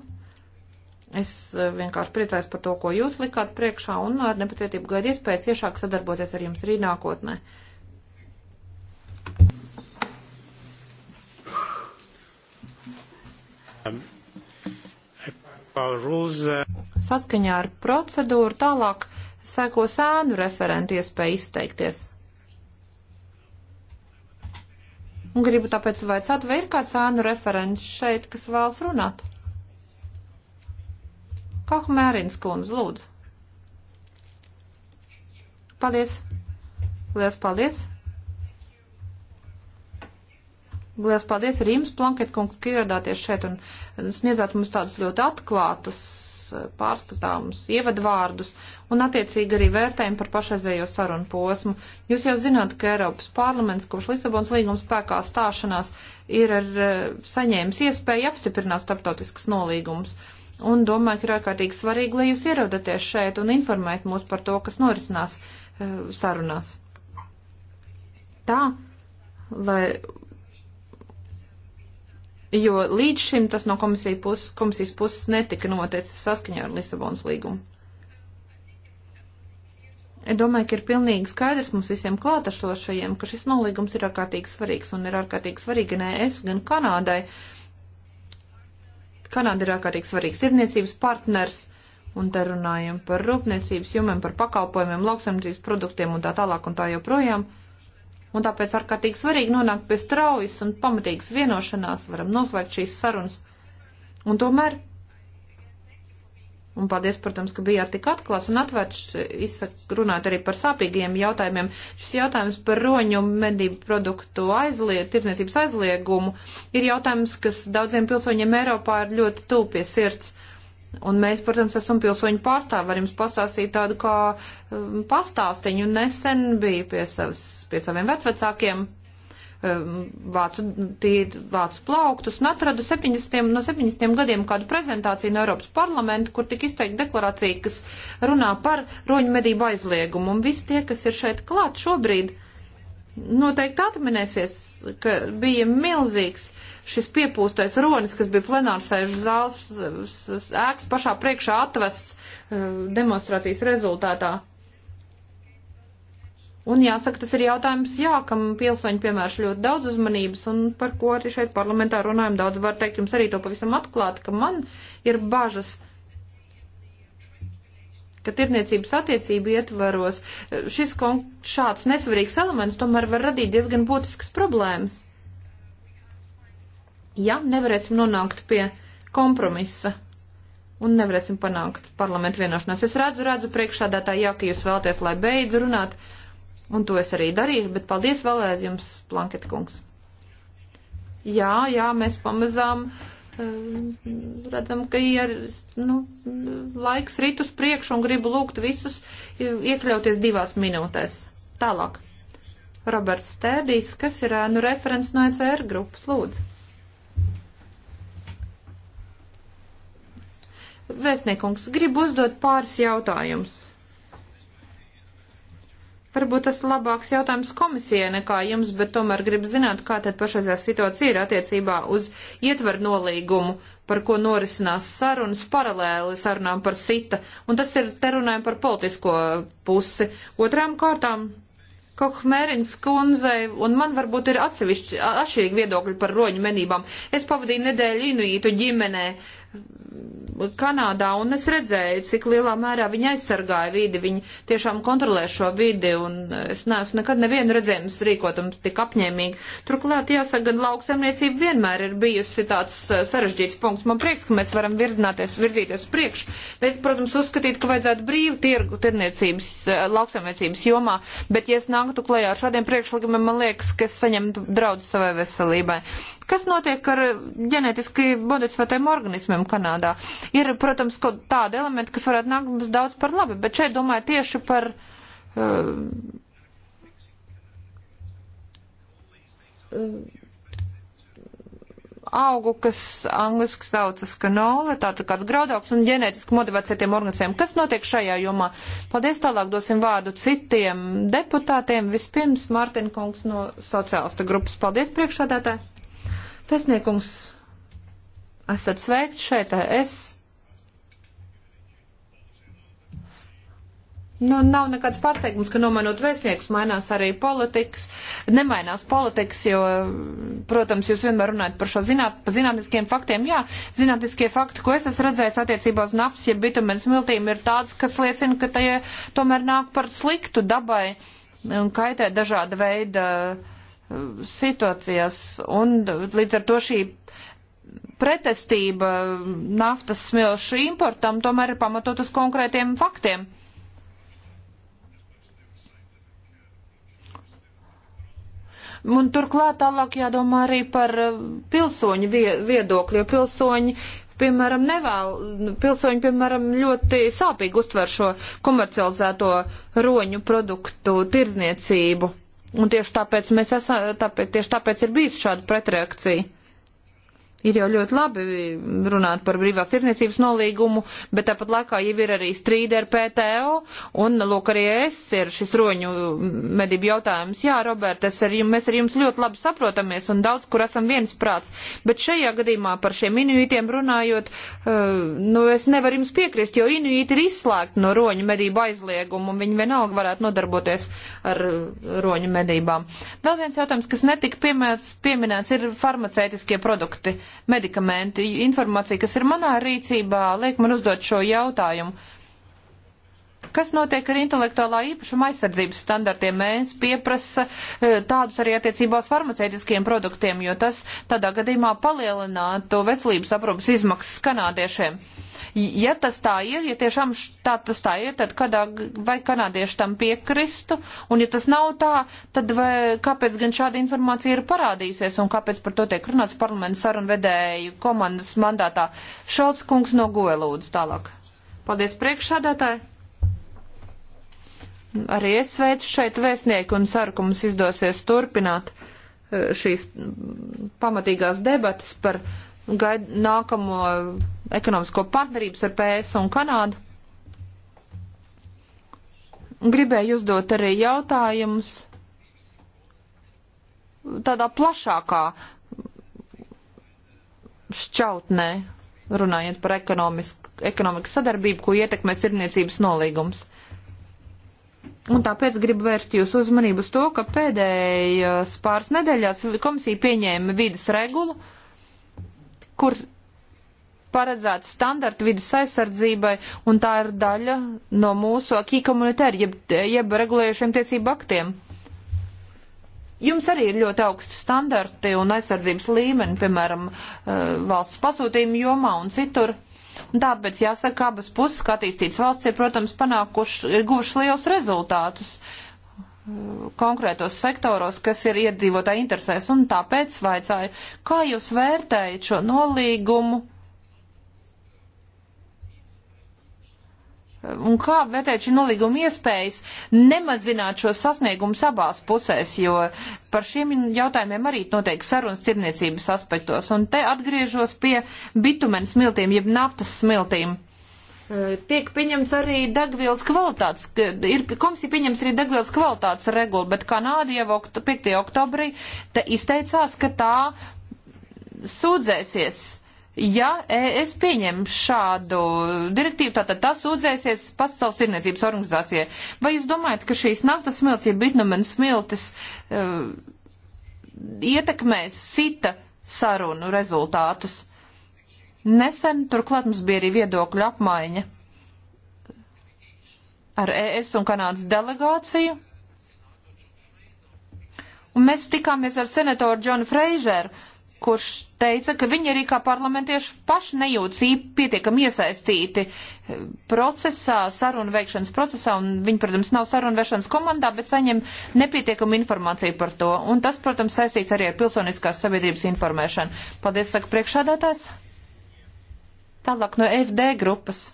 Es eh, vienkārši priecājos par to, ko jūs likāt priekšā un ar nepacietību gaidu iespēju ciešāk sadarboties ar jums arī nākotnē. Um, rules, uh... Saskaņā ar procedūru tālāk sēko sēnu referentu iespēja izteikties. Un gribu tāpēc vaicāt, vai ir kāds sēnu referents šeit, kas vēlas runāt? Kohmērins kundze, lūdzu. Paldies. Lielas paldies. Lielas paldies arī jums, Planketkungs, ka ieradāties šeit un sniedzāt mums tādus ļoti atklātus Eh, pārskatāmus ievadvārdus un attiecīgi arī vērtējumu par pašreizējo sarunu posmu. Jūs jau zināt, ka Eiropas parlaments kopš Lisabons līgums spēkā stāšanās ir ar, eh, saņēmis iespēju apstiprināt starptautiskas nolīgumus. Un domāju, ka ir ārkārtīgi svarīgi, lai jūs ierodaties šeit un informēt mūs par to, kas norisinās eh, sarunās. Tā, lai jo līdz šim tas no komisija puses, komisijas puses netika noteicis saskaņā ar Lisabonas līgumu. Es domāju, ka ir pilnīgi skaidrs mums visiem klātašošajiem, ka šis nolīgums ir ārkārtīgi svarīgs un ir ārkārtīgi svarīgi gan ES, gan Kanādai. Kanāda ir ārkārtīgi svarīgs irniecības partners, un te runājam par rūpniecības jomiem, par pakalpojumiem, lauksaimniecības produktiem un tā tālāk un tā joprojām. Un tāpēc ārkārtīgi svarīgi nonākt pie straujas un pamatīgas vienošanās, varam noslēgt šīs sarunas. Un tomēr, un paldies, protams, ka bijāt tik atklāts un atvērts, izsakt, runāt arī par sāpīgiem jautājumiem. Šis jautājums par roņu medību produktu aizliet, tirdzniecības aizliegumu ir jautājums, kas daudziem pilsoņiem Eiropā ir ļoti tūpies sirds. Un mēs, protams, esam pilsoņu pārstāvi, varam jums pastāstīt tādu kā um, pastāstiņu. Nesen biju pie, savs, pie saviem vecvecākiem, um, vācu, tīt, vācu plauktus, un atradu 70, no 70 gadiem kādu prezentāciju no Eiropas parlamenta, kur tika izteikta deklarācija, kas runā par roņu medību aizliegumu. Un visi tie, kas ir šeit klāt šobrīd, noteikti atminēsies, ka bija milzīgs uh, šis piepūstais ronis, kas bija plenārsēžu zāles ēkas pašā priekšā atvests eh, demonstrācijas rezultātā. Un jāsaka, tas ir jautājums, jā, kam pilsoņi piemērš ļoti daudz uzmanības un par ko arī šeit parlamentā runājam daudz. Var teikt jums arī to pavisam atklāti, ka man ir bažas, ka tirniecības attiecību ietvaros eh, šis šāds nesvarīgs elements tomēr var radīt diezgan būtiskas problēmas ja nevarēsim nonākt pie kompromisa un nevarēsim panākt parlamentu vienošanās. Es redzu, redzu priekšādātāji, jā, ka jūs vēlaties, lai beidz runāt, un to es arī darīšu, bet paldies vēlreiz jums, Planket kungs. Jā, jā, mēs pamazām eh, redzam, ka ir nu, laiks rit uz priekšu un gribu lūgt visus iekļauties divās minūtēs. Tālāk. Roberts Stēdīs, kas ir eh, nu, referents no ECR grupas, lūdzu. Vēstniekungs, gribu uzdot pāris jautājumus. Varbūt tas labāks jautājums komisijai nekā jums, bet tomēr gribu zināt, kā tad pašreizā situācija ir attiecībā uz ietveru nolīgumu, par ko norisinās sarunas paralēli sarunām par sita, un tas ir te runājam par politisko pusi. Otrām kārtām Kohmērins kundzei, un man varbūt ir atsevišķi atšķirīgi viedokļi par roņu menībām. Es pavadīju nedēļu inuītu ģimenē, Kanādā, un es redzēju, cik lielā mērā viņi aizsargāja vidi, viņi tiešām kontrolē šo vidi, un es neesmu nekad nevienu redzējumu rīkotam tik apņēmīgi. Turklāt, jāsaka, gan lauksaimniecība vienmēr ir bijusi tāds uh, sarežģīts punkts. Man prieks, ka mēs varam virzināties, virzīties priekš. Mēs, protams, uzskatīt, ka vajadzētu brīvu tirgu tirniecības, uh, lauksaimniecības jomā, bet, ja es nāktu klajā ar šādiem priekšlikumiem, man liekas, ka es saņemtu draudz savai veselībai. Kas notiek ar ģenētiski modificētiem organismiem? piemēram, Kanādā. Ir, protams, kaut tāda elementa, kas varētu nākt mums daudz par labi, bet šeit domāju tieši par. Uh, uh augu, kas angliski saucas kanole, tātad kāds graudaugs un ģenētiski modificētiem organismiem. Kas notiek šajā jomā? Paldies, tālāk dosim vārdu citiem deputātiem. Vispirms Mārtiņa kungs no sociālista grupas. Paldies, priekšādātāji. Pēcniekums Esat sveikti šeit, es. Nu, nav nekāds pārteikums, ka nomainot vēstniekus mainās arī politikas. Nemainās politikas, jo, protams, jūs vienmēr runājat par šo zināt, par zinātniskiem faktiem. Jā, zinātniskie fakti, ko es esmu redzējis attiecībā uz naftas, ja bitumens smiltīm, ir tāds, kas liecina, ka tie tomēr nāk par sliktu dabai un kaitē dažāda veida uh, situācijās. Un uh, līdz ar to šī pretestība naftas smilšu importam tomēr ir pamatot uz konkrētiem faktiem. Un turklāt tālāk jādomā arī par eh, pilsoņu viedokli, jo pilsoņi, piemēram, nevēl, pilsoņi, piemēram, ļoti sāpīgi uztver šo komercializēto roņu produktu tirzniecību. Un tieši tāpēc, mēs esam, tāpēc, tieši tāpēc ir bijusi šāda pretreakcija. Ir jau ļoti labi runāt par brīvās tirniecības nolīgumu, bet tāpat laikā jau ir arī strīdi ar PTO, un, lūk, arī es ir šis roņu medību jautājums. Jā, Robert, ar jums, mēs ar jums ļoti labi saprotamies un daudz, kur esam viens prāts, bet šajā gadījumā par šiem inuitiem runājot, uh, nu, es nevaru jums piekrist, jo inuiti ir izslēgti no roņu medību aizliegumu, un viņi vienalga varētu nodarboties ar roņu medībām. Vēl viens jautājums, kas netika piemēts, pieminēts, ir farmaceitiskie produkti medikamenti. Informācija, kas ir manā rīcībā, liek man uzdot šo jautājumu. Kas notiek ar intelektuālā īpašuma aizsardzības standartiem? Mēs pieprasa e, tādus arī attiecībā uz farmaceitiskiem produktiem, jo tas tādā gadījumā palielinātu veselības aprūpas izmaksas kanādiešiem. Ja tas tā ir, ja tiešām tā tas tā ir, tad kādā, vai kanādieši tam piekristu, un ja tas nav tā, tad vai, kāpēc gan šāda informācija ir parādījusies, un kāpēc par to tiek runāts parlamentu sarunvedēju komandas mandātā? Šauts kungs no Goelūdzu tālāk. Paldies priekšsādātāji! Arī es sveicu šeit vēstnieku un ceru, ka mums izdosies turpināt e, šīs pamatīgās debatas par gaid, nākamo ekonomisko partnerības ar PS un Kanādu. Gribēju uzdot arī jautājumus tādā plašākā šķautnē, runājot par ekonomikas sadarbību, ko ietekmē sirdniecības nolīgums. Un tāpēc gribu vērst jūs uzmanību uz to, ka pēdējās pāris nedēļās komisija pieņēma vidas regulu, kur paredzēts standarta vidas aizsardzībai, un tā ir daļa no mūsu akī komunitēri, jeb, jeb regulējušiem tiesību aktiem. Jums arī ir ļoti augsti standarti un aizsardzības līmeni, piemēram, eh, valsts pasūtījuma jomā un citur. Un tāpēc jāsaka, abas puses, kā attīstītas valsts, ir, protams, panākuši, ir guvuši liels rezultātus uh, konkrētos sektoros, kas ir iedzīvotāji interesēs, un tāpēc vaicāju, kā jūs vērtējat šo nolīgumu Un kā vērtēt šī nolīguma iespējas nemazināt šo sasniegumu abās pusēs, jo par šiem jautājumiem arī noteikti sarunas tirniecības aspektos. Un te atgriežos pie bitumens smiltīm, jeb naftas smiltīm. Eh, tiek pieņemts arī degvielas kvalitātes, ir komisija pieņems arī degvielas kvalitātes regulu, bet Kanāda jau 5. oktobrī te izteicās, ka tā sūdzēsies Ja es pieņemu šādu direktīvu, tātad tas sūdzēsies Pasaules tirniecības organizācijai. Vai jūs domājat, ka šīs naftas smilts, ja bitnumen smiltis, uh, ietekmēs sita sarunu rezultātus? Nesen turklāt mums bija arī viedokļu apmaiņa ar ES un Kanādas delegāciju. Un mēs tikāmies ar senatoru Džonu Freižeru kurš teica, ka viņi arī kā parlamentieši paši nejūtas pietiekami iesaistīti eh, procesā, sarunu veikšanas procesā, un viņi, protams, nav sarunu vešanas komandā, bet saņem nepietiekamu informāciju par to. Un tas, protams, saistīts arī ar pilsoniskās sabiedrības informēšanu. Paldies, saka priekšādātājs. Tālāk no FD grupas.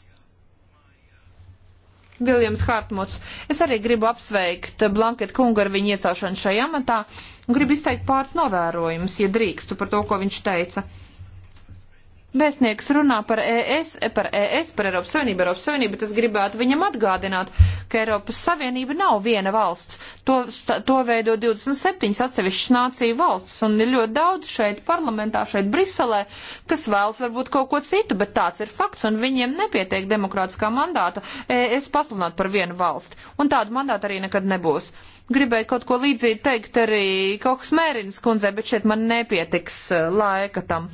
Viljams Hārtmuts. Es arī gribu apsveikt Blanket kungu ar viņu iecelšanu šajā amatā un gribu izteikt pāris novērojumus, ja drīkstu par to, ko viņš teica. Uh, Vēstnieks runā par ES, par ES, par Eiropas Savienību, Eiropas Savienību, bet es gribētu viņam atgādināt, ka Eiropas Savienība nav viena valsts. To, to veido 27 atsevišķas nāciju valsts, un ir ļoti daudz šeit parlamentā, šeit Briselē, kas vēlas varbūt kaut ko citu, bet tāds ir fakts, un viņiem nepietiek demokrātiskā mandāta ES pasludināt par vienu valsti, un tādu mandātu arī nekad nebūs. Gribēju kaut ko līdzīgi teikt arī Kohsmērins kundzei, bet šeit man nepietiks uh, laika tam.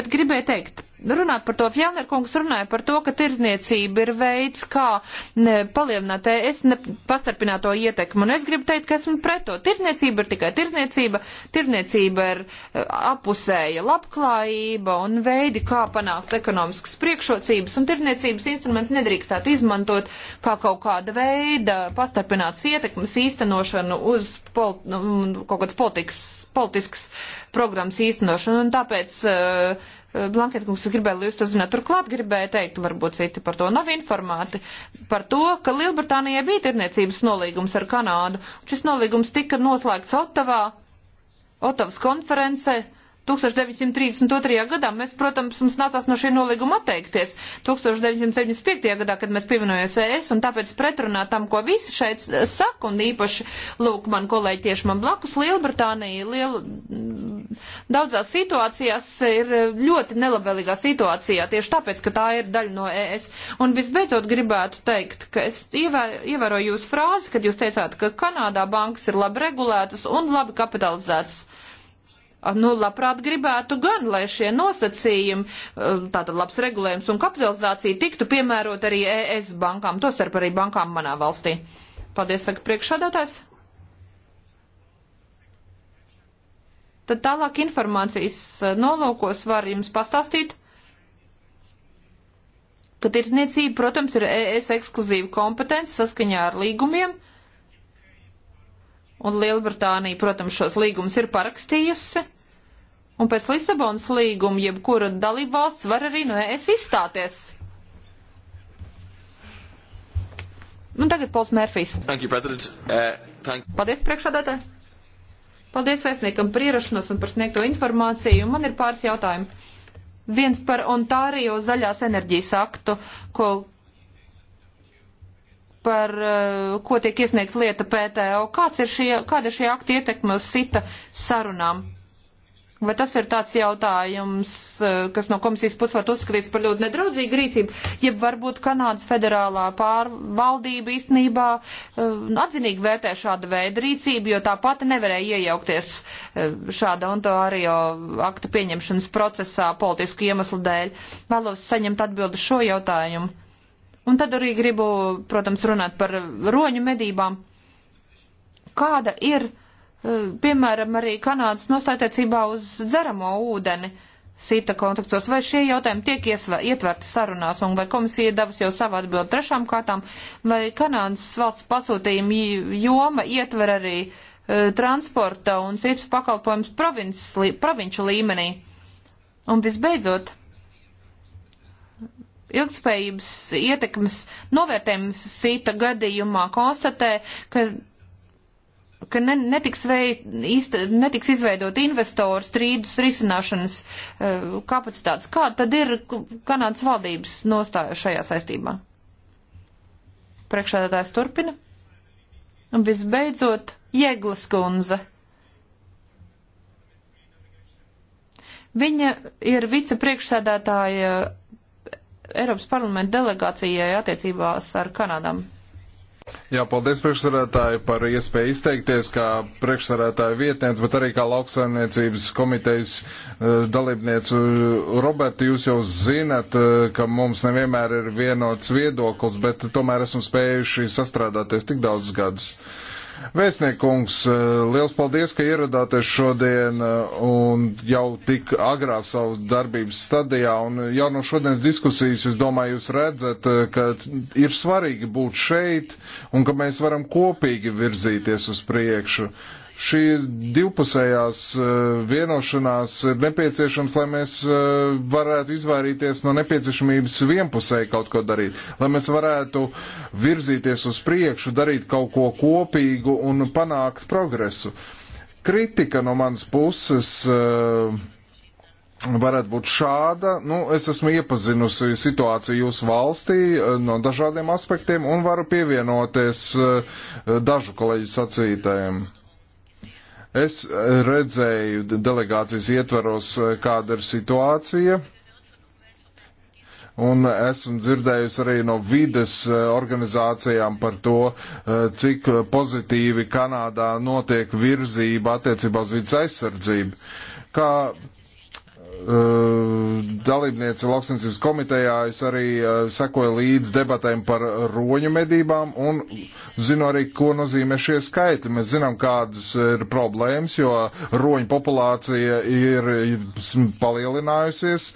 Bet gribēju teikt, runāt par to. Fjellnerkungs runāja par to, ka tirzniecība ir veids, kā ne, palielināt es ne, pastarpināto ietekmu. Un es gribu teikt, ka esmu pret to. Tirzniecība ir tikai tirzniecība. Tirzniecība ir e, apusēja labklājība un veidi, kā panākt ekonomiskas priekšrocības. Un tirzniecības instruments nedrīkstētu izmantot kā kaut kāda veida pastarpināts ietekmes īstenošanu uz pol, nu, kaut kādas politikas, politiskas programmas īstenošanu. Un tāpēc uh, Blanketkungs gribēja, lai jūs to zināt. Turklāt gribēja teikt, varbūt citi par to nav informāti, par to, ka Lielbritānijai bija tirniecības nolīgums ar Kanādu. Šis nolīgums tika noslēgts Otavā, Otavas konferencē 1932. gadā mēs, protams, mums nācās no šī nolīguma atteikties 1975. gadā, kad mēs pievienojamies ES, un tāpēc pretrunā tam, ko visi šeit saka, un īpaši, lūk, man kolēģi tieši man blakus Lielbritānija, liel... daudzās situācijās ir ļoti nelabvēlīgā situācijā, tieši tāpēc, ka tā ir daļa no ES. Un visbeidzot gribētu teikt, ka es ievēroju jūs frāzi, kad jūs teicāt, ka Kanādā bankas ir labi regulētas un labi kapitalizētas. Nu, labprāt gribētu gan, lai šie nosacījumi, e, tātad labs regulējums un kapitalizācija tiktu piemērot arī ES bankām, tostarp arī bankām manā valstī. Paldies, saka priekšādātājs. Tad tālāk informācijas e, nolūkos var jums pastāstīt, ka tirdzniecība, protams, ir ES ekskluzīva kompetence saskaņā ar līgumiem, un Lielbritānija, protams, šos līgumus ir parakstījusi. Un pēc Lisabonas līguma jebkura dalība valsts var arī no ES izstāties. Un nu, tagad Pols Mērfijs. Uh, Paldies priekšādātāji. Paldies vēstniekam par ierašanos un par sniegto informāciju. Man ir pāris jautājumi. Viens par Ontārio zaļās enerģijas aktu, ko, par uh, ko tiek iesniegts lieta PTO. Kāds ir šie, kāda ir šī akta ietekme uz sita sarunām? Vai tas ir tāds jautājums, eh, kas no komisijas puses var uzskatīts par ļoti nedraudzīgu rīcību, ja varbūt Kanādas federālā pārvaldība īstenībā eh, nu, atzinīgi vērtē šādu veidu rīcību, jo tā pati nevarēja iejaukties eh, šāda Ontārio akta pieņemšanas procesā politisku iemeslu dēļ. Vēlos saņemt atbildi šo jautājumu. Un tad arī gribu, protams, runāt par roņu medībām. Kāda ir? Eh, piemēram, arī Kanādas nostātiecībā uz dzeramo ūdeni sita kontaktos, vai šie jautājumi tiek iesver, ietverti sarunās, un vai komisija ir devusi jau savu atbildi trešām kārtām, vai Kanādas valsts pasūtījuma joma ietver arī uh, transporta un citus pakalpojumus lī, provinču līmenī. Un visbeidzot, ilgspējības ietekmes novērtējums sita gadījumā konstatē, ka ka ne, netiks, vei, īsta, netiks izveidot investoru strīdus risināšanas uh, kapacitātes. Kā tad ir Kanādas valdības nostāja šajā saistībā? Priekšādātājs turpina. Un visbeidzot, Jēglas kundze. Viņa ir vicepriekšsēdētāja Eiropas parlamenta delegācijai attiecībās ar Kanādām. Jā, paldies priekšsarētāji par iespēju izteikties kā priekšsarētāja vietniece, bet arī kā lauksaimniecības komitejas eh, dalībniece. Roberta, jūs jau zinat, eh, ka mums nevienmēr ir vienots viedoklis, bet tomēr esam spējuši sastrādāties tik daudz gadus. Uh, Vēstniekungs, eh, liels paldies, ka ieradāties šodien eh, un jau tik agrā savu darbības stadijā. Un jau no šodienas diskusijas, es domāju, jūs redzat, eh, ka ir svarīgi būt šeit un ka mēs varam kopīgi virzīties uz priekšu. Uh, Šī divpusējās eh, vienošanās ir nepieciešams, lai mēs eh, varētu izvairīties no nepieciešamības vienpusēji kaut ko darīt, lai mēs varētu virzīties uz priekšu, darīt kaut ko kopīgu un panākt progresu. Kritika no manas puses uh, varētu būt šāda. Nu, es esmu iepazinusi situāciju jūsu valstī no dažādiem aspektiem un varu pievienoties dažu kolēģu sacītājiem. Es redzēju delegācijas ietvaros, eh, kāda ir situācija. Un esmu dzirdējusi arī no vides eh, organizācijām par to, eh, cik pozitīvi Kanādā notiek virzība attiecībā uz vidas aizsardzību. Kā Eh, dalībniece lauksniecības komitejā, es arī eh, sekoju līdz debatēm par roņu medībām un zinu arī, ko nozīmē šie skaitļi. Mēs zinām, kādas ir problēmas, jo roņu populācija ir palielinājusies,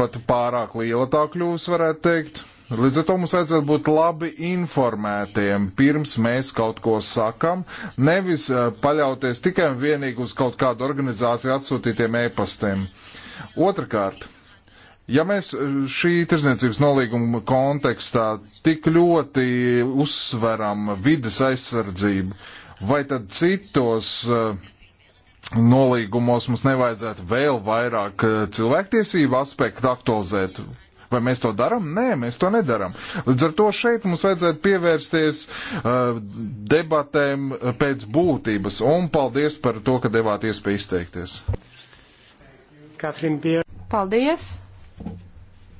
pat pārāk liela tā kļūs, varētu teikt. Līdz ar to mums vajadzētu būt labi informētiem, pirms mēs kaut ko sakam, nevis eh, paļauties tikai un vienīgi uz kaut kādu organizāciju atsūtītiem e-pastiem. Otrakārt, ja mēs eh, šī tirdzniecības nolīguma kontekstā tik ļoti uzsveram vides aizsardzību, vai tad citos eh, nolīgumos mums nevajadzētu vēl vairāk cilvēktiesību aspektu aktualizēt? Vai mēs to darām? Nē, mēs to nedaram. Līdz ar to šeit mums vajadzētu pievērsties uh, debatēm pēc būtības. Un paldies par to, ka devāt iespēju izteikties. Paldies!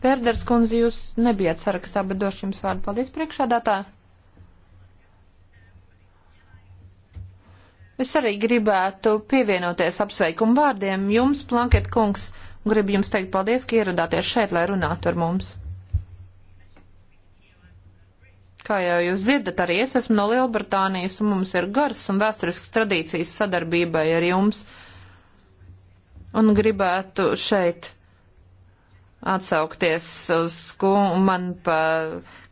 Pērders kundze, jūs nebijat sarakstā, bet došu jums vārdu. Paldies priekšādātā. Es arī gribētu pievienoties apsveikumu vārdiem jums, Planket kungs un gribu jums teikt paldies, ka ieradāties šeit, lai runātu ar mums. Kā jau jūs dzirdat, arī es esmu no Lielbritānijas, un mums ir garas un vēsturiskas tradīcijas sadarbībai ar jums. Un gribētu šeit atsaukties uz man pa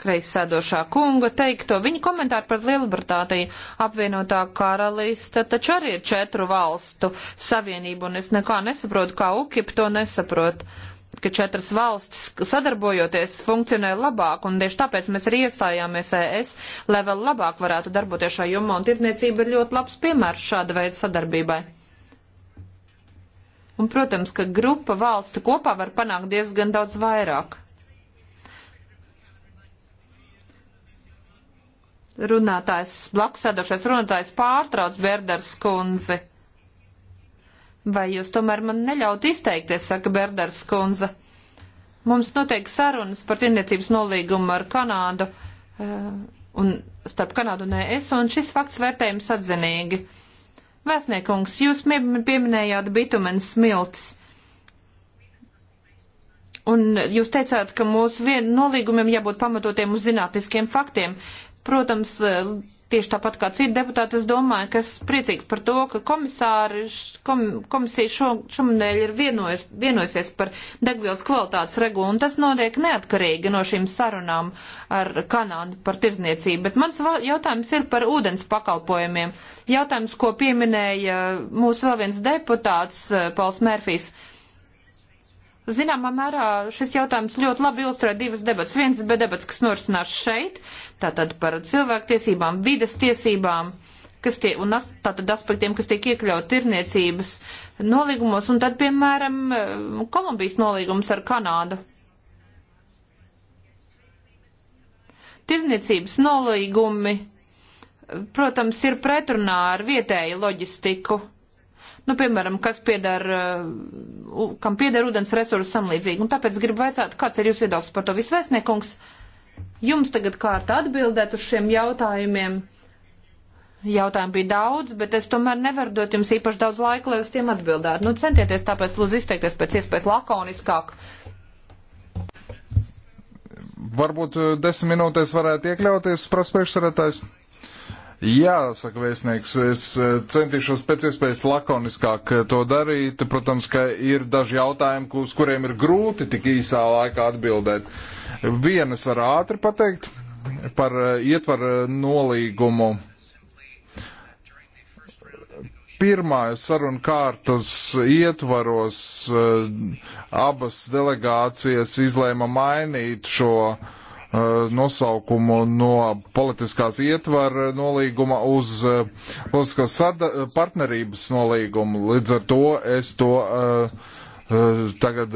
kreisēdošā kunga teikto. Viņa komentāri par Lielbritāniju apvienotā karalista taču arī ir četru valstu savienība, un es nekā nesaprotu, kā UKIP to nesaprot ka četras valstis sadarbojoties funkcionē labāk, un tieši tāpēc mēs arī iestājāmies ES, lai vēl labāk varētu darboties šajā jomā, un tirdzniecība ir ļoti labs piemērs šāda veida sadarbībai. Un, protams, ka grupa valstu kopā var panākt diezgan daudz vairāk. Runātājs, blakus sēdošais runātājs pārtrauc Berders kundzi. Vai jūs tomēr man neļaut izteikties, saka Berders kundze. Mums notiek sarunas par tirniecības nolīgumu ar Kanādu. Uh, un starp Kanādu un ES, un šis fakts vērtējums atzinīgi. Vēsniekungs, jūs pieminējāt bitumens smiltis. Un jūs teicāt, ka mūsu vien nolīgumiem jābūt pamatotiem uz zinātniskiem faktiem. Protams, tieši tāpat kā citi deputāti, es domāju, ka es priecīgs par to, ka komisāri, kom, komisija šo, šomdēļ ir vienojas, vienojusies par degvielas kvalitātes regulu, un tas notiek neatkarīgi no šīm sarunām ar Kanādu par tirdzniecību. Bet mans jautājums ir par ūdens pakalpojumiem. Jautājums, ko pieminēja mūsu vēl viens deputāts, eh, Pauls Mērfijs. Zināmā mērā šis jautājums ļoti labi ilustrē divas debats. Viens debats, kas norisinās šeit, uh, tātad par cilvēktiesībām, vidas tiesībām, kas tie, un as, tātad aspektiem, kas tiek iekļaut tirniecības nolīgumos, un tad, piemēram, Kolumbijas nolīgums ar Kanādu. Tirniecības nolīgumi, protams, ir pretrunā ar vietēju loģistiku nu, piemēram, kas piedar, uh, kam pieder ūdens resursi samlīdzīgi. Un tāpēc gribu vaicāt, kāds ir jūsu viedoklis par to visvēstniekungs? Jums tagad kārta atbildēt uz šiem jautājumiem. Jautājumu bija daudz, bet es tomēr nevaru dot jums īpaši daudz laika, lai uz tiem atbildētu. Nu, centieties tāpēc, lūdzu, izteikties pēc iespējas lakoniskāk. Varbūt eh, desmit minūtēs varētu iekļauties, prasa priekšsarētājs. Jā, saka vēstnieks, es eh, centīšos pēc iespējas lakoniskāk eh, to darīt. Protams, ka ir daži jautājumi, uz kuriem ir grūti tik īsā laikā atbildēt. Vienu es varu ātri pateikt par eh, ietvaru nolīgumu. Pirmās sarunu kārtas ietvaros abas delegācijas izlēma mainīt šo uh, Uh, nosaukumu no politiskās ietvara nolīguma uz uh, politiskās uh, partnerības nolīgumu. Līdz ar to es to uh, tagad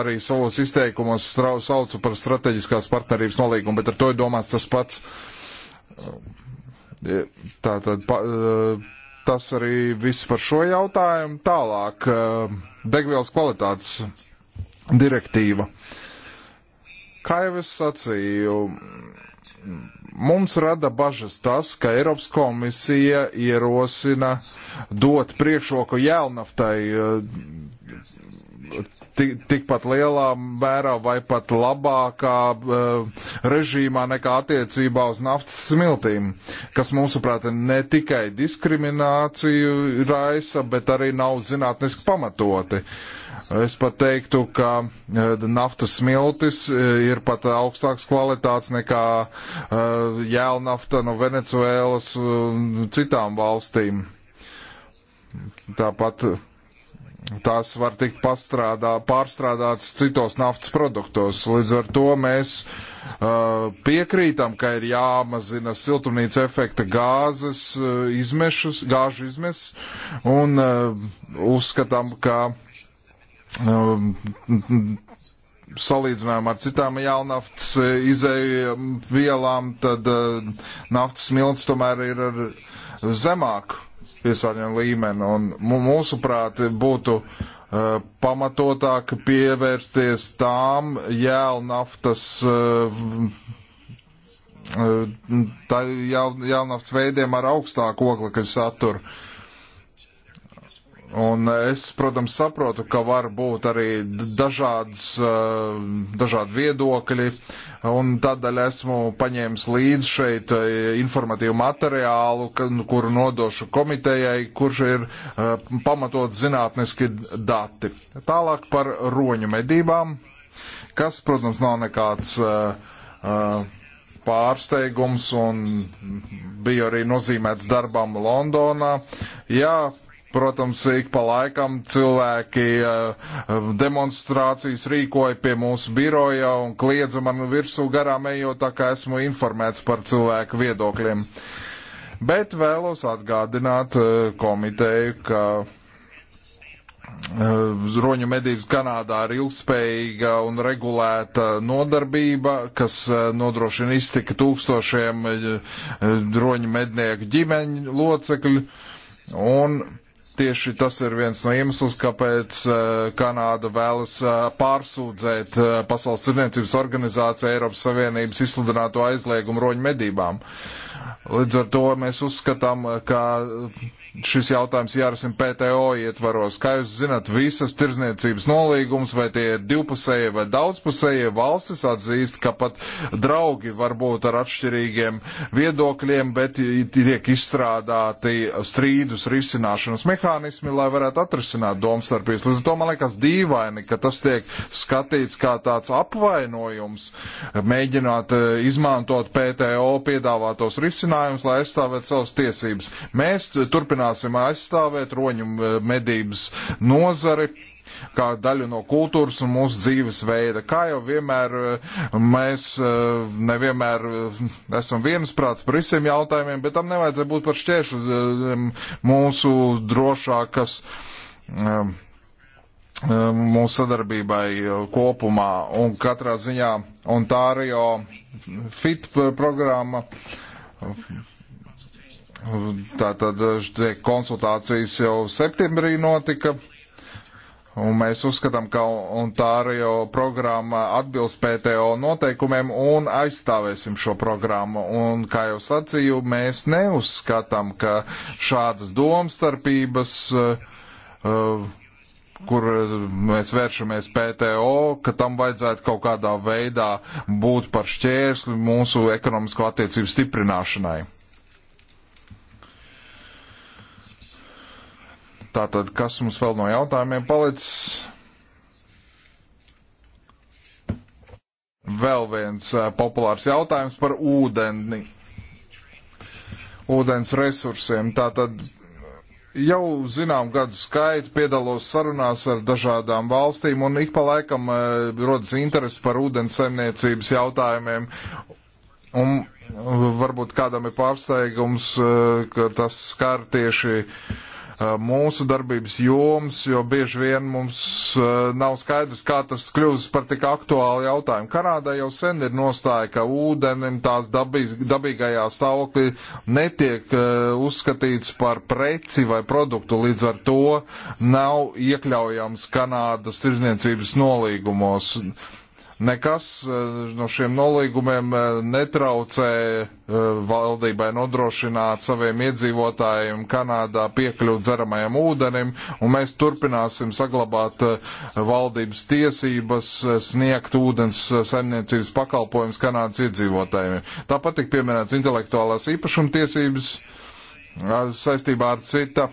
arī savos izteikumos saucu par strateģiskās partnerības nolīgumu, bet ar to ir domāts tas pats. Tātad pa, tas arī viss par šo jautājumu. Tālāk, degvielas kvalitātes direktīva. Uh, Kā jau es sacīju, mums rada bažas tas, ka Eiropas komisija ierosina dot priekšroku jēlnaftai tikpat lielā mērā vai pat labākā uh, režīmā nekā attiecībā uz naftas smiltīm, kas mūsuprāt ne tikai diskrimināciju raisa, bet arī nav zinātniski pamatoti. Es pat teiktu, ka uh, naftas smiltis eh, ir pat augstāks kvalitāts nekā uh, jēlnafta no Venecuēlas un citām valstīm. Tāpat tās var tikt pastrādā, pārstrādātas citos naftas produktos. Līdz ar to mēs uh, piekrītam, ka ir jāmazina siltumnīca efekta gāzes uh, izmešus, gāžu izmešus, un uh, uzskatām, ka um, salīdzinājumā ar citām jaunaftas uh, izēju vielām, tad uh, naftas smilts tomēr ir ar zemāku piesārņojuma līmeni. Un mūsuprāt, būtu uh, pamatotāk pievērsties tām jēlnaftas. Uh, uh, Tā jau, jaunafts veidiem ar augstāku oglekļa saturu. Uh, Un es, protams, saprotu, ka var būt arī dažādas, dažādi viedokļi, un tādēļ esmu paņēmis līdz šeit informatīvu materiālu, nu, kuru nodošu komitejai, kurš ir pamatot zinātniski dati. Tālāk par roņu medībām, kas, protams, nav nekāds pārsteigums un bija arī nozīmēts darbām Londonā. Jā, Protams, ik pa laikam cilvēki eh, eh, demonstrācijas rīkoja pie mūsu biroja un kliedza man virsū garām ejot, tā kā esmu informēts par cilvēku viedokļiem. Bet vēlos atgādināt eh, komiteju, ka Roņu medības Kanādā ir ilgspējīga un regulēta nodarbība, kas nodrošina iztika tūkstošiem roņu mednieku ģimeņu locekļu. Un Tieši tas ir viens no iemesliem, kāpēc eh, Kanāda vēlas eh, pārsūdzēt eh, Pasaules cilvēcības organizāciju Eiropas Savienības izsludināto aizliegumu roņu medībām. Līdz ar to mēs uzskatām, ka šis jautājums jārisina PTO ietvaros. Kā jūs zināt, visas tirzniecības nolīgums, vai tie ir divpusējie vai daudzpusējie, valstis atzīst, ka pat draugi var būt ar atšķirīgiem viedokļiem, bet tiek izstrādāti strīdus risināšanas mehānismi, lai varētu atrisināt domstarpības. Līdz ar to man liekas dīvaini, ka tas tiek skatīts kā tāds apvainojums, mēģināt e, izmantot PTO piedāvātos risinājumus, lai aizstāvētu savas tiesības. Mēs turpinām turpināsim aizstāvēt roņu eh, medības nozari kā daļu no kultūras un mūsu dzīves veida. Kā jau vienmēr eh, mēs eh, nevienmēr esam viensprāts par visiem jautājumiem, bet tam nevajadzētu būt par šķēršu mūsu drošākas mūsu sadarbībai kopumā un katrā ziņā Ontārio FIT programma Tātad konsultācijas jau septembrī notika. Un mēs uzskatām, ka Ontārio programma atbilst PTO noteikumiem un aizstāvēsim šo programmu. Un, kā jau sacīju, mēs neuzskatām, ka šādas domstarpības, eh, kur mēs vēršamies PTO, ka tam vajadzētu kaut kādā veidā būt par šķērsli mūsu ekonomisko attiecību stiprināšanai. Tātad, kas mums vēl no jautājumiem palicis? Vēl viens eh, populārs jautājums par ūdeni, ūdens resursiem. Tātad jau zinām gadu skaitu, piedalos sarunās ar dažādām valstīm, un ik pa laikam uh, rodas interesi par ūdens saimniecības jautājumiem. Un eh, varbūt kādam ir pārsteigums, uh, ka tas skar tieši Eh, mūsu darbības joms, jo bieži vien mums eh, nav skaidrs, kā tas kļūst par tik aktuālu jautājumu. Kanādā jau sen ir nostāja, ka ūdenim tās dabīs, dabīgajā stāvoklī netiek eh, uzskatīts par preci vai produktu, līdz ar to nav iekļaujams Kanādas tirzniecības nolīgumos. Nekas eh, no šiem nolīgumiem eh, netraucē eh, valdībai nodrošināt saviem iedzīvotājiem Kanādā piekļūt dzeramajam ūdenim, un mēs turpināsim saglabāt valdības tiesības sniegt ūdens saimniecības pakalpojums Kanādas iedzīvotājiem. Tāpat tik pieminēts intelektuālās īpašumtiesības saistībā ar cita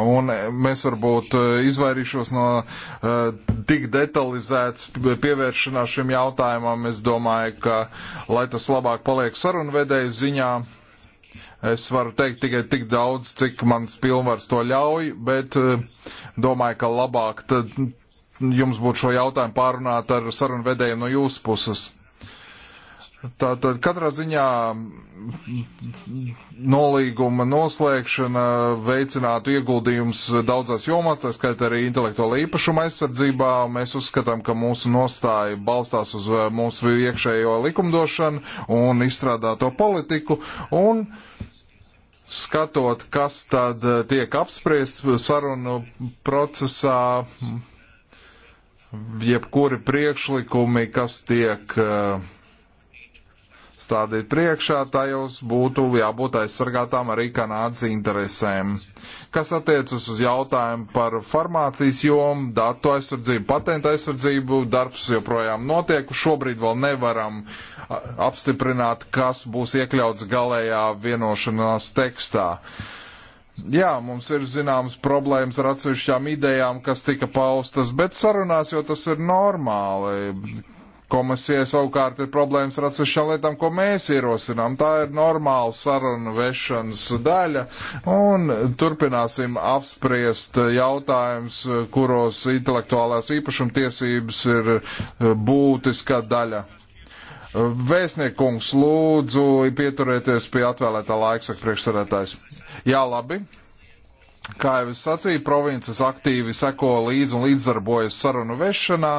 Un mēs varbūt eh, izvairīšos no uh, tik detalizētas pievēršanās šim jautājumam. Es domāju, ka, lai tas labāk paliek sarunvedēju ziņā, es varu teikt tikai tik daudz, cik mans pilnvars to ļauj, bet uh, domāju, ka labāk tad jums būtu šo jautājumu pārunāt ar sarunvedējiem no jūsu puses. Tātad katrā ziņā nolīguma noslēgšana veicinātu ieguldījums daudzās jomās, tā skaitā arī intelektuāla īpašuma aizsardzībā. Mēs uzskatām, ka mūsu nostāja balstās uz eh, mūsu iekšējo likumdošanu un izstrādāto politiku. Un skatot, kas tad eh, tiek apspriests sarunu procesā, jebkuri priekšlikumi, kas tiek uh, stādīt priekšā, tajos būtu jābūt aizsargātām arī Kanādas interesēm. Kas attiecas uz jautājumu par farmācijas jomu, datu aizsardzību, patenta aizsardzību, darbs joprojām notiek. Šobrīd vēl nevaram apstiprināt, kas būs iekļauts galējā vienošanās tekstā. Jā, mums ir zināmas problēmas ar atsevišķām idejām, kas tika paustas, bet sarunās jau tas ir normāli Komisija savukārt ir problēmas ar atsevišķām lietām, ko mēs ierosinām. Tā ir normāla saruna vešanas daļa, un turpināsim apspriest jautājums, kuros intelektuālās īpašumtiesības ir būtiska daļa. Vēstniekums, lūdzu, pieturieties pie atvēlētā laiksaka priekšsarētājs. Jā, labi. Kā jau es sacīju, provinces aktīvi seko līdzi un līdzdarbojas sarunu vešanā,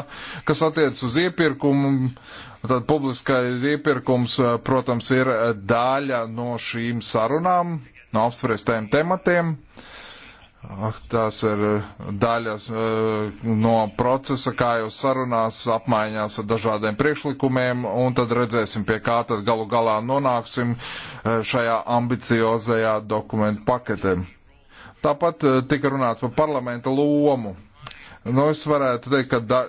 kas attiec uz iepirkumu. Tad publiskais iepirkums, eh, protams, ir eh, daļa no šīm sarunām, no apspriestiem tematiem. Tās ir eh, daļas no procesa, kā jau sarunās, apmaiņās ar dažādiem priekšlikumiem, un tad redzēsim, pie kā tad galu galā nonāksim šajā ambiciozajā dokumentu paketē. Tāpat eh, tika runāts par parlamenta lomu. Nu, es varētu teikt, ka da,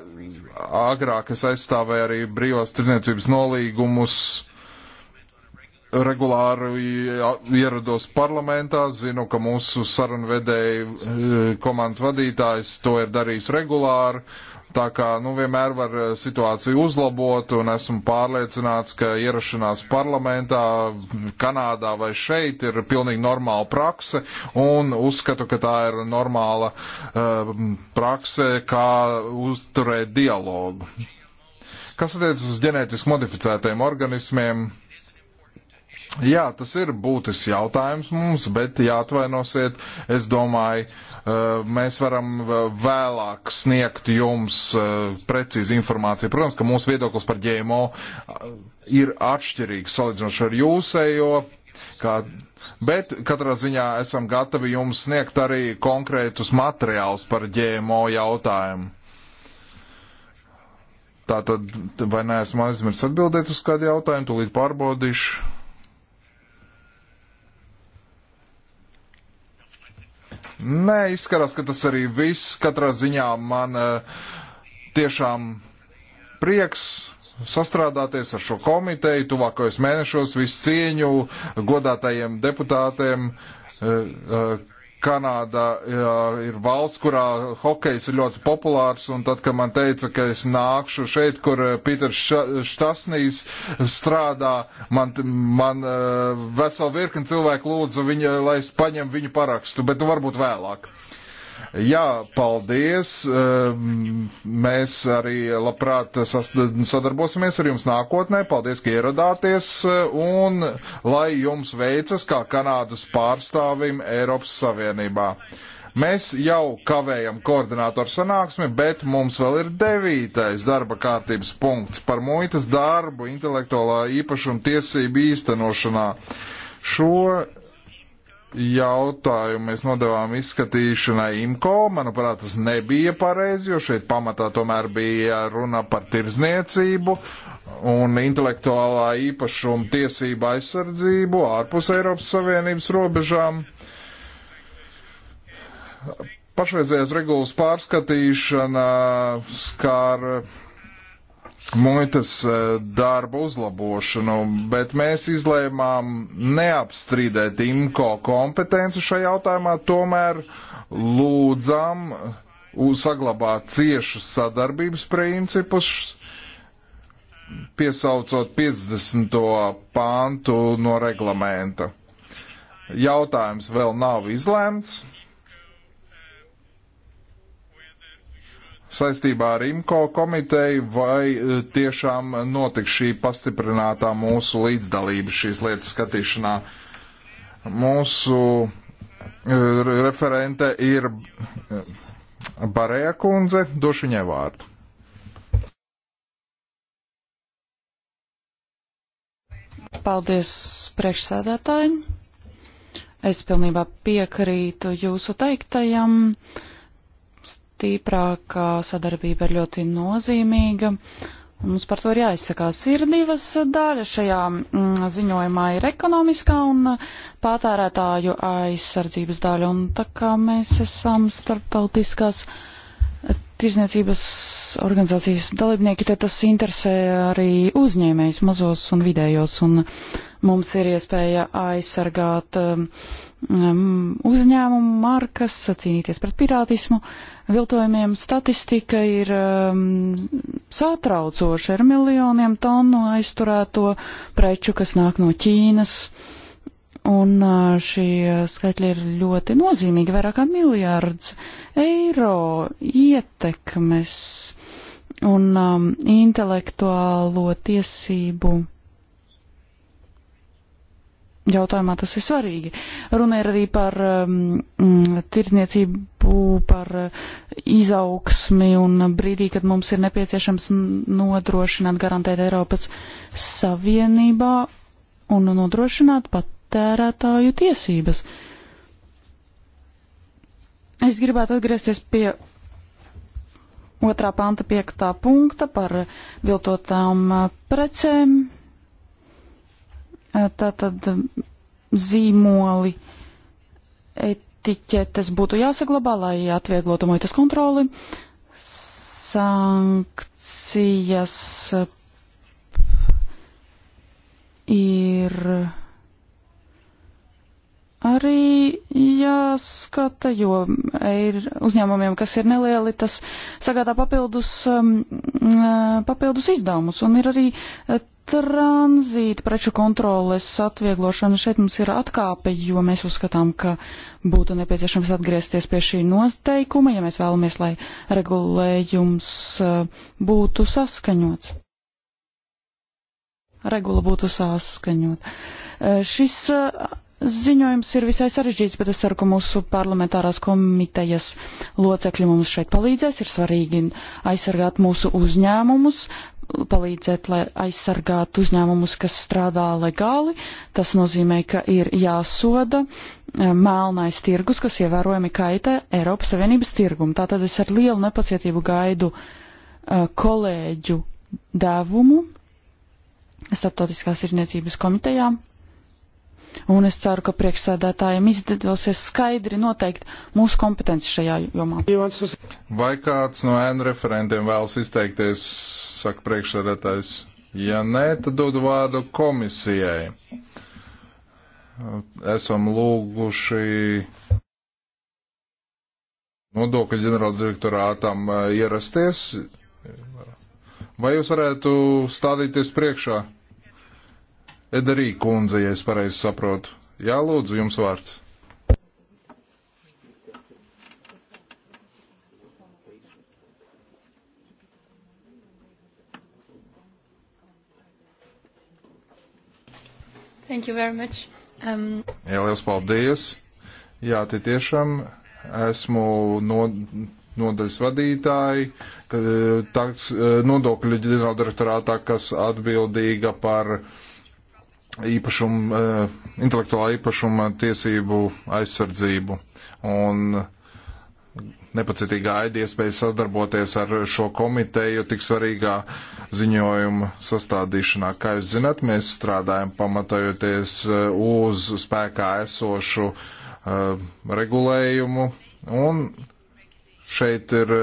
agrāk es aizstāvēju arī brīvās tirniecības nolīgumus, regulāri ierados parlamentā, zinu, ka mūsu sarunvedēji eh, komandas vadītājs to ir darījis regulāri. Uh, Tā kā nu, vienmēr var eh, situāciju uzlabot, un esmu pārliecināts, ka ierašanās parlamentā, Kanādā vai šeit ir pilnīgi normāla prakse, un uzskatu, ka tā ir normāla uh, prakse, kā uzturēt dialogu. Kas attiecas uz ģenētiski modificētajiem organismiem? Jā, tas ir būtisks jautājums mums, bet jāatvainosiet, es domāju, eh, mēs varam vēlāk sniegt jums eh, precīzi informāciju. Protams, ka mūsu viedoklis par GMO eh, ir atšķirīgs salīdzinoši ar jūsējo. Kā, bet katrā ziņā esam gatavi jums sniegt arī konkrētus materiālus par GMO jautājumu. Tātad, vai neesmu aizmirsis atbildēt uz kādu jautājumu, tūlīt pārbaudīšu. Nē, izskatās, ka tas arī viss. Katrā ziņā man eh, tiešām prieks sastrādāties ar šo komiteju tuvākajos mēnešos. Visu cieņu godātajiem deputātiem, eh, eh, Kanādā jā, ir valsts, kurā hokejs ir ļoti populārs, un tad, kad man teica, ka es nākšu šeit, kur eh, Pīters Štasnīs strādā, man, man eh, vesela virkni cilvēku lūdza, viņa, lai es paņem viņu parakstu, bet nu varbūt vēlāk. Uh, Jā, paldies. Mēs arī labprāt sadarbosimies ar jums nākotnē. Paldies, ka ieradāties un lai jums veicas kā Kanādas pārstāvim Eiropas Savienībā. Mēs jau kavējam koordinātoru sanāksmi, bet mums vēl ir devītais darba kārtības punkts par muitas darbu intelektuālā īpašuma tiesību īstenošanā. Šo jautājumu mēs nodevām izskatīšanai IMCO. Manuprāt, tas nebija pareizi, jo šeit pamatā tomēr bija runa par tirzniecību un intelektuālā īpašuma tiesību aizsardzību ārpus Eiropas Savienības robežām. Pašreizējais regulas pārskatīšana skār muitas e, darba uzlabošanu, bet mēs izlēmām neapstrīdēt IMCO kompetenci šajā jautājumā, tomēr lūdzam saglabāt ciešas sadarbības principus, piesaucot 50. pāntu no reglamenta. Jautājums vēl nav izlēmts saistībā ar IMCO komiteju, vai e, tiešām notiks šī pastiprinātā mūsu līdzdalība šīs lietas skatīšanā. Mūsu e, referente ir e, Barēja kundze, došu viņai vārdu. Paldies priekšsēdētājiem. Es pilnībā piekrītu jūsu teiktajam. Uh, tīprākā sadarbība ir ļoti nozīmīga. Mums par to ir jāizsakās. Ir divas daļas šajā mm, ziņojumā - ir ekonomiskā un patērētāju aizsardzības daļa. Un tā kā mēs esam starptautiskās tirzniecības organizācijas dalībnieki, tad tas interesē arī uzņēmējus mazos un vidējos. Un mums ir iespēja aizsargāt um, uzņēmumu markas, cīnīties pret pirātismu. Uh, viltojumiem statistika ir um, sātraucoša. Ir miljoniem tonu aizturēto preču, kas nāk no Ķīnas. Un uh, šie skaitļi ir ļoti nozīmīgi. Vairāk kā miljārds eiro ietekmes un um, intelektuālo tiesību jautājumā tas ir svarīgi. Runa ir arī par um, mm, tirdzniecību, par uh, izaugsmi un brīdī, kad mums ir nepieciešams nodrošināt, garantēt Eiropas Savienībā un nodrošināt patērētāju tiesības. Es gribētu atgriezties pie otrā panta piektā punkta par viltotām uh, precēm Tātad zīmoli, etiķetes būtu jāsaglabā, lai atvieglotu muitas kontroli. Sankcijas ir arī jāskata, jo ir uzņēmumiem, kas ir nelieli, tas sagādā papildus, um, papildus izdevumus un ir arī tranzīta preču kontroles atvieglošana šeit mums ir atkāpe, jo mēs uzskatām, ka būtu nepieciešams atgriezties pie šī noteikuma, ja mēs vēlamies, lai regulējums eh, būtu saskaņots. Regula būtu saskaņot. Eh, šis eh, ziņojums ir visai sarežģīts, bet es ceru, ka mūsu parlamentārās komitejas locekļi mums šeit palīdzēs. Ir svarīgi aizsargāt mūsu uzņēmumus palīdzēt, lai aizsargātu uzņēmumus, kas strādā legāli. Tas nozīmē, ka ir jāsoda e, melnais tirgus, kas ievērojami kaitē Eiropas Savienības tirgumu. Tātad es ar lielu nepacietību gaidu e, kolēģu devumu starptautiskās tirniecības komitejā Un es ceru, ka priekšsēdētājiem izdevosies skaidri noteikt mūsu kompetenci šajā jomā. Vai kāds no ēnu referentiem vēlas izteikties, saka priekšsēdētājs? Ja nē, tad dodu vārdu komisijai. Esam lūguši nodokļu ģenerāldirektorātam eh, ierasties. Vai jūs varētu stādīties priekšā? Ederī kundze, ja es pareizi saprotu. Jā, lūdzu, jums vārds. Thank you very much. Um... Jā, liels paldies. Jā, tie tiešām esmu no, nodaļas vadītāji, eh, taks, eh, nodokļu ģenerāldirektorātā, kas atbildīga par uh, īpašumu, eh, intelektuālā īpašuma tiesību aizsardzību un nepacitīgi gaida iespēju sadarboties ar šo komiteju tik svarīgā ziņojuma sastādīšanā. Kā jūs zināt, mēs strādājam pamatojoties eh, uz spēkā esošu uh, regulējumu un šeit ir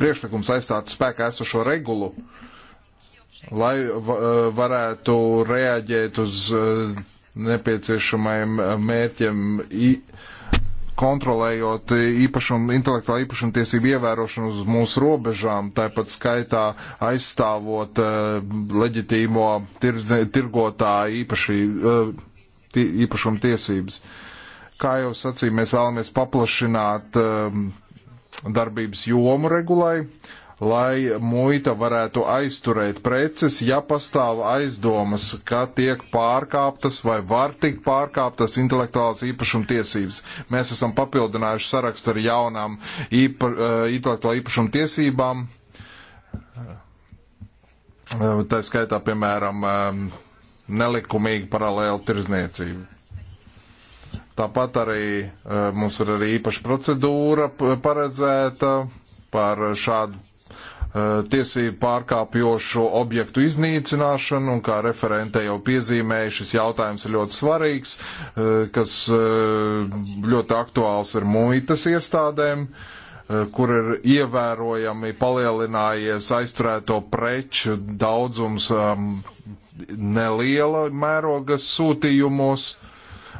priekšlikums aizstāt spēkā esošo regulu uh, lai eh, varētu reaģēt uz eh, nepieciešamajiem eh, mērķiem, kontrolējot īpašumu, intelektuālā īpašuma tiesību ievērošanu uz mūsu robežām, tāpat skaitā aizstāvot leģitīmo tir, tirgotāju īpaši, īpašumu tiesības. Kā jau sacīju, mēs vēlamies paplašināt darbības jomu regulai, lai muita varētu aizturēt preces, ja pastāv aizdomas, ka tiek pārkāptas vai var tikt pārkāptas intelektuālās īpašuma tiesības. Mēs esam papildinājuši sarakstu ar jaunām īpa, eh, intelektuālā īpašuma tiesībām. Eh, tā skaitā, piemēram, eh, nelikumīga paralēla tirzniecība. Tāpat arī mums ir arī īpaša procedūra paredzēta par šādu Uh, tiesību pārkāpjošu objektu iznīcināšanu, un kā referente jau piezīmēja, šis jautājums ir ļoti svarīgs, uh, kas uh, ļoti aktuāls ir muitas iestādēm, kur ir ievērojami palielinājies aizturēto preču daudzums um, neliela mēroga sūtījumos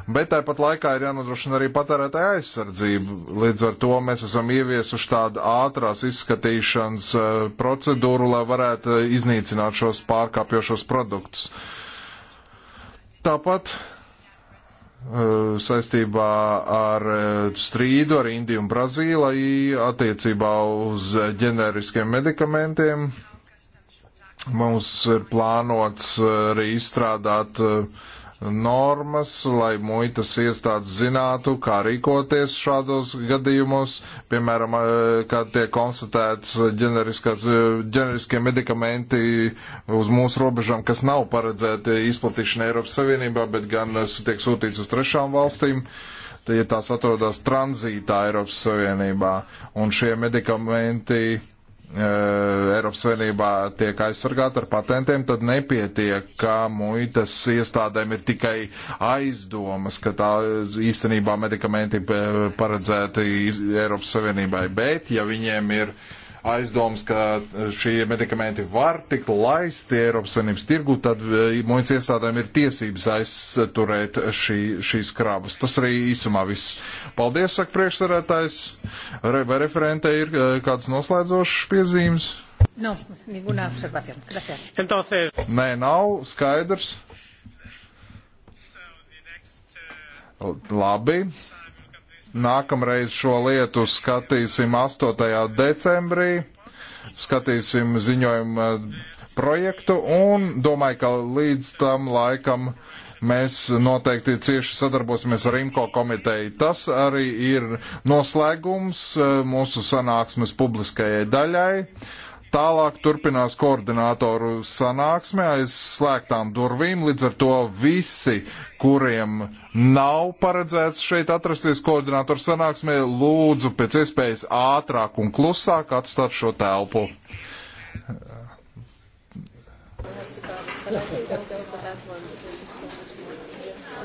bet tāpat laikā ir jānodrošina arī patērētāja aizsardzība. Līdz ar to mēs esam ieviesuši tādu ātrās izskatīšanas eh, procedūru, lai varētu eh, iznīcināt šos pārkāpjošos produktus. Tāpat eh, saistībā ar strīdu ar Indiju un Brazīliju attiecībā uz ģeneriskiem medikamentiem. Mums ir plānots arī izstrādāt uh, normas, lai muitas iestādes zinātu, kā rīkoties šādos gadījumos, piemēram, kad tiek konstatēts ģeneriskie medikamenti uz mūsu robežām, kas nav paredzēti izplatīšana Eiropas Savienībā, bet gan tiek sūtīts uz trešām valstīm ja tās atrodas tranzītā Eiropas Savienībā, un šie medikamenti E, Eiropas Savienībā tiek aizsargāta ar patentiem, tad nepietiek, ka muitas iestādēm ir tikai aizdomas, ka tā īstenībā medikamenti e, paredzēti Eiropas Savienībai, bet ja viņiem ir uh, aizdomas, ka šie medikamenti var tikt laisti Eiropas Savienības tirgu, tad eh, muitas iestādēm ir tiesības aizturēt šī, šīs krabas. Tas arī īsumā viss. Paldies, saka priekšsarētājs. Re, vai referente ir eh, kāds noslēdzošs piezīmes? No, ninguna observación. Gracias. Entonces... Nē, nav skaidrs. Labi. Nākamreiz šo lietu skatīsim 8. decembrī, skatīsim ziņojumu projektu un domāju, ka līdz tam laikam mēs noteikti cieši sadarbosimies ar IMCO komiteju. Tas arī ir noslēgums eh, mūsu sanāksmes publiskajai daļai. Tālāk turpinās koordinātoru sanāksme aiz slēgtām durvīm, līdz ar to visi, kuriem nav paredzēts šeit atrasties koordinātoru sanāksmē, lūdzu pēc iespējas ātrāk un klusāk atstāt šo telpu.